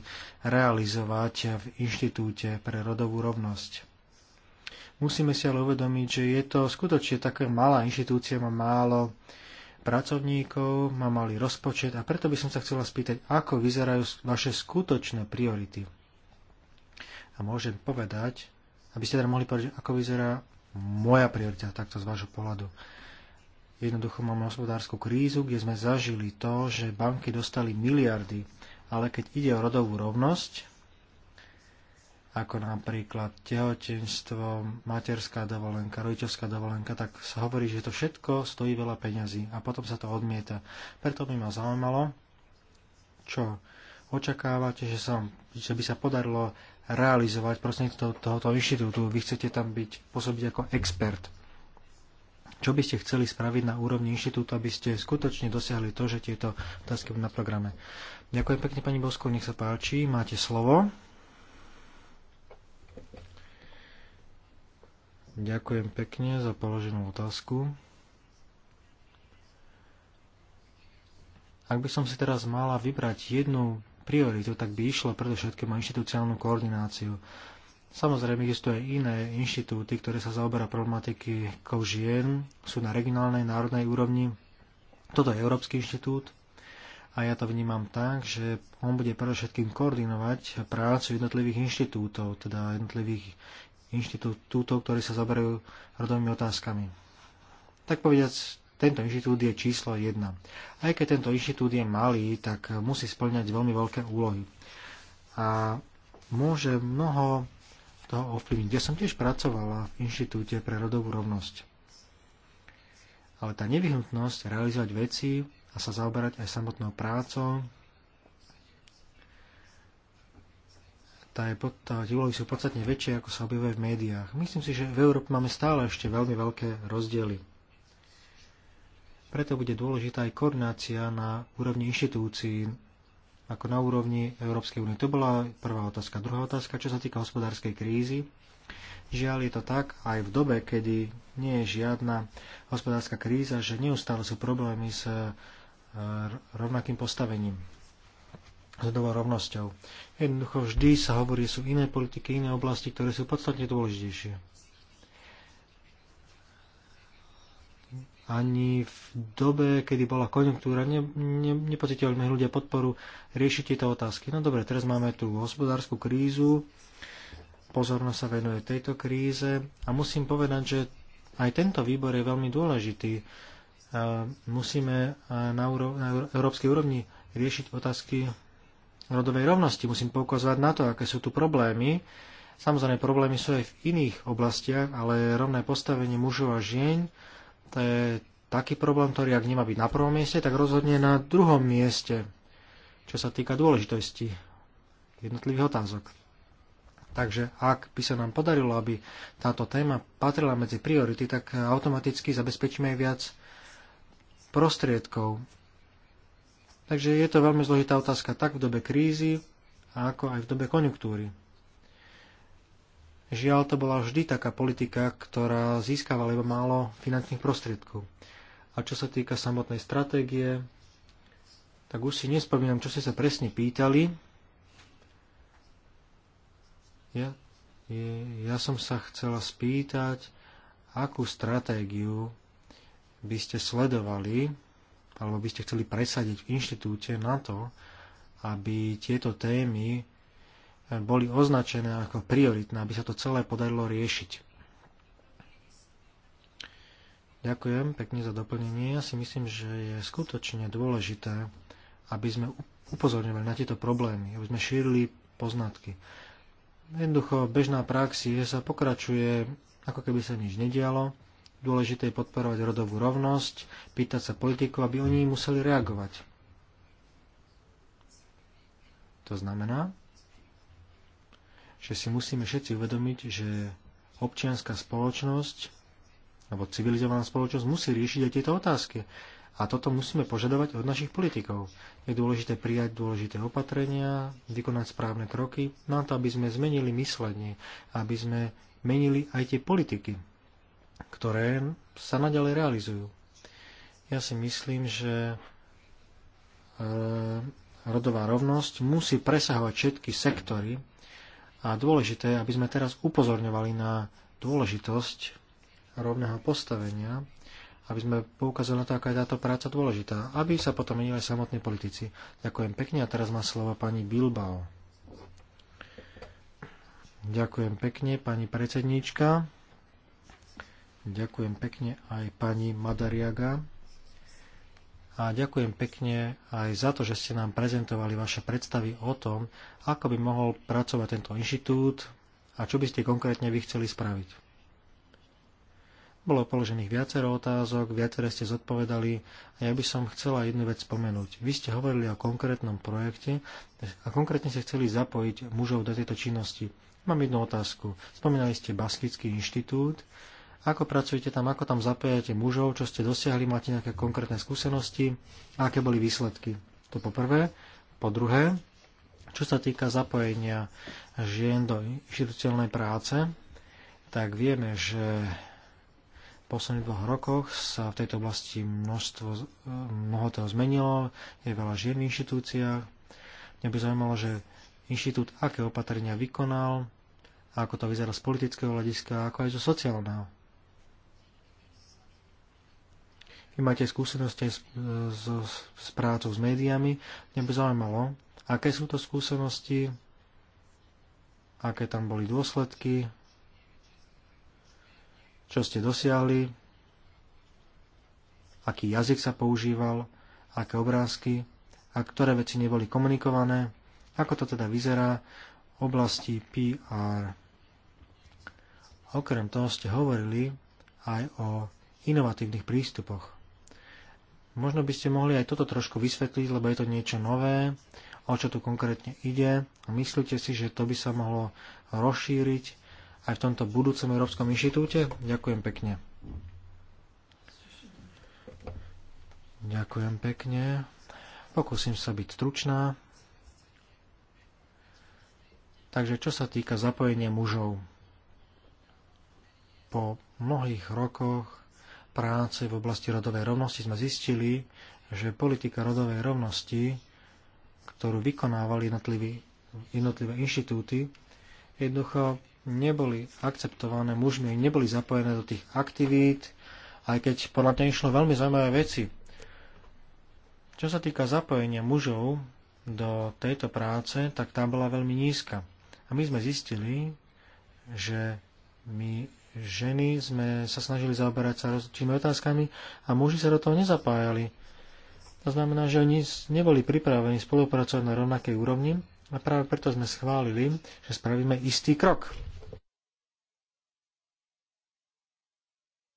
Speaker 2: realizovať v Inštitúte pre rodovú rovnosť. Musíme si ale uvedomiť, že je to skutočne taká malá inštitúcia, má málo pracovníkov, má malý rozpočet a preto by som sa chcela spýtať, ako vyzerajú vaše skutočné priority. A môžem povedať, aby ste teda mohli povedať, ako vyzerá moja priorita takto z vášho pohľadu. Jednoducho máme hospodárskú krízu, kde sme zažili to, že banky dostali miliardy, ale keď ide o rodovú rovnosť, ako napríklad tehotenstvo, materská dovolenka, rodičovská dovolenka, tak sa hovorí, že to všetko stojí veľa peňazí a potom sa to odmieta. Preto by ma zaujímalo, čo očakávate, že, sa, že by sa podarilo realizovať to, tohoto inštitútu. Vy chcete tam byť, pôsobiť ako expert. Čo by ste chceli spraviť na úrovni inštitútu, aby ste skutočne dosiahli to, že tieto otázky budú na programe? Ďakujem pekne, pani Bosko, nech sa páči, máte slovo. Ďakujem pekne za položenú otázku. Ak by som si teraz mala vybrať jednu prioritu, tak by išlo predovšetkým o inštitúciálnu koordináciu. Samozrejme, existuje aj iné inštitúty, ktoré sa zaoberajú problematiky žien, sú na regionálnej, národnej úrovni. Toto je Európsky inštitút a ja to vnímam tak, že on bude predovšetkým koordinovať prácu jednotlivých inštitútov, teda jednotlivých inštitútov, ktorí sa zaberajú rodovými otázkami. Tak povediac, tento inštitút je číslo 1. Aj keď tento inštitút je malý, tak musí splňať veľmi veľké úlohy. A môže mnoho toho ovplyvniť. Ja som tiež pracovala v inštitúte pre rodovú rovnosť. Ale tá nevyhnutnosť realizovať veci a sa zaoberať aj samotnou prácou, tie, tie úlohy sú podstatne väčšie, ako sa objavuje v médiách. Myslím si, že v Európe máme stále ešte veľmi veľké rozdiely. Preto bude dôležitá aj koordinácia na úrovni inštitúcií, ako na úrovni Európskej únie. To bola prvá otázka. Druhá otázka, čo sa týka hospodárskej krízy. Žiaľ je to tak aj v dobe, kedy nie je žiadna hospodárska kríza, že neustále sú problémy s eh, rovnakým postavením rodovou rovnosťou. Jednoducho vždy sa hovorí, sú iné politiky, iné oblasti, ktoré sú podstatne dôležitejšie. Ani v dobe, kedy bola konjunktúra, ne, ne, sme ľudia podporu riešiť tieto otázky. No dobre, teraz máme tú hospodárskú krízu, pozornosť sa venuje tejto kríze a musím povedať, že aj tento výbor je veľmi dôležitý. E, musíme e, na, na európskej úrovni riešiť otázky rodovej rovnosti. Musím poukazovať na to, aké sú tu problémy. Samozrejme, problémy sú aj v iných oblastiach, ale rovné postavenie mužov a žien, to je taký problém, ktorý ak nemá byť na prvom mieste, tak rozhodne na druhom mieste, čo sa týka dôležitosti jednotlivých otázok. Takže ak by sa nám podarilo, aby táto téma patrila medzi priority, tak automaticky zabezpečíme aj viac prostriedkov. Takže je to veľmi zložitá otázka tak v dobe krízy, ako aj v dobe konjunktúry. Žiaľ, to bola vždy taká politika, ktorá získavala iba málo finančných prostriedkov. A čo sa týka samotnej stratégie, tak už si nespomínam, čo ste sa presne pýtali. Ja, ja som sa chcela spýtať, akú stratégiu by ste sledovali alebo by ste chceli presadiť v inštitúte na to, aby tieto témy boli označené ako prioritné, aby sa to celé podarilo riešiť. Ďakujem pekne za doplnenie. Ja si myslím, že je skutočne dôležité, aby sme upozorňovali na tieto problémy, aby sme šírili poznatky. Jednoducho, bežná prax je, že sa pokračuje, ako keby sa nič nedialo, Dôležité je podporovať rodovú rovnosť, pýtať sa politikov, aby oni museli reagovať. To znamená, že si musíme všetci uvedomiť, že občianská spoločnosť alebo civilizovaná spoločnosť musí riešiť aj tieto otázky. A toto musíme požadovať od našich politikov. Je dôležité prijať dôležité opatrenia, vykonať správne kroky na to, aby sme zmenili myslenie, aby sme menili aj tie politiky ktoré sa naďalej realizujú. Ja si myslím, že e, rodová rovnosť musí presahovať všetky sektory a dôležité, aby sme teraz upozorňovali na dôležitosť rovného postavenia, aby sme poukázali na to, aká je táto práca dôležitá, aby sa potom menili aj samotní politici. Ďakujem pekne a teraz má slovo pani Bilbao. Ďakujem pekne, pani predsedníčka. Ďakujem pekne aj pani Madariaga. A ďakujem pekne aj za to, že ste nám prezentovali vaše predstavy o tom, ako by mohol pracovať tento inštitút a čo by ste konkrétne vy chceli spraviť. Bolo položených viacero otázok, viaceré ste zodpovedali a ja by som chcela jednu vec spomenúť. Vy ste hovorili o konkrétnom projekte a konkrétne ste chceli zapojiť mužov do tejto činnosti. Mám jednu otázku. Spomínali ste Baskický inštitút ako pracujete tam, ako tam zapájate mužov, čo ste dosiahli, máte nejaké konkrétne skúsenosti, aké boli výsledky. To po prvé. Po druhé, čo sa týka zapojenia žien do inštitucionálnej práce, tak vieme, že v posledných dvoch rokoch sa v tejto oblasti množstvo, mnoho toho zmenilo, je veľa žien v inštitúciách. Mňa by zaujímalo, že inštitút aké opatrenia vykonal, ako to vyzerá z politického hľadiska, ako aj zo sociálneho. Vy máte skúsenosti s, s, s prácou s médiami. Mňa by zaujímalo, aké sú to skúsenosti, aké tam boli dôsledky, čo ste dosiahli, aký jazyk sa používal, aké obrázky a ktoré veci neboli komunikované, ako to teda vyzerá v oblasti PR. Okrem toho ste hovorili aj o inovatívnych prístupoch. Možno by ste mohli aj toto trošku vysvetliť, lebo je to niečo nové, o čo tu konkrétne ide. A myslíte si, že to by sa mohlo rozšíriť aj v tomto budúcom Európskom inštitúte? Ďakujem pekne. Ďakujem pekne. Pokúsim sa byť stručná. Takže čo sa týka zapojenia mužov, po mnohých rokoch práce v oblasti rodovej rovnosti sme zistili, že politika rodovej rovnosti, ktorú vykonávali jednotlivé inštitúty, jednoducho neboli akceptované mužmi, neboli zapojené do tých aktivít, aj keď podľa mňa išlo veľmi zaujímavé veci. Čo sa týka zapojenia mužov do tejto práce, tak tá bola veľmi nízka. A my sme zistili, že my ženy sme sa snažili zaoberať sa rozličnými otázkami a muži sa do toho nezapájali. To znamená, že oni neboli pripravení spolupracovať na rovnakej úrovni a práve preto sme schválili, že spravíme istý krok.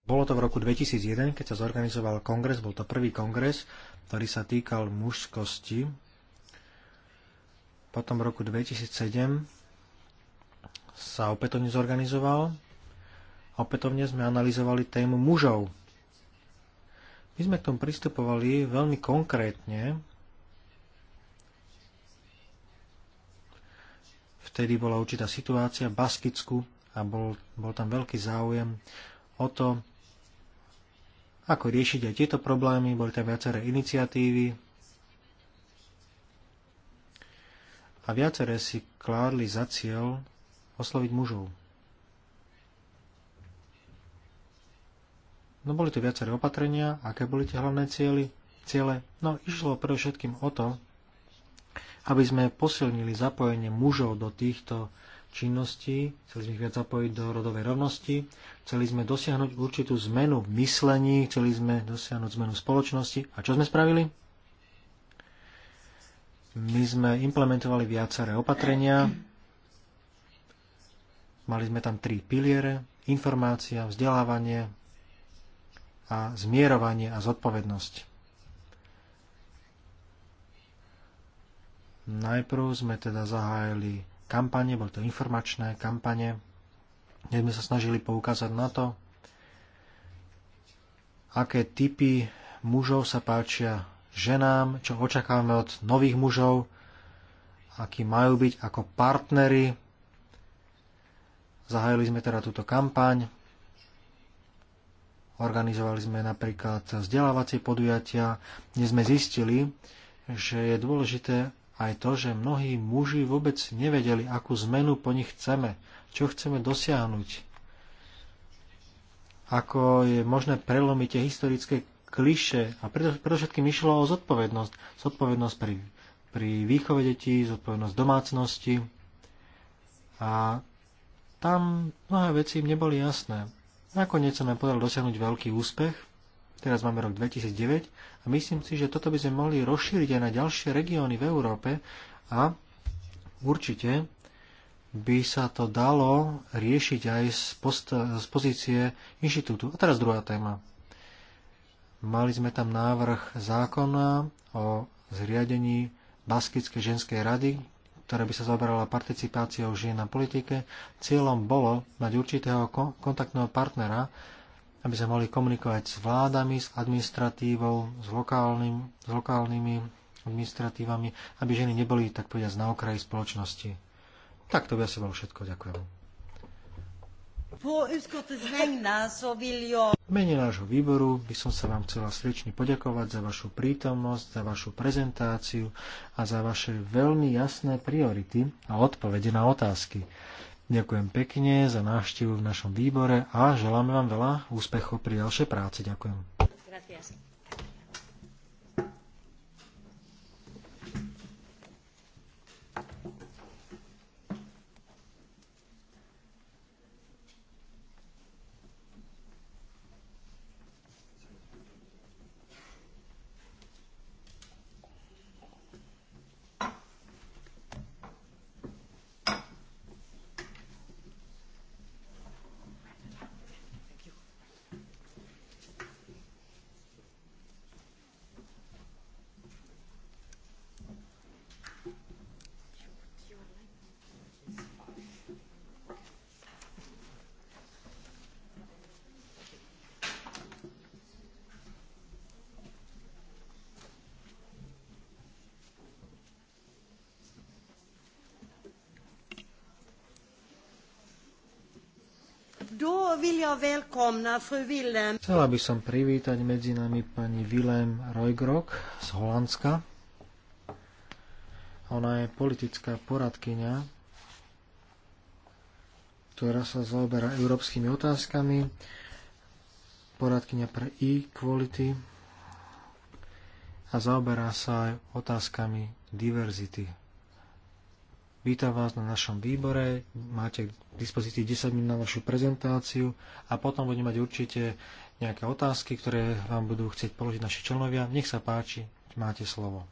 Speaker 2: Bolo to v roku 2001, keď sa zorganizoval kongres, bol to prvý kongres, ktorý sa týkal mužskosti. Potom v roku 2007 sa opätovne zorganizoval Opätovne sme analyzovali tému mužov. My sme k tomu pristupovali veľmi konkrétne. Vtedy bola určitá situácia v Baskicku a bol, bol tam veľký záujem o to, ako riešiť aj tieto problémy. Boli tam viaceré iniciatívy, a viaceré si kládli za cieľ osloviť mužov. No boli tu viaceré opatrenia, aké boli tie hlavné cieľy, ciele. No išlo predovšetkým o to, aby sme posilnili zapojenie mužov do týchto činností, chceli sme ich viac zapojiť do rodovej rovnosti, chceli sme dosiahnuť určitú zmenu v myslení, chceli sme dosiahnuť zmenu spoločnosti. A čo sme spravili? My sme implementovali viaceré opatrenia, mali sme tam tri piliere, informácia, vzdelávanie a zmierovanie a zodpovednosť. Najprv sme teda zahájili kampane, boli to informačné kampane, kde sme sa snažili poukázať na to, aké typy mužov sa páčia ženám, čo očakávame od nových mužov, akí majú byť ako partnery. Zahájili sme teda túto kampaň Organizovali sme napríklad vzdelávacie podujatia, kde sme zistili, že je dôležité aj to, že mnohí muži vôbec nevedeli, akú zmenu po nich chceme, čo chceme dosiahnuť, ako je možné prelomiť tie historické kliše. A predovšetkým išlo o zodpovednosť. Zodpovednosť pri, pri výchove detí, zodpovednosť domácnosti. A tam mnohé veci im neboli jasné. Nakoniec sa nám podal dosiahnuť veľký úspech. Teraz máme rok 2009 a myslím si, že toto by sme mohli rozšíriť aj na ďalšie regióny v Európe a určite by sa to dalo riešiť aj z, post- z pozície inštitútu. A teraz druhá téma. Mali sme tam návrh zákona o zriadení Baskickej ženskej rady, ktoré by sa zaoberala participáciou žien na politike. Cieľom bolo mať určitého kontaktného partnera, aby sme mohli komunikovať s vládami, s administratívou, s, lokálnym, s lokálnymi administratívami, aby ženy neboli, tak povedať, na okraji spoločnosti. Tak to by asi bolo všetko. Ďakujem.
Speaker 1: V
Speaker 2: mene nášho výboru by som sa vám chcela srdečne poďakovať za vašu prítomnosť, za vašu prezentáciu a za vaše veľmi jasné priority a odpovede na otázky. Ďakujem pekne za návštevu v našom výbore a želáme vám veľa úspechov pri ďalšej práci. Ďakujem. Chcela by som privítať medzi nami pani Willem Rojgrok z Holandska. Ona je politická poradkyňa, ktorá sa zaoberá európskymi otázkami, poradkyňa pre e-quality a zaoberá sa aj otázkami diverzity Vítam vás na našom výbore, máte k dispozícii 10 minút na vašu prezentáciu a potom budeme mať určite nejaké otázky, ktoré vám budú chcieť položiť naši členovia. Nech sa páči, máte slovo.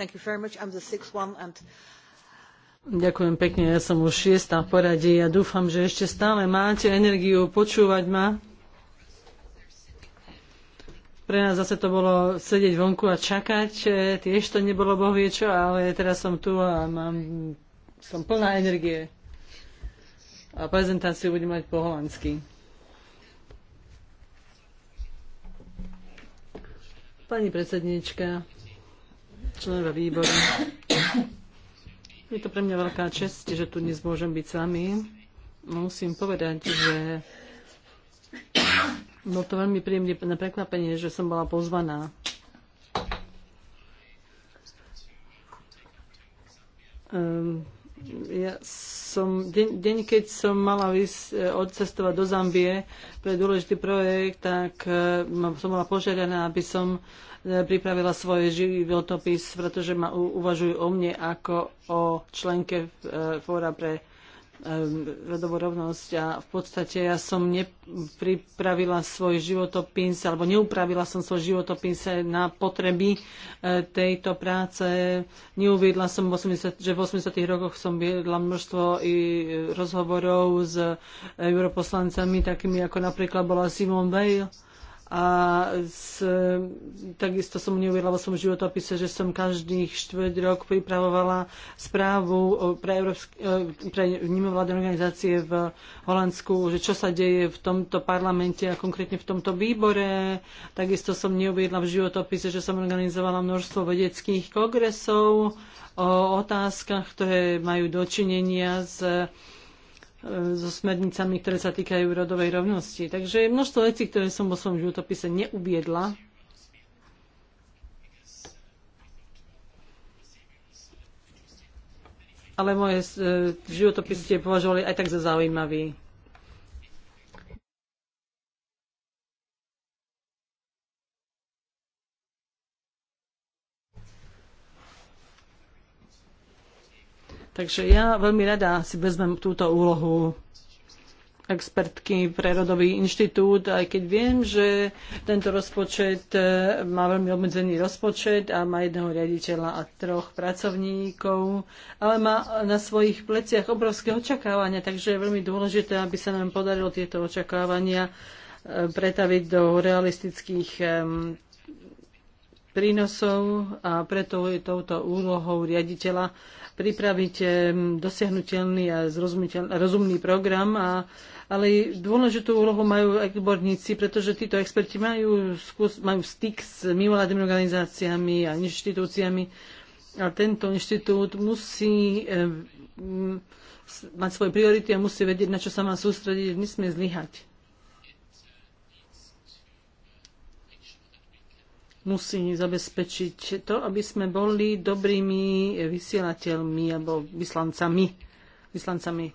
Speaker 3: And...
Speaker 2: Ďakujem
Speaker 4: pekne, ja som už šiesta v poradí a dúfam, že ešte stále máte energiu počúvať ma pre nás zase to bolo sedieť vonku a čakať, e, tiež to nebolo bohviečo, ale teraz som tu a mám, som plná energie. A prezentáciu budem mať po holandsky. Pani predsednička, členova výboru, je to pre mňa veľká čest, že tu dnes môžem byť s vami. Musím povedať, že No to veľmi na prekvapenie, že som bola pozvaná. Um, ja som, deň, deň, keď som mala vys, e, odcestovať do Zambie pre dôležitý projekt, tak e, som bola požiadaná, aby som e, pripravila svoj životopis, pretože ma uvažujú o mne ako o členke Fóra pre Ehm, rodovú rovnosť a v podstate ja som nepripravila svoj životopis alebo neupravila som svoj životopis na potreby e, tejto práce. Neuviedla som, 80, že v 80. rokoch som viedla množstvo i rozhovorov s europoslancami, takými ako napríklad bola Simone Weil a s, takisto som neuvedla vo svojom životopise, že som každých štvrť rok pripravovala správu pre, Európsk- e, pre mimovládne organizácie v Holandsku, že čo sa deje v tomto parlamente a konkrétne v tomto výbore. Takisto som neuvedla v životopise, že som organizovala množstvo vedeckých kongresov o otázkach, ktoré majú dočinenia s E, so smernicami, ktoré sa týkajú rodovej rovnosti. Takže je množstvo vecí, ktoré som vo svojom životopise neuviedla. Ale moje e, životopis ste považovali aj tak za zaujímavý. Takže ja veľmi rada si vezmem túto úlohu expertky pre Rodový inštitút, aj keď viem, že tento rozpočet e, má veľmi obmedzený rozpočet a má jedného riaditeľa a troch pracovníkov, ale má na svojich pleciach obrovské očakávania, takže je veľmi dôležité, aby sa nám podarilo tieto očakávania e, pretaviť do realistických prínosov a preto je touto úlohou riaditeľa pripraviť dosiahnutelný a rozumný program, a, ale dôležitú úlohu majú odborníci, pretože títo experti majú, skús, majú styk s mimovládnymi organizáciami a inštitúciami a tento inštitút musí e, mať svoje priority a musí vedieť, na čo sa má sústrediť, nesmie zlyhať. musí zabezpečiť to, aby sme boli dobrými vysielateľmi alebo vyslancami, vyslancami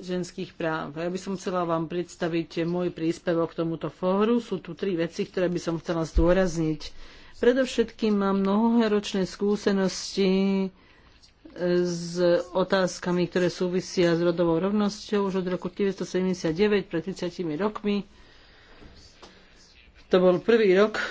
Speaker 4: ženských práv. Ja by som chcela vám predstaviť môj príspevok k tomuto fóru. Sú tu tri veci, ktoré by som chcela zdôrazniť. Predovšetkým mám mnohoročné skúsenosti e, s otázkami, ktoré súvisia s rodovou rovnosťou už od roku 1979, pred 30 rokmi. To bol prvý rok,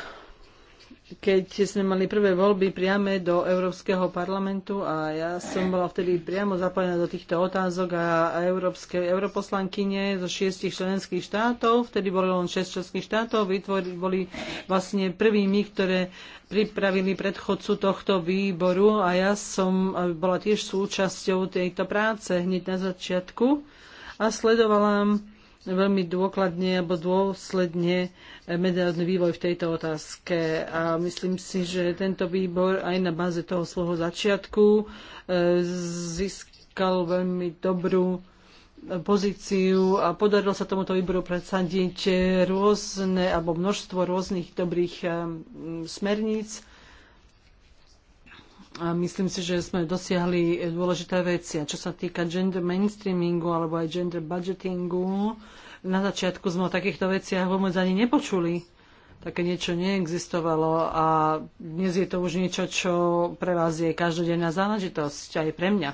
Speaker 4: keď sme mali prvé voľby priame do Európskeho parlamentu a ja som bola vtedy priamo zapojená do týchto otázok a európske europoslankyne zo šiestich členských štátov, vtedy bolo len šest členských štátov, vytvorili, boli vlastne prvými, ktoré pripravili predchodcu tohto výboru a ja som bola tiež súčasťou tejto práce hneď na začiatku a sledovala veľmi dôkladne alebo dôsledne medzinárodný vývoj v tejto otázke. A myslím si, že tento výbor aj na báze toho svojho začiatku e, získal veľmi dobrú pozíciu a podarilo sa tomuto výboru predsadiť rôzne alebo množstvo rôznych dobrých e, smerníc a myslím si, že sme dosiahli dôležité veci. A čo sa týka gender mainstreamingu alebo aj gender budgetingu, na začiatku sme o takýchto veciach vôbec ani nepočuli. Také niečo neexistovalo a dnes je to už niečo, čo pre vás je každodenná záležitosť, aj pre mňa.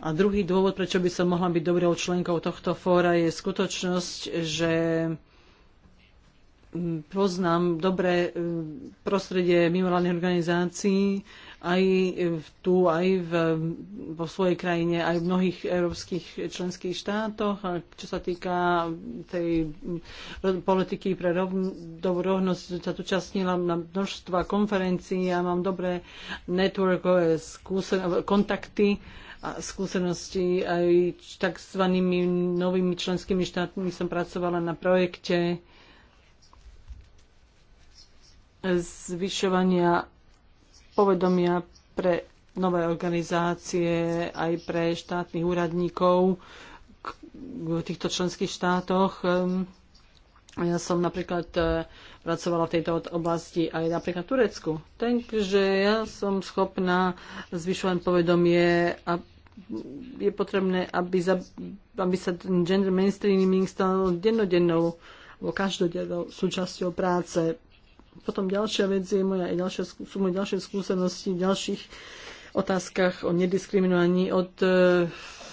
Speaker 4: A druhý dôvod, prečo by som mohla byť dobrou členkou tohto fóra, je skutočnosť, že poznám dobre prostredie mimovládnych organizácií aj tu, aj v, vo svojej krajine, aj v mnohých európskych členských štátoch. A čo sa týka tej politiky pre rovn, rovnosť, sa tu častnila na množstva konferencií a mám dobré networkové skúsen- kontakty a skúsenosti aj s tzv. novými členskými štátmi som pracovala na projekte zvyšovania povedomia pre nové organizácie, aj pre štátnych úradníkov v týchto členských štátoch. Ehm, ja som napríklad e, pracovala v tejto oblasti aj napríklad v Turecku. Takže ja som schopná zvyšovať povedomie a je potrebné, aby, za, aby sa gender mainstreaming stal dennodennou alebo každodennou súčasťou práce potom ďalšia vec je moja, ďalšia, sú moje ďalšie skúsenosti v ďalších otázkach o nediskriminovaní od, eh,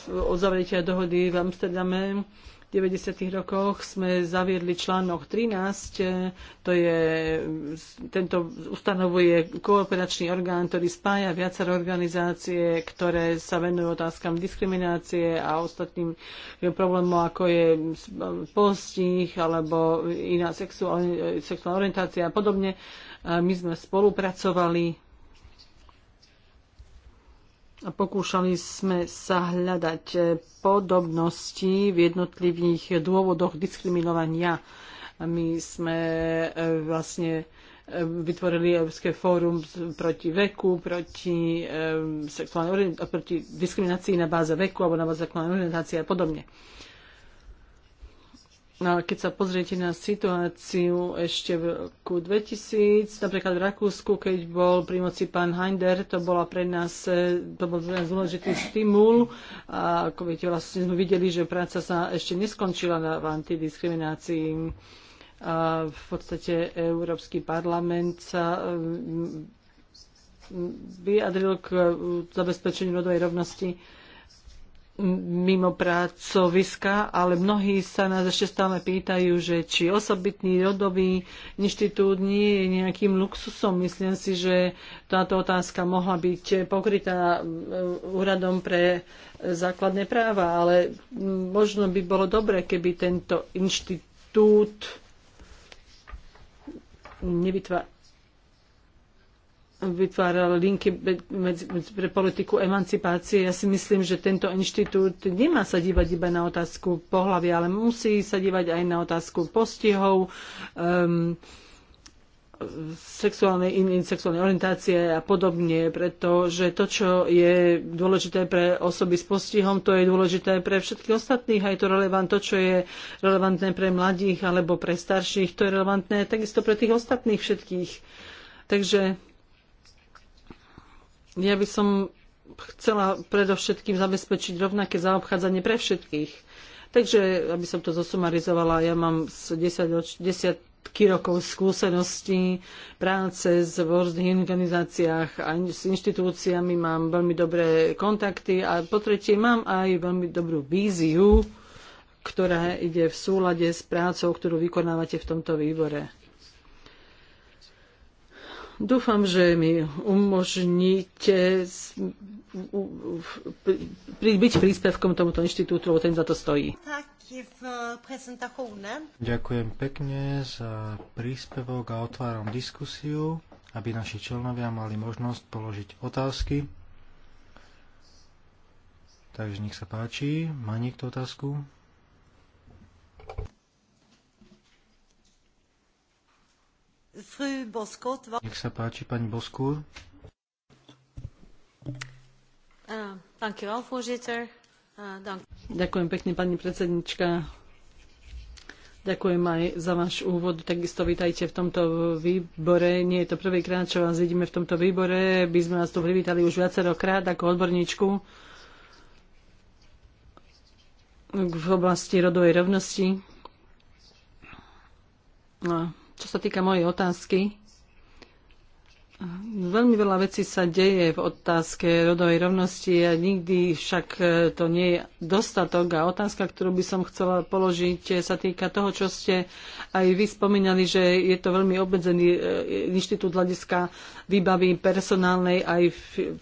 Speaker 4: od zavretia dohody v Amsterdame 90. rokoch sme zaviedli článok 13, to je, tento ustanovuje kooperačný orgán, ktorý spája viacero organizácie, ktoré sa venujú otázkam diskriminácie a ostatným problémom, ako je postih alebo iná sexuálna orientácia a podobne. my sme spolupracovali a pokúšali sme sa hľadať eh, podobnosti v jednotlivých dôvodoch diskriminovania. My sme eh, vlastne eh, vytvorili Európske fórum proti veku, proti, sexuálnej proti diskriminácii na báze veku alebo na báze sexuálnej orientácie a podobne. No, ale keď sa pozriete na situáciu ešte v roku 2000, napríklad v Rakúsku, keď bol pri moci pán Heinder, to, bola pre nás, to bol pre nás dôležitý stimul. A ako viete, vlastne sme videli, že práca sa ešte neskončila na, v antidiskriminácii. A v podstate Európsky parlament sa mm, mm, vyjadril k zabezpečeniu rodovej rovnosti mimo pracoviska, ale mnohí sa nás ešte stále pýtajú, že či osobitný rodový inštitút nie je nejakým luxusom. Myslím si, že táto otázka mohla byť pokrytá e, úradom pre základné práva, ale možno by bolo dobre, keby tento inštitút nevytváral vytváral linky pre politiku emancipácie. Ja si myslím, že tento inštitút nemá sa dívať iba na otázku pohľavia, ale musí sa dívať aj na otázku postihov, um, sexuálnej, in, in, sexuálnej orientácie a podobne, pretože to, čo je dôležité pre osoby s postihom, to je dôležité pre všetkých ostatných a je to relevant, to, čo je relevantné pre mladých alebo pre starších, to je relevantné takisto pre tých ostatných všetkých. Takže ja by som chcela predovšetkým zabezpečiť rovnaké zaobchádzanie pre všetkých. Takže, aby som to zosumarizovala, ja mám z 10 desiatky rokov skúseností práce s rôznych organizáciách a s inštitúciami, mám veľmi dobré kontakty a po tretie mám aj veľmi dobrú víziu, ktorá ide v súlade s prácou, ktorú vykonávate v tomto výbore. Dúfam, že mi umožníte
Speaker 2: byť príspevkom tomuto inštitútu, lebo ten za to stojí. Eh, Ďakujem pekne za príspevok a otváram diskusiu, aby naši členovia mali možnosť položiť otázky. Takže nech sa páči, má niekto otázku?
Speaker 1: Nech
Speaker 2: sa páči, pani Boskur.
Speaker 1: Eh, eh,
Speaker 4: Ďakujem pekne, pani predsednička. Ďakujem aj za váš úvod. Takisto vítajte v tomto výbore. Nie je to prvýkrát, čo vás vidíme v tomto výbore. By sme vás tu privítali už viacerokrát ako odborníčku v oblasti rodovej rovnosti. No čo sa týka mojej otázky, Veľmi veľa vecí sa deje v otázke rodovej rovnosti a nikdy však e, to nie je dostatok. A otázka, ktorú by som chcela položiť, e, sa týka toho, čo ste aj vy spomínali, že je to veľmi obmedzený e, inštitút hľadiska výbavy personálnej aj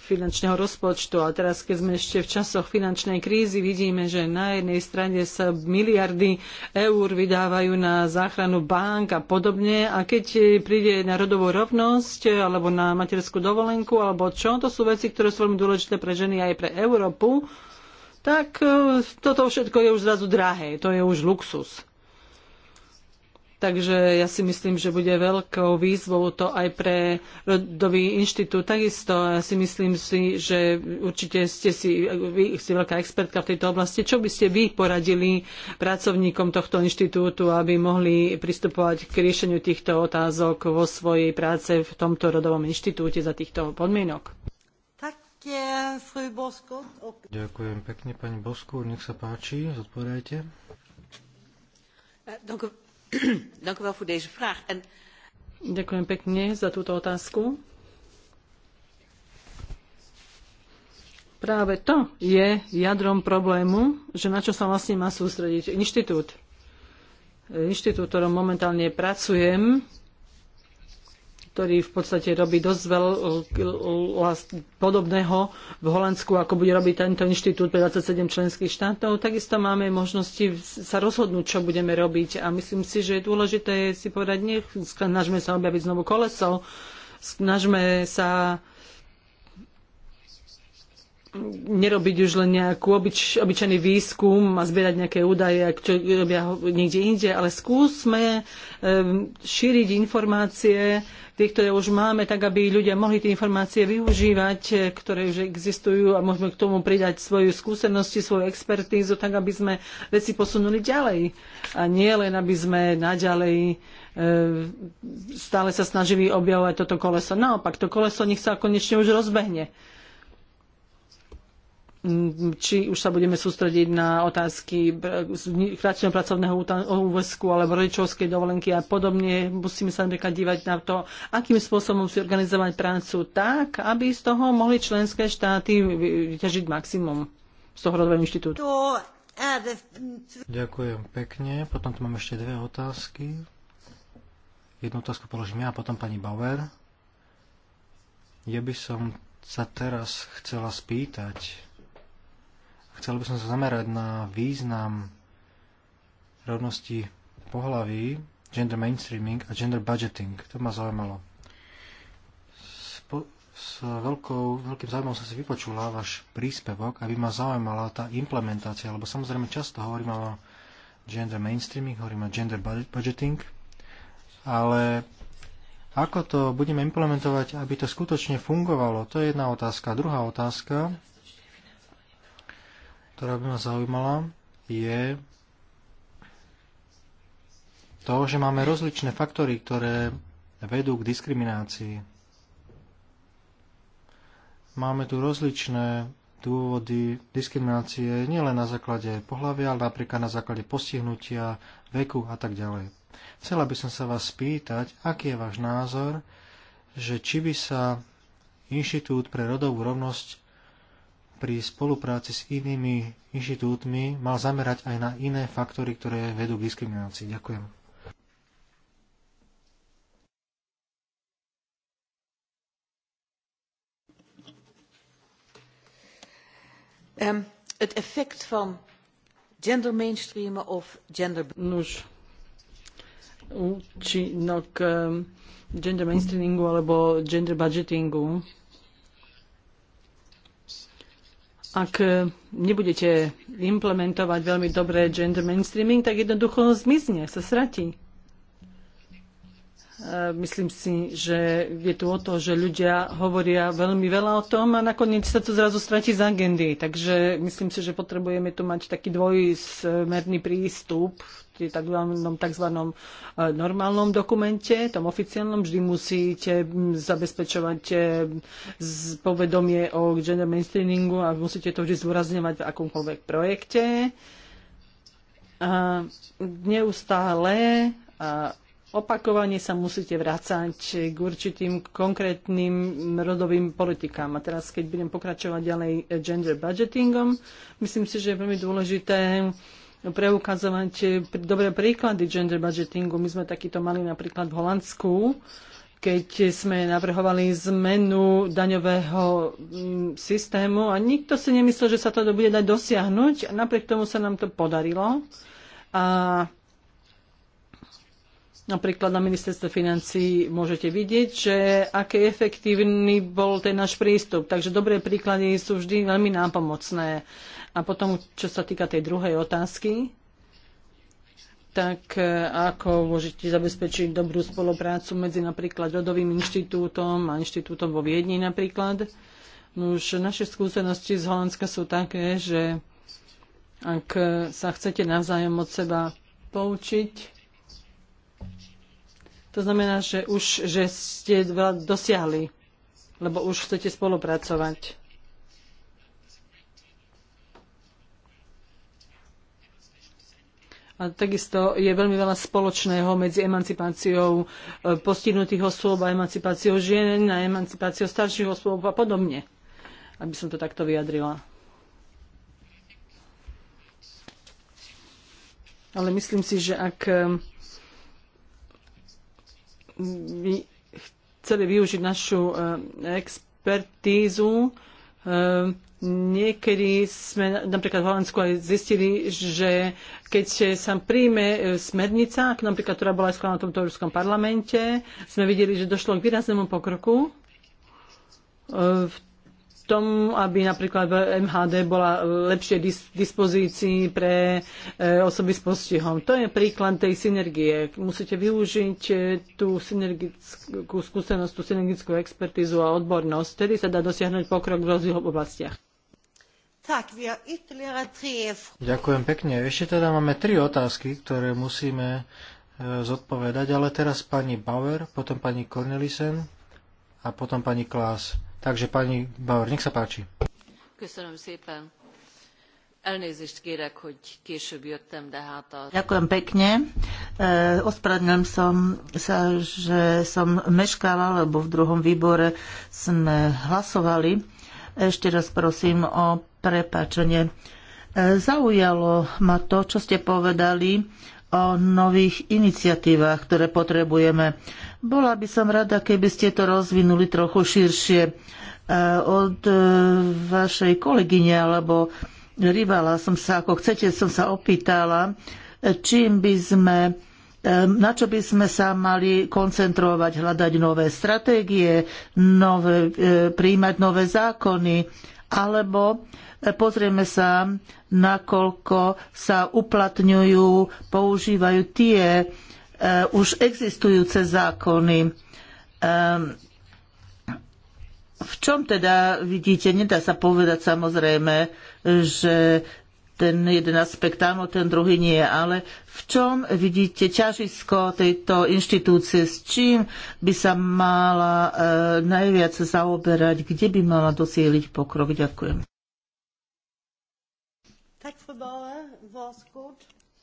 Speaker 4: finančného rozpočtu. A teraz, keď sme ešte v časoch finančnej krízy, vidíme, že na jednej strane sa miliardy eur vydávajú na záchranu bank a podobne. A keď príde na rodovú rovnosť alebo alebo na materskú dovolenku, alebo čo. To sú veci, ktoré sú veľmi dôležité pre ženy aj pre Európu. Tak e, toto všetko je už zrazu drahé. To je už luxus. Takže ja si myslím, že bude veľkou výzvou to aj pre rodový inštitút. Takisto ja si myslím si, že určite ste si, vy ste veľká expertka v tejto oblasti. Čo by ste vy poradili pracovníkom tohto inštitútu, aby mohli pristupovať k riešeniu týchto otázok vo svojej práce v tomto rodovom
Speaker 2: inštitúte za týchto podmienok? Ďakujem pekne, pani Bosku. Nech sa páči, zodpovedajte. Eh, Ďakujem pekne za túto otázku.
Speaker 4: Práve to je jadrom problému, že na čo sa vlastne má sústrediť inštitút. Inštitút, ktorom momentálne pracujem, ktorý v podstate robí dosť veľa eh, vlastne podobného v Holandsku, ako bude robiť tento inštitút pre 27 členských štátov. Takisto máme možnosti sa rozhodnúť, čo budeme robiť. A myslím si, že je dôležité si povedať, nech snažme sa objaviť znovu koleso, snažme sa nerobiť už len nejakú obyč, obyčajný výskum a zbierať nejaké údaje, čo robia niekde inde, ale skúsme um, šíriť informácie, tie, ktoré už máme, tak aby ľudia mohli tie informácie využívať, eh, ktoré už existujú a môžeme k tomu pridať svoju skúsenosti, svoju expertízu, tak aby sme veci posunuli ďalej. A nie len, aby sme naďalej um, stále sa snažili objavovať toto koleso. Naopak, to koleso nech sa konečne už rozbehne Mm, či už sa budeme sústrediť na otázky kratšieho pracovného úvesku alebo rodičovskej dovolenky a podobne. Musíme sa napríklad dívať na to, akým spôsobom si organizovať prácu tak, aby z toho mohli členské štáty vyťažiť maximum z
Speaker 2: toho rodového inštitútu. Ďakujem pekne. Potom tu mám ešte dve otázky. Jednu otázku položím ja a potom pani Bauer. Ja by som sa teraz chcela spýtať, Chcel by som sa zamerať na význam rovnosti pohlaví, gender mainstreaming a gender budgeting. To ma zaujímalo. po, s veľkou, veľkým zaujímavom som si vypočula váš príspevok, aby ma zaujímala tá implementácia, lebo samozrejme často hovorím o gender mainstreaming, hovorím o gender budgeting, ale ako to budeme implementovať, aby to skutočne fungovalo, to je jedna otázka. Druhá otázka, ktorá by ma zaujímala, je to, že máme rozličné faktory, ktoré vedú k diskriminácii. Máme tu rozličné dôvody diskriminácie nielen na základe pohľavia, ale napríklad na základe postihnutia, veku a tak ďalej. Chcela by som sa vás spýtať, aký je váš názor, že či by sa Inštitút pre rodovú rovnosť pri spolupráci s inými inštitútmi mal zamerať aj na iné faktory, ktoré vedú k diskriminácii. Ďakujem.
Speaker 6: Um, het effect van gender mainstreamen of gender... Nuž,
Speaker 4: účinok um, gender mainstreamingu alebo gender budgetingu ak e, nebudete implementovať veľmi dobré gender mainstreaming, tak jednoducho zmizne, sa sratí. E, myslím si, že je tu o to, že ľudia hovoria veľmi veľa o tom a nakoniec sa to zrazu stratí z agendy. Takže myslím si, že potrebujeme tu mať taký dvojsmerný prístup v tzv. E, normálnom dokumente, tom oficiálnom, vždy musíte zabezpečovať e, povedomie o gender mainstreamingu a musíte to vždy zdôrazňovať v akomkoľvek projekte. A neustále a opakovane sa musíte vrácať k určitým konkrétnym rodovým politikám. A teraz, keď budem pokračovať ďalej gender budgetingom, myslím si, že je veľmi dôležité preukazovať eh, dobré príklady gender budgetingu. My sme takýto mali napríklad v Holandsku, keď sme navrhovali zmenu daňového mm, systému a nikto si nemyslel, že sa to bude dať dosiahnuť. A napriek tomu sa nám to podarilo. A Napríklad na ministerstve financí môžete vidieť, že aký efektívny bol ten náš prístup. Takže dobré príklady sú vždy veľmi nápomocné. A potom, čo sa týka tej druhej otázky, tak e, ako môžete zabezpečiť dobrú spoluprácu medzi napríklad Rodovým inštitútom a inštitútom vo Viedni napríklad. No už naše skúsenosti z Holandska sú také, že ak sa chcete navzájom od seba poučiť, to znamená, že už že ste dosiahli, lebo už chcete spolupracovať. A takisto je veľmi veľa spoločného medzi emancipáciou e, postihnutých osôb a emancipáciou žien a emancipáciou starších osôb a podobne. Aby som to takto vyjadrila. Ale myslím si, že ak by e, chceli využiť našu e, expertízu, Niekedy sme napríklad v Holandsku aj zistili, že keď sa príjme e, smernica, napríklad, ktorá bola schválená v tomto Európskom parlamente, sme videli, že došlo k výraznému pokroku e, v tom, aby napríklad v MHD bola e, lepšie dis- dispozícii pre e, osoby s postihom. To je príklad tej synergie. Musíte využiť tú synergickú skúsenosť, tú synergickú expertizu a odbornosť, ktorý sa dá dosiahnuť pokrok v rozdielných oblastiach.
Speaker 2: Ďakujem pekne. Ešte teda máme tri otázky, ktoré musíme e, zodpovedať, ale teraz pani Bauer, potom pani Cornelisen a potom pani Klaas. Takže pani Bauer, nech sa páči. Ďakujem pekne. E,
Speaker 3: ospravedlňujem som sa, že som meškala, lebo v druhom výbore sme hlasovali. Ešte raz prosím o prepačenie. E, zaujalo ma to, čo ste povedali o nových iniciatívach, ktoré potrebujeme. Bola by som rada, keby ste to rozvinuli trochu širšie e, od e, vašej kolegyne alebo rivala som sa, ako chcete, som sa opýtala, čím by sme na čo by sme sa mali koncentrovať, hľadať nové stratégie, nové, príjmať nové zákony, alebo e, pozrieme sa, nakoľko sa uplatňujú, používajú tie e, už existujúce zákony. Ehm, v čom teda vidíte, nedá sa povedať samozrejme, že ten jeden aspekt áno, ten druhý nie. Ale v čom vidíte ťažisko tejto inštitúcie? S čím by sa mala e, najviac zaoberať? Kde by mala dosieliť pokrok? Ďakujem.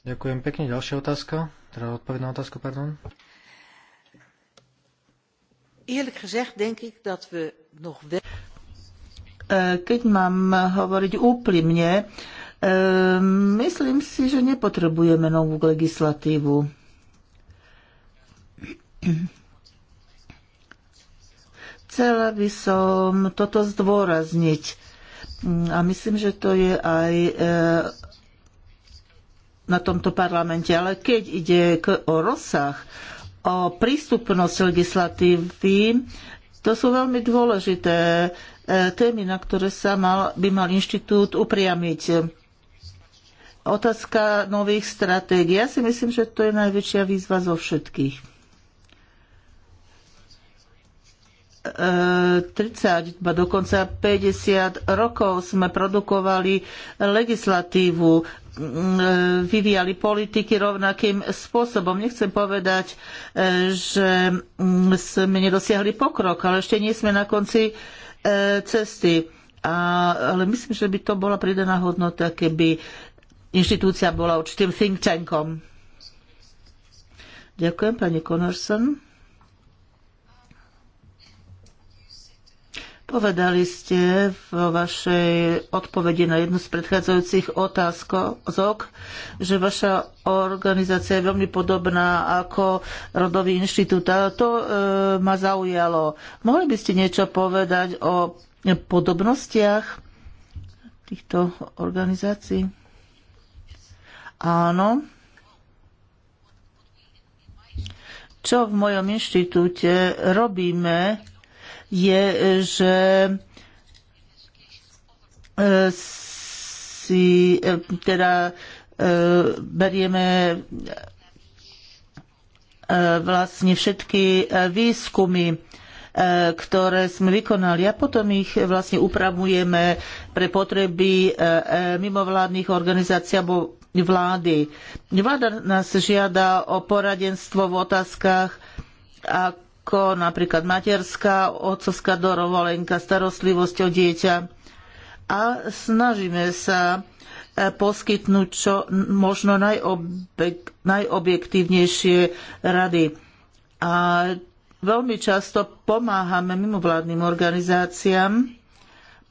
Speaker 2: Ďakujem pekne. Ďalšia otázka? Teda odpoveď na otázku, pardon.
Speaker 1: Eh,
Speaker 3: keď mám hovoriť úplne, uh, Ehm, myslím si, že nepotrebujeme novú legislatívu. Chcela by som toto zdôrazniť. A myslím, že to je aj eh, na tomto parlamente. Ale keď ide k o rozsah, o prístupnosť legislatívy, to sú veľmi dôležité eh, témy, na ktoré sa mal, by mal inštitút upriamiť Otázka nových stratégií. Ja si myslím, že to je najväčšia výzva zo všetkých. 30, e, ba dokonca 50 rokov sme produkovali legislatívu, e, vyvíjali politiky rovnakým spôsobom. Nechcem povedať, e, že sme nedosiahli pokrok, ale ešte nie sme na konci cesty. A, ale myslím, že by to bola pridaná hodnota, keby inštitúcia bola určitým think tankom. Ďakujem, pani Konorson. Povedali ste vo vašej odpovedi na jednu z predchádzajúcich otázok, že vaša organizácia je veľmi podobná ako Rodový inštitút. A to e, ma zaujalo. Mohli by ste niečo povedať o podobnostiach týchto organizácií? Áno. Čo v mojom inštitúte robíme, je, že e, si e, teda e, berieme vlastne všetky výskumy, ktoré sme vykonali a potom ich vlastne upravujeme pre potreby mimovládnych organizácií alebo vlády. Vláda nás žiada o poradenstvo v otázkach, ako napríklad materská, otcovská dorovolenka, starostlivosť o dieťa. A snažíme sa e, poskytnúť čo možno najobjek, najobjektívnejšie rady. A veľmi často pomáhame mimovládnym organizáciám,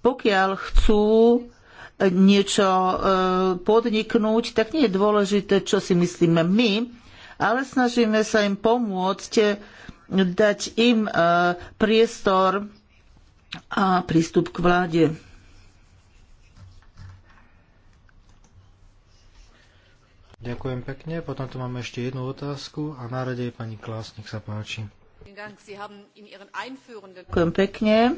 Speaker 3: pokiaľ chcú niečo e, podniknúť, tak nie je dôležité, čo si myslíme my, ale snažíme sa im pomôcť, e, dať im e, priestor
Speaker 2: a prístup k vláde. Ďakujem pekne. Potom tu máme ešte jednu otázku a na rade je pani Klas, nech sa páči.
Speaker 4: Ďakujem pekne.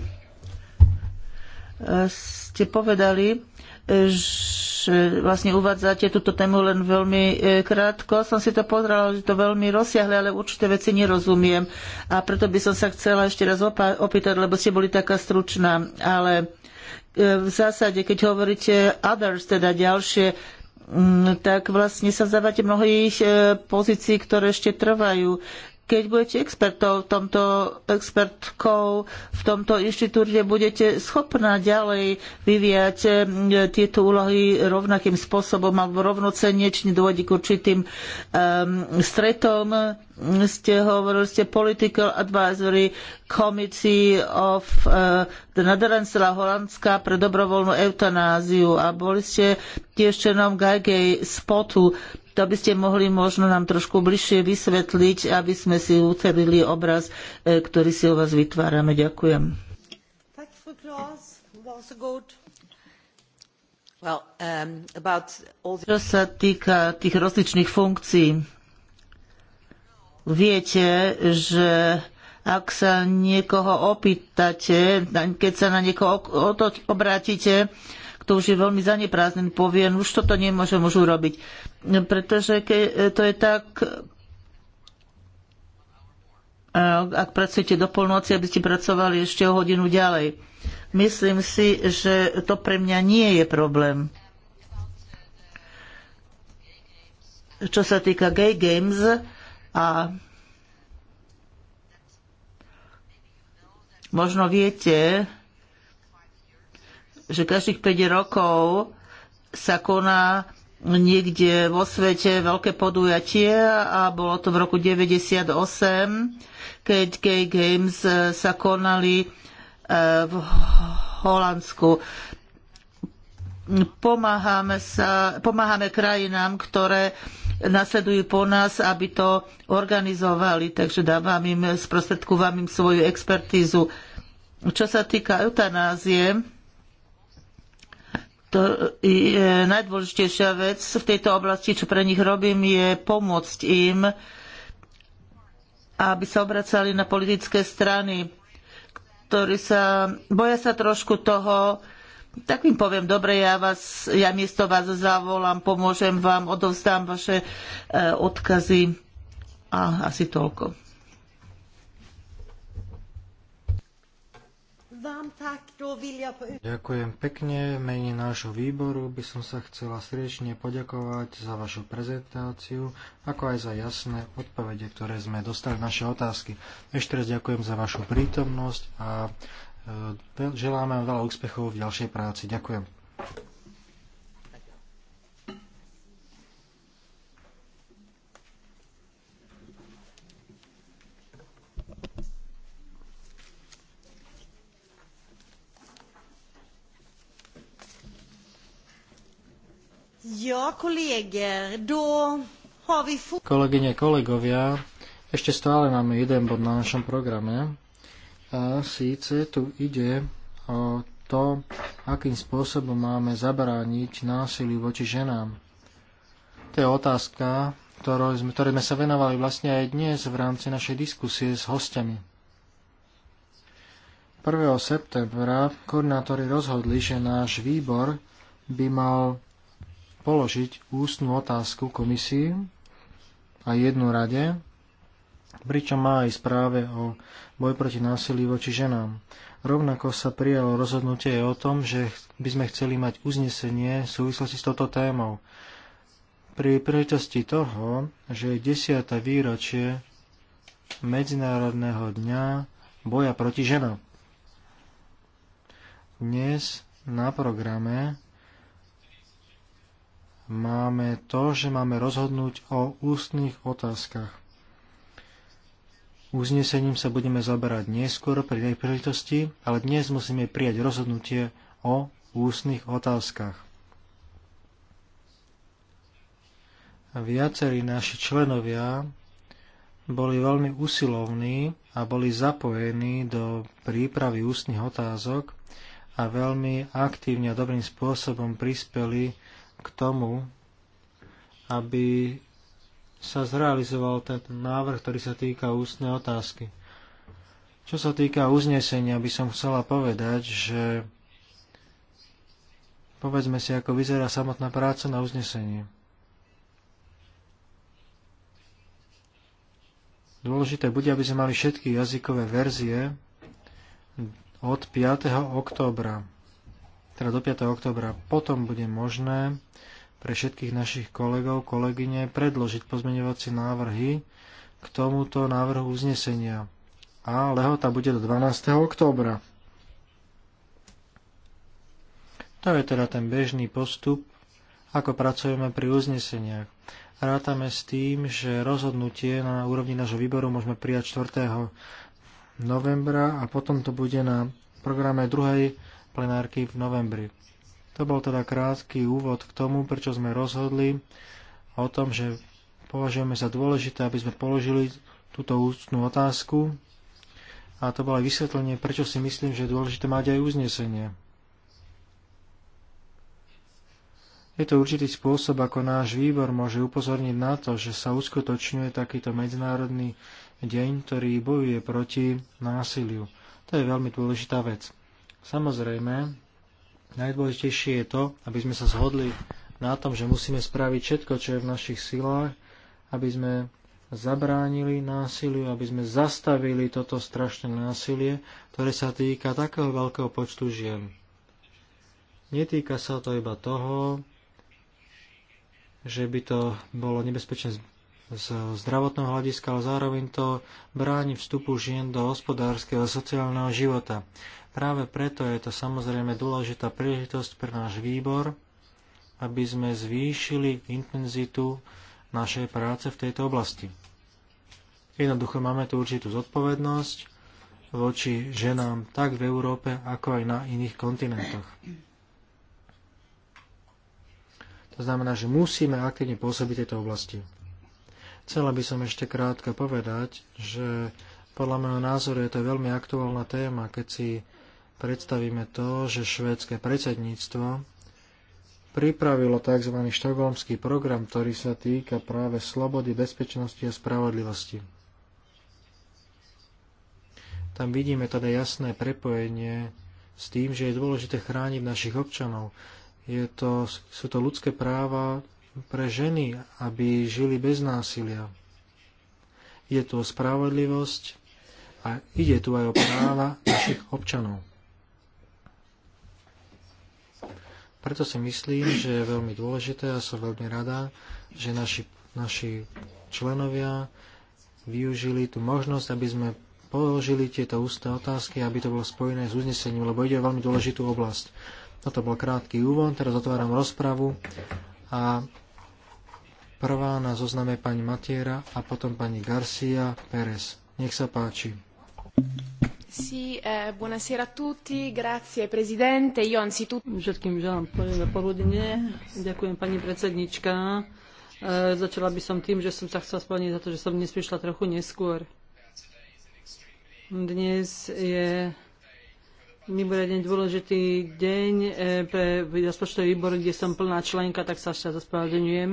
Speaker 2: Ste povedali, že
Speaker 3: vlastne uvádzate túto tému len veľmi e, krátko. Som si to pozrela, že to veľmi rozsiahle, ale určité veci nerozumiem. A preto by som sa chcela ešte raz opýtať, lebo ste boli taká stručná. Ale e, v zásade, keď hovoríte others, teda ďalšie, mm, tak vlastne sa zavate mnohých e, pozícií, ktoré ešte trvajú keď budete expertov v tomto, expertkou v tomto inštitúte, budete schopná ďalej vyvíjať e, tieto úlohy rovnakým spôsobom alebo rovnocenne, či nedôjde k určitým um, stretom. Ste hovorili, ste Political Advisory Committee of uh, the Netherlands teda Holandska pre dobrovoľnú eutanáziu a boli ste tiež členom Gajgej spotu. Uh, to by ste mohli možno nám trošku bližšie vysvetliť, aby sme si ucelili obraz, e, ktorý si o vás vytvárame. Ďakujem.
Speaker 1: Um,
Speaker 3: Čo sa týka tých rozličných funkcií, viete, že ak sa niekoho opýtate, keď sa na niekoho obrátite, kto už je veľmi zaneprázdnený, povie, už toto nemôžem už urobiť. Pretože ke, to je tak, eh, ak pracujete do polnoci, aby ste pracovali ešte o hodinu ďalej. Myslím si, že to pre mňa nie je problém. Čo sa týka gay games a možno viete, že každých 5 rokov sa koná niekde vo svete veľké podujatie a bolo to v roku 98, keď Gay Games e, sa konali e, v Holandsku. Pomáhame, sa, pomáhame krajinám, ktoré nasledujú po nás, aby to organizovali, takže dávam im, sprostredkúvam im svoju expertízu. Čo sa týka eutanázie, to je najdôležitejšia vec v tejto oblasti, čo pre nich robím, je pomôcť im, aby sa obracali na politické strany, ktorí sa boja sa trošku toho, tak im poviem, dobre, ja, vás, ja miesto vás zavolám, pomôžem vám, odovzdám vaše e, odkazy a
Speaker 2: asi toľko. Ďakujem pekne. V mene nášho výboru by som sa chcela srdečne poďakovať za vašu prezentáciu, ako aj za jasné odpovede, ktoré sme dostali naše otázky. Ešte raz ďakujem za vašu prítomnosť a e, želáme vám veľa úspechov v ďalšej práci. Ďakujem.
Speaker 1: Ja, kolleger, do...
Speaker 2: Kolegyne, kolegovia, ešte stále máme jeden bod na našom programe. A síce tu ide o to, akým spôsobom máme zabrániť násiliu voči ženám. To je otázka, ktorej sme, ktoré sme sa venovali vlastne aj dnes v rámci našej diskusie s hostiami. 1. septembra koordinátori rozhodli, že náš výbor by mal položiť ústnu otázku komisii a jednu rade, pričom má aj správe o boj proti násilí voči ženám. Rovnako sa prijalo rozhodnutie o tom, že by sme chceli mať uznesenie v súvislosti s touto témou. Pri príležitosti toho, že je 10. výročie Medzinárodného dňa boja proti ženám. Dnes na programe máme to, že máme rozhodnúť o ústnych otázkach. Uznesením sa budeme zaberať neskôr pri tej príležitosti, ale dnes musíme prijať rozhodnutie o ústnych otázkach. Viacerí naši členovia boli veľmi usilovní a boli zapojení do prípravy ústnych otázok a veľmi aktívne a dobrým spôsobom prispeli k tomu, aby sa zrealizoval ten návrh, ktorý sa týka ústnej otázky. Čo sa týka uznesenia, by som chcela povedať, že povedzme si, ako vyzerá samotná práca na uznesenie. Dôležité bude, aby sme mali všetky jazykové verzie od 5. októbra, teda do 5. októbra. Potom bude možné pre všetkých našich kolegov, kolegyne predložiť pozmeňovacie návrhy k tomuto návrhu uznesenia. A lehota bude do 12. októbra. To je teda ten bežný postup, ako pracujeme pri uzneseniach. Rátame s tým, že rozhodnutie na úrovni nášho výboru môžeme prijať 4. novembra a potom to bude na programe druhej plenárky v novembri. To bol teda krátky úvod k tomu, prečo sme rozhodli o tom, že považujeme za dôležité, aby sme položili túto ústnú otázku a to bolo aj vysvetlenie, prečo si myslím, že je dôležité mať aj uznesenie. Je to určitý spôsob, ako náš výbor môže upozorniť na to, že sa uskutočňuje takýto medzinárodný deň, ktorý bojuje proti násiliu. To je veľmi dôležitá vec. Samozrejme, Najdôležitejšie je to, aby sme sa zhodli na tom, že musíme spraviť všetko, čo je v našich silách, aby sme zabránili násiliu, aby sme zastavili toto strašné násilie, ktoré sa týka takého veľkého počtu žien. Netýka sa to iba toho, že by to bolo nebezpečné z z zdravotného hľadiska, ale zároveň to bráni vstupu žien do hospodárskeho a sociálneho života. Práve preto je to samozrejme dôležitá príležitosť pre náš výbor, aby sme zvýšili intenzitu našej práce v tejto oblasti. Jednoducho máme tu určitú zodpovednosť voči ženám tak v Európe, ako aj na iných kontinentoch. To znamená, že musíme aktívne pôsobiť tejto oblasti. Chcela by som ešte krátko povedať, že podľa môjho názoru je to veľmi aktuálna téma, keď si predstavíme to, že švédske predsedníctvo pripravilo tzv. štokholmský program, ktorý sa týka práve slobody, bezpečnosti a spravodlivosti. Tam vidíme teda jasné prepojenie s tým, že je dôležité chrániť našich občanov. Je to, sú to ľudské práva, pre ženy, aby žili bez násilia. Je tu o spravodlivosť a ide tu aj o práva našich občanov. Preto si myslím, že je veľmi dôležité a som veľmi rada, že naši, naši členovia využili tú možnosť, aby sme položili tieto ústne otázky, aby to bolo spojené s uznesením, lebo ide o veľmi dôležitú oblasť. Toto bol krátky úvod, teraz otváram rozpravu a Prvá na zozname pani Matiera a potom pani Garcia Pérez. Nech sa páči.
Speaker 6: Sí, eh, buonasera a tutti, grazie presidente. Io anzitutto... Všetkým želám poriadne porodine, Ďakujem pani
Speaker 4: predsednička. E, začala by som tým, že som sa chcela splniť za to, že som dnes prišla trochu neskôr. Dnes je mimoriadne dôležitý deň eh, pre rozpočtový výbor, kde som plná členka, tak sa ešte zaspravedlňujem.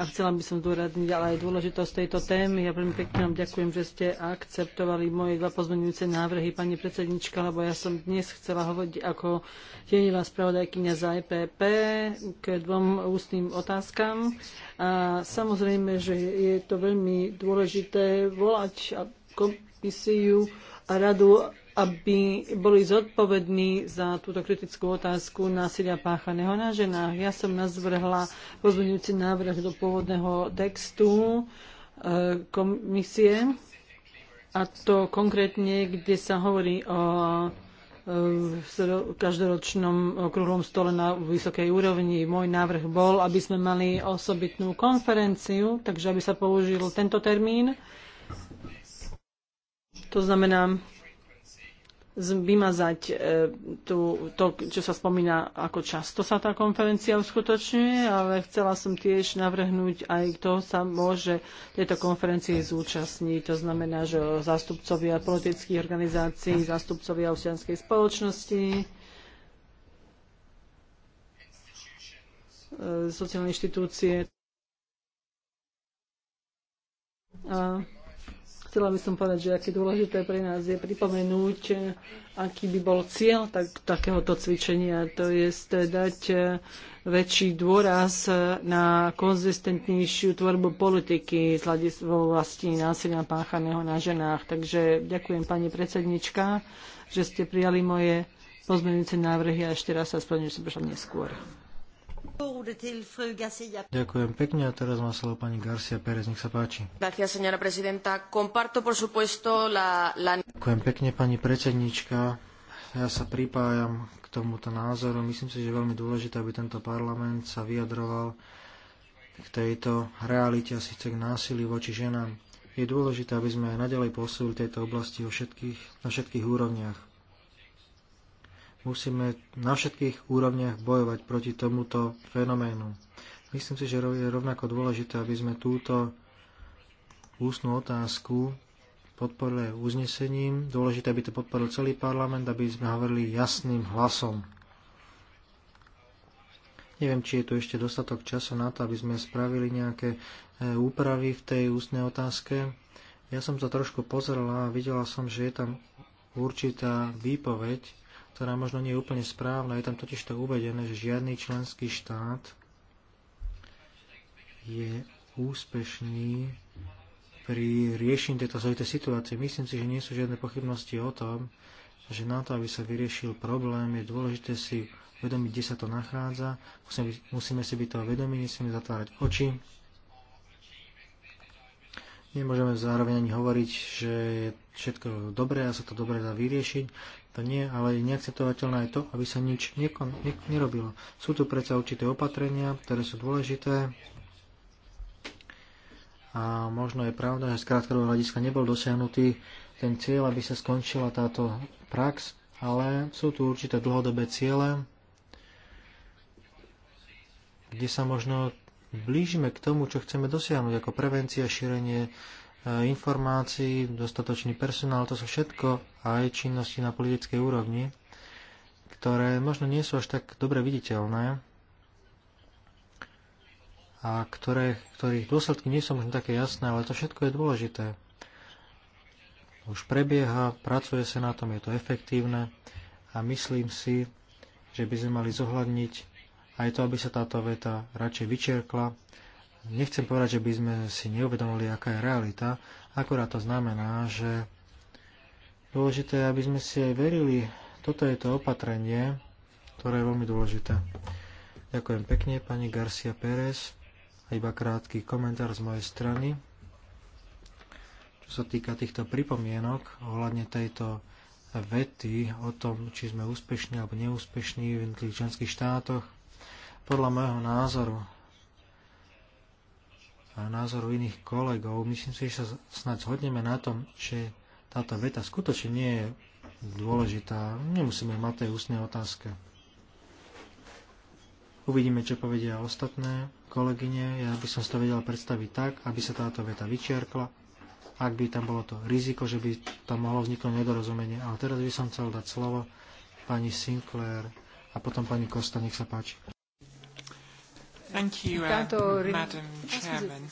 Speaker 4: A chcela by som zdôrazniť ale aj dôležitosť tejto témy. Ja veľmi pekne vám ďakujem, že ste akceptovali moje dva pozmeňujúce návrhy, pani predsednička, lebo ja som dnes chcela hovoriť ako tieňová spravodajkynia za EPP k dvom ústnym otázkam. A samozrejme, že je to veľmi dôležité volať komisiu a radu aby boli zodpovední za túto kritickú otázku násilia páchaného na ženách. Ja som nazvrhla pozmeňujúci návrh do pôvodného textu eh, komisie, a to konkrétne, kde sa hovorí o v eh, každoročnom okrúhlom stole na vysokej úrovni. Môj návrh bol, aby sme mali osobitnú konferenciu, takže aby sa použil tento termín. To znamená, vymazať e, tú, to, čo sa spomína, ako často sa tá konferencia uskutočňuje, ale chcela som tiež navrhnúť aj kto sa môže tejto konferencie zúčastniť. To znamená, že zástupcovia politických organizácií, zástupcovia osianskej spoločnosti, e, sociálne inštitúcie. A Chcela by som povedať, že aké dôležité pre nás je pripomenúť, aký by bol cieľ tak, takéhoto cvičenia, to je eh, dať eh, väčší dôraz eh, na konzistentnejšiu tvorbu politiky z hľadiska násilia páchaného na ženách. Takže ďakujem pani predsednička, že ste prijali moje
Speaker 2: pozmeňujúce návrhy a ešte raz sa splňujem, že som prišla neskôr. Ďakujem pekne a teraz má slovo pani Garcia Pérez, nech sa páči.
Speaker 5: Ďakujem
Speaker 2: pekne, pani predsednička. Ja sa pripájam k tomuto názoru. Myslím si, že je veľmi dôležité, aby tento parlament sa vyjadroval k tejto realite a síce k násiliu voči ženám. Je dôležité, aby sme aj naďalej posúvili tejto oblasti o všetkých, na všetkých úrovniach. Musíme na všetkých úrovniach bojovať proti tomuto fenoménu. Myslím si, že je rovnako dôležité, aby sme túto ústnu otázku podporili uznesením. Dôležité, aby to podporil celý parlament, aby sme hovorili jasným hlasom. Neviem, či je tu ešte dostatok času na to, aby sme spravili nejaké e, úpravy v tej ústnej otázke. Ja som to trošku pozrela a videla som, že je tam určitá výpoveď ktorá možno nie je úplne správna. Je tam totiž to uvedené, že žiadny členský štát je úspešný pri riešení tejto zložitej situácie. Myslím si, že nie sú žiadne pochybnosti o tom, že na to, aby sa vyriešil problém, je dôležité si uvedomiť, kde sa to nachádza. Musíme, musíme si byť toho vedomí, nesmieme zatvárať oči. Nemôžeme zároveň ani hovoriť, že je všetko dobré a sa to dobre dá vyriešiť. To nie, ale je neakceptovateľné aj to, aby sa nič nekon, ne, nerobilo. Sú tu predsa určité opatrenia, ktoré sú dôležité. A možno je pravda, že z krátkodobého hľadiska nebol dosiahnutý ten cieľ, aby sa skončila táto prax, ale sú tu určité dlhodobé ciele, kde sa možno blížime k tomu, čo chceme dosiahnuť, ako prevencia, šírenie e, informácií, dostatočný personál, to sú všetko aj činnosti na politickej úrovni, ktoré možno nie sú až tak dobre viditeľné a ktoré, ktorých dôsledky nie sú možno také jasné, ale to všetko je dôležité. Už prebieha, pracuje sa na tom, je to efektívne a myslím si, že by sme mali zohľadniť aj to, aby sa táto veta radšej vyčerkla. Nechcem povedať, že by sme si neuvedomili, aká je realita, akorát to znamená, že dôležité je, aby sme si aj verili. Toto je to opatrenie, ktoré je veľmi dôležité. Ďakujem pekne, pani Garcia Pérez. A iba krátky komentár z mojej strany. Čo sa týka týchto pripomienok ohľadne tejto vety o tom, či sme úspešní alebo neúspešní v jednotlivých členských štátoch, podľa môjho názoru a názoru iných kolegov, myslím si, že sa snáď zhodneme na tom, že táto veta skutočne nie je dôležitá. Nemusíme mať tej ústnej otázke. Uvidíme, čo povedia ostatné kolegyne. Ja by som si to vedela predstaviť tak, aby sa táto veta vyčiarkla, ak by tam bolo to riziko, že by tam mohlo vzniknúť nedorozumenie. Ale teraz by som chcel dať slovo pani Sinclair a potom pani Kosta, nech sa páči.
Speaker 6: Thank you, uh, Madam Chairman.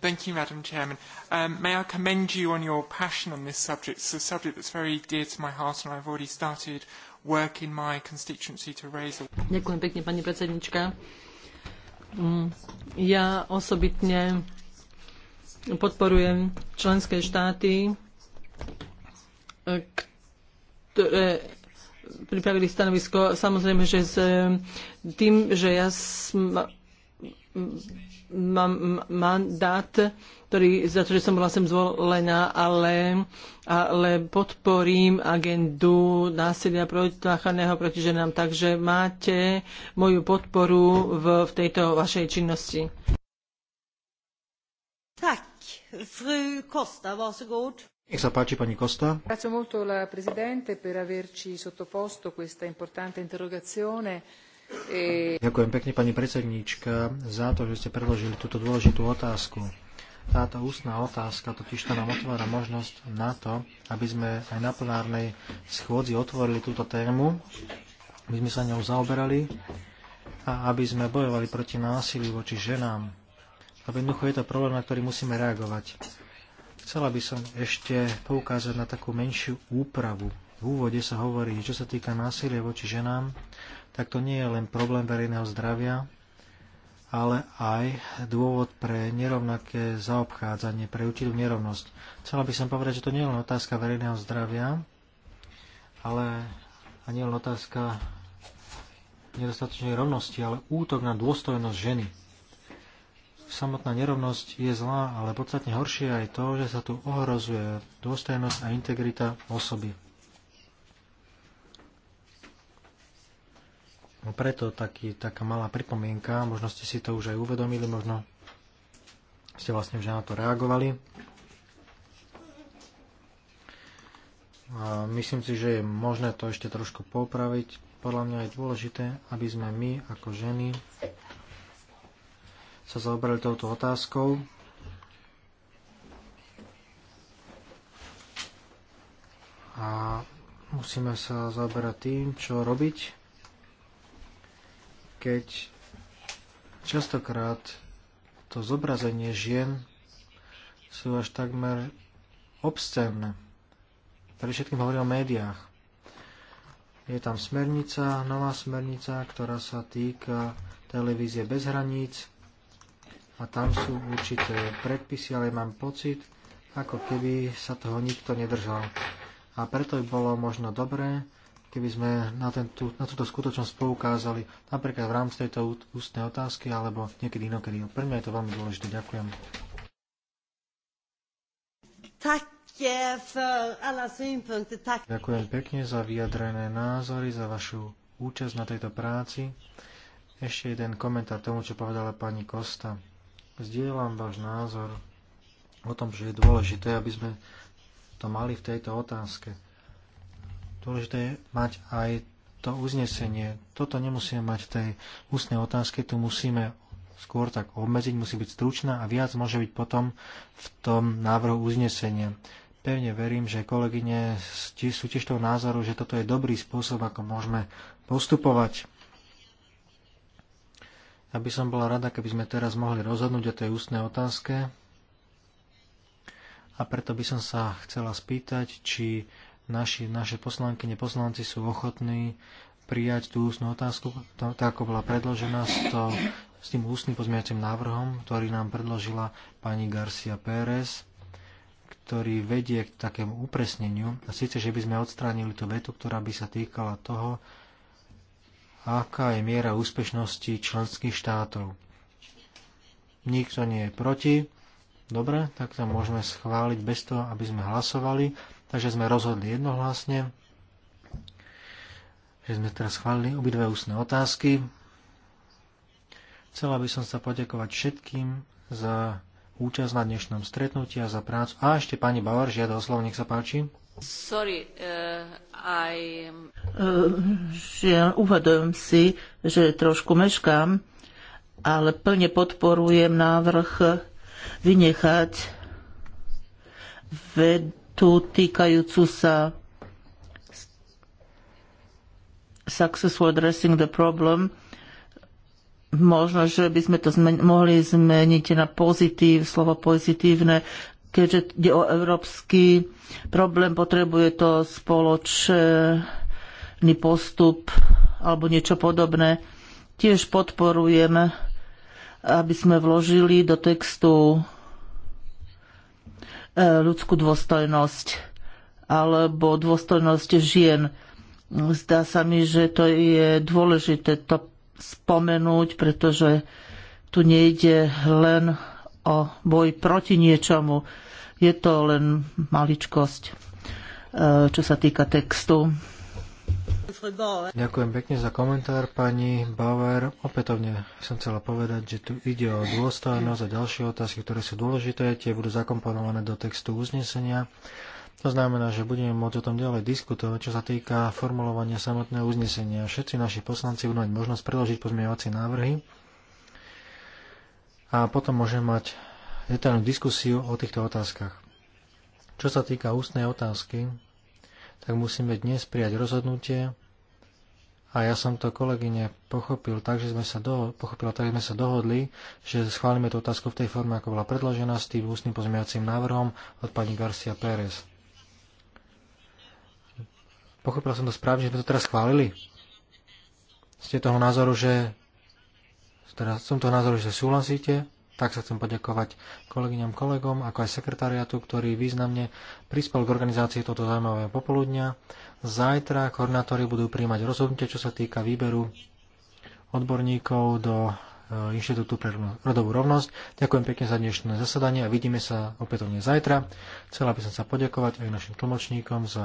Speaker 3: Thank you, Madam Chairman. Um, may I commend you on your passion on this subject. It's a subject that's very dear to my heart, and I've already started
Speaker 2: work in my constituency to raise.
Speaker 4: Ďakujem pekne, pani predsednička. Mm, ja osobitne podporujem členské štáty, e, ktoré e, pripravili stanovisko. Samozrejme, že s eh, tým, že ja mám mandát, ktorý, za to, že som bola sem zvolená, ale, ale podporím agendu násilia protiváchaného proti ženám. Takže máte moju podporu v, v
Speaker 2: tejto vašej činnosti.
Speaker 6: Tak, fru Kosta, varsågod.
Speaker 2: Nech sa páči, pani e Ďakujem pekne, pani predsedníčka, za to, že ste predložili túto dôležitú otázku. Táto ústná otázka totiž to nám otvára možnosť na to, aby sme aj na plenárnej schôdzi otvorili túto tému, aby sme sa ňou zaoberali a aby sme bojovali proti násiliu voči ženám. Lebo jednoducho je to problém, na ktorý musíme reagovať. Chcela by som ešte poukázať na takú menšiu úpravu. V úvode sa hovorí, čo sa týka násilia voči ženám, tak to nie je len problém verejného zdravia, ale aj dôvod pre nerovnaké zaobchádzanie, pre určitú nerovnosť. Chcela by som povedať, že to nie je len otázka verejného zdravia, ale a nie len otázka nedostatočnej rovnosti, ale útok na dôstojnosť ženy samotná nerovnosť je zlá, ale podstatne horšie aj to, že sa tu ohrozuje dôstojnosť a integrita osoby. No preto taký, taká malá pripomienka, možno ste si to už aj uvedomili, možno ste vlastne už na to reagovali. A myslím si, že je možné to ešte trošku popraviť. Podľa mňa je dôležité, aby sme my ako ženy sa zaoberali touto otázkou. A musíme sa zaoberať tým, čo robiť, keď častokrát to zobrazenie žien sú až takmer obscénne. Pre všetkým hovorí o médiách. Je tam smernica, nová smernica, ktorá sa týka televízie bez hraníc, a tam sú určité predpisy, ale mám pocit, ako keby sa toho nikto nedržal. A preto by bolo možno dobré, keby sme na, tú, na túto skutočnosť poukázali napríklad v rámci tejto ústnej otázky alebo niekedy inokedy. Pre mňa je to veľmi dôležité. Ďakujem. Ďakujem pekne za vyjadrené názory, za vašu účasť na tejto práci. Ešte jeden komentár tomu, čo povedala pani Kosta. Zdieľam váš názor o tom, že je dôležité, aby sme to mali v tejto otázke. Dôležité je mať aj to uznesenie. Toto nemusíme mať v tej ústnej otázke, tu musíme skôr tak obmedziť, musí byť stručná a viac môže byť potom v tom návrhu uznesenia. Pevne verím, že kolegyne sú tiež toho názoru, že toto je dobrý spôsob, ako môžeme postupovať. Ja by som bola rada, keby sme teraz mohli rozhodnúť o tej ústnej otázke. A preto by som sa chcela spýtať, či naši, naše poslanky, neposlanci sú ochotní prijať tú ústnu otázku, tak ako bola predložená s, to, s tým ústnym pozmiacím návrhom, ktorý nám predložila pani Garcia Pérez, ktorý vedie k takému upresneniu, a síce, že by sme odstránili tú vetu, ktorá by sa týkala toho, aká je miera úspešnosti členských štátov. Nikto nie je proti. Dobre, tak to môžeme schváliť bez toho, aby sme hlasovali. Takže sme rozhodli jednohlasne, že sme teraz schválili obidve ústne otázky. Chcela by som sa poďakovať všetkým za účasť na dnešnom stretnutí a za prácu. A ešte pani Bauer žiada oslovo, nech sa páči.
Speaker 4: Sorry, uh, I...
Speaker 3: Uh, eh, žiaľ, uvedujem si, že trošku meškám, ale plne podporujem návrh vynechať vetu týkajúcu sa successful addressing the problem. Možno, že by sme to zmen- mohli zmeniť na pozitív, slovo pozitívne keďže ide o európsky problém, potrebuje to spoločný postup alebo niečo podobné. Tiež podporujem, aby sme vložili do textu e, ľudskú dôstojnosť alebo dôstojnosť žien. Zdá sa mi, že to je dôležité to spomenúť, pretože tu nejde len o boj proti niečomu. Je
Speaker 2: to len maličkosť, e, čo sa týka textu. Ďakujem pekne za komentár, pani Bauer. Opätovne som chcela povedať, že tu ide o dôstojnosť a ďalšie otázky, ktoré sú dôležité. Tie budú zakomponované do textu uznesenia. To znamená, že budeme môcť o tom ďalej diskutovať, čo sa týka formulovania samotného uznesenia. Všetci naši poslanci budú mať možnosť preložiť pozmeňovacie návrhy a potom môžeme mať detailnú diskusiu o týchto otázkach. Čo sa týka ústnej otázky, tak musíme dnes prijať rozhodnutie a ja som to kolegyne pochopil tak, že sme sa, do, pochopil, tak, že sme sa dohodli, že schválime tú otázku v tej forme, ako bola predložená s tým ústnym pozmeňovacím návrhom od pani Garcia Pérez. Pochopil som to správne, že sme to teraz schválili? Ste toho názoru, že teda som to názoru, že súhlasíte, tak sa chcem poďakovať kolegyňam, kolegom, ako aj sekretariatu, ktorý významne prispel k organizácii toto zaujímavého popoludňa. Zajtra koordinátori budú príjmať rozhodnutie, čo sa týka výberu odborníkov do e, Inštitútu pre rodovú rovnosť. Ďakujem pekne za dnešné zasadanie a vidíme sa opätovne zajtra. Chcela by som sa poďakovať aj našim tlmočníkom za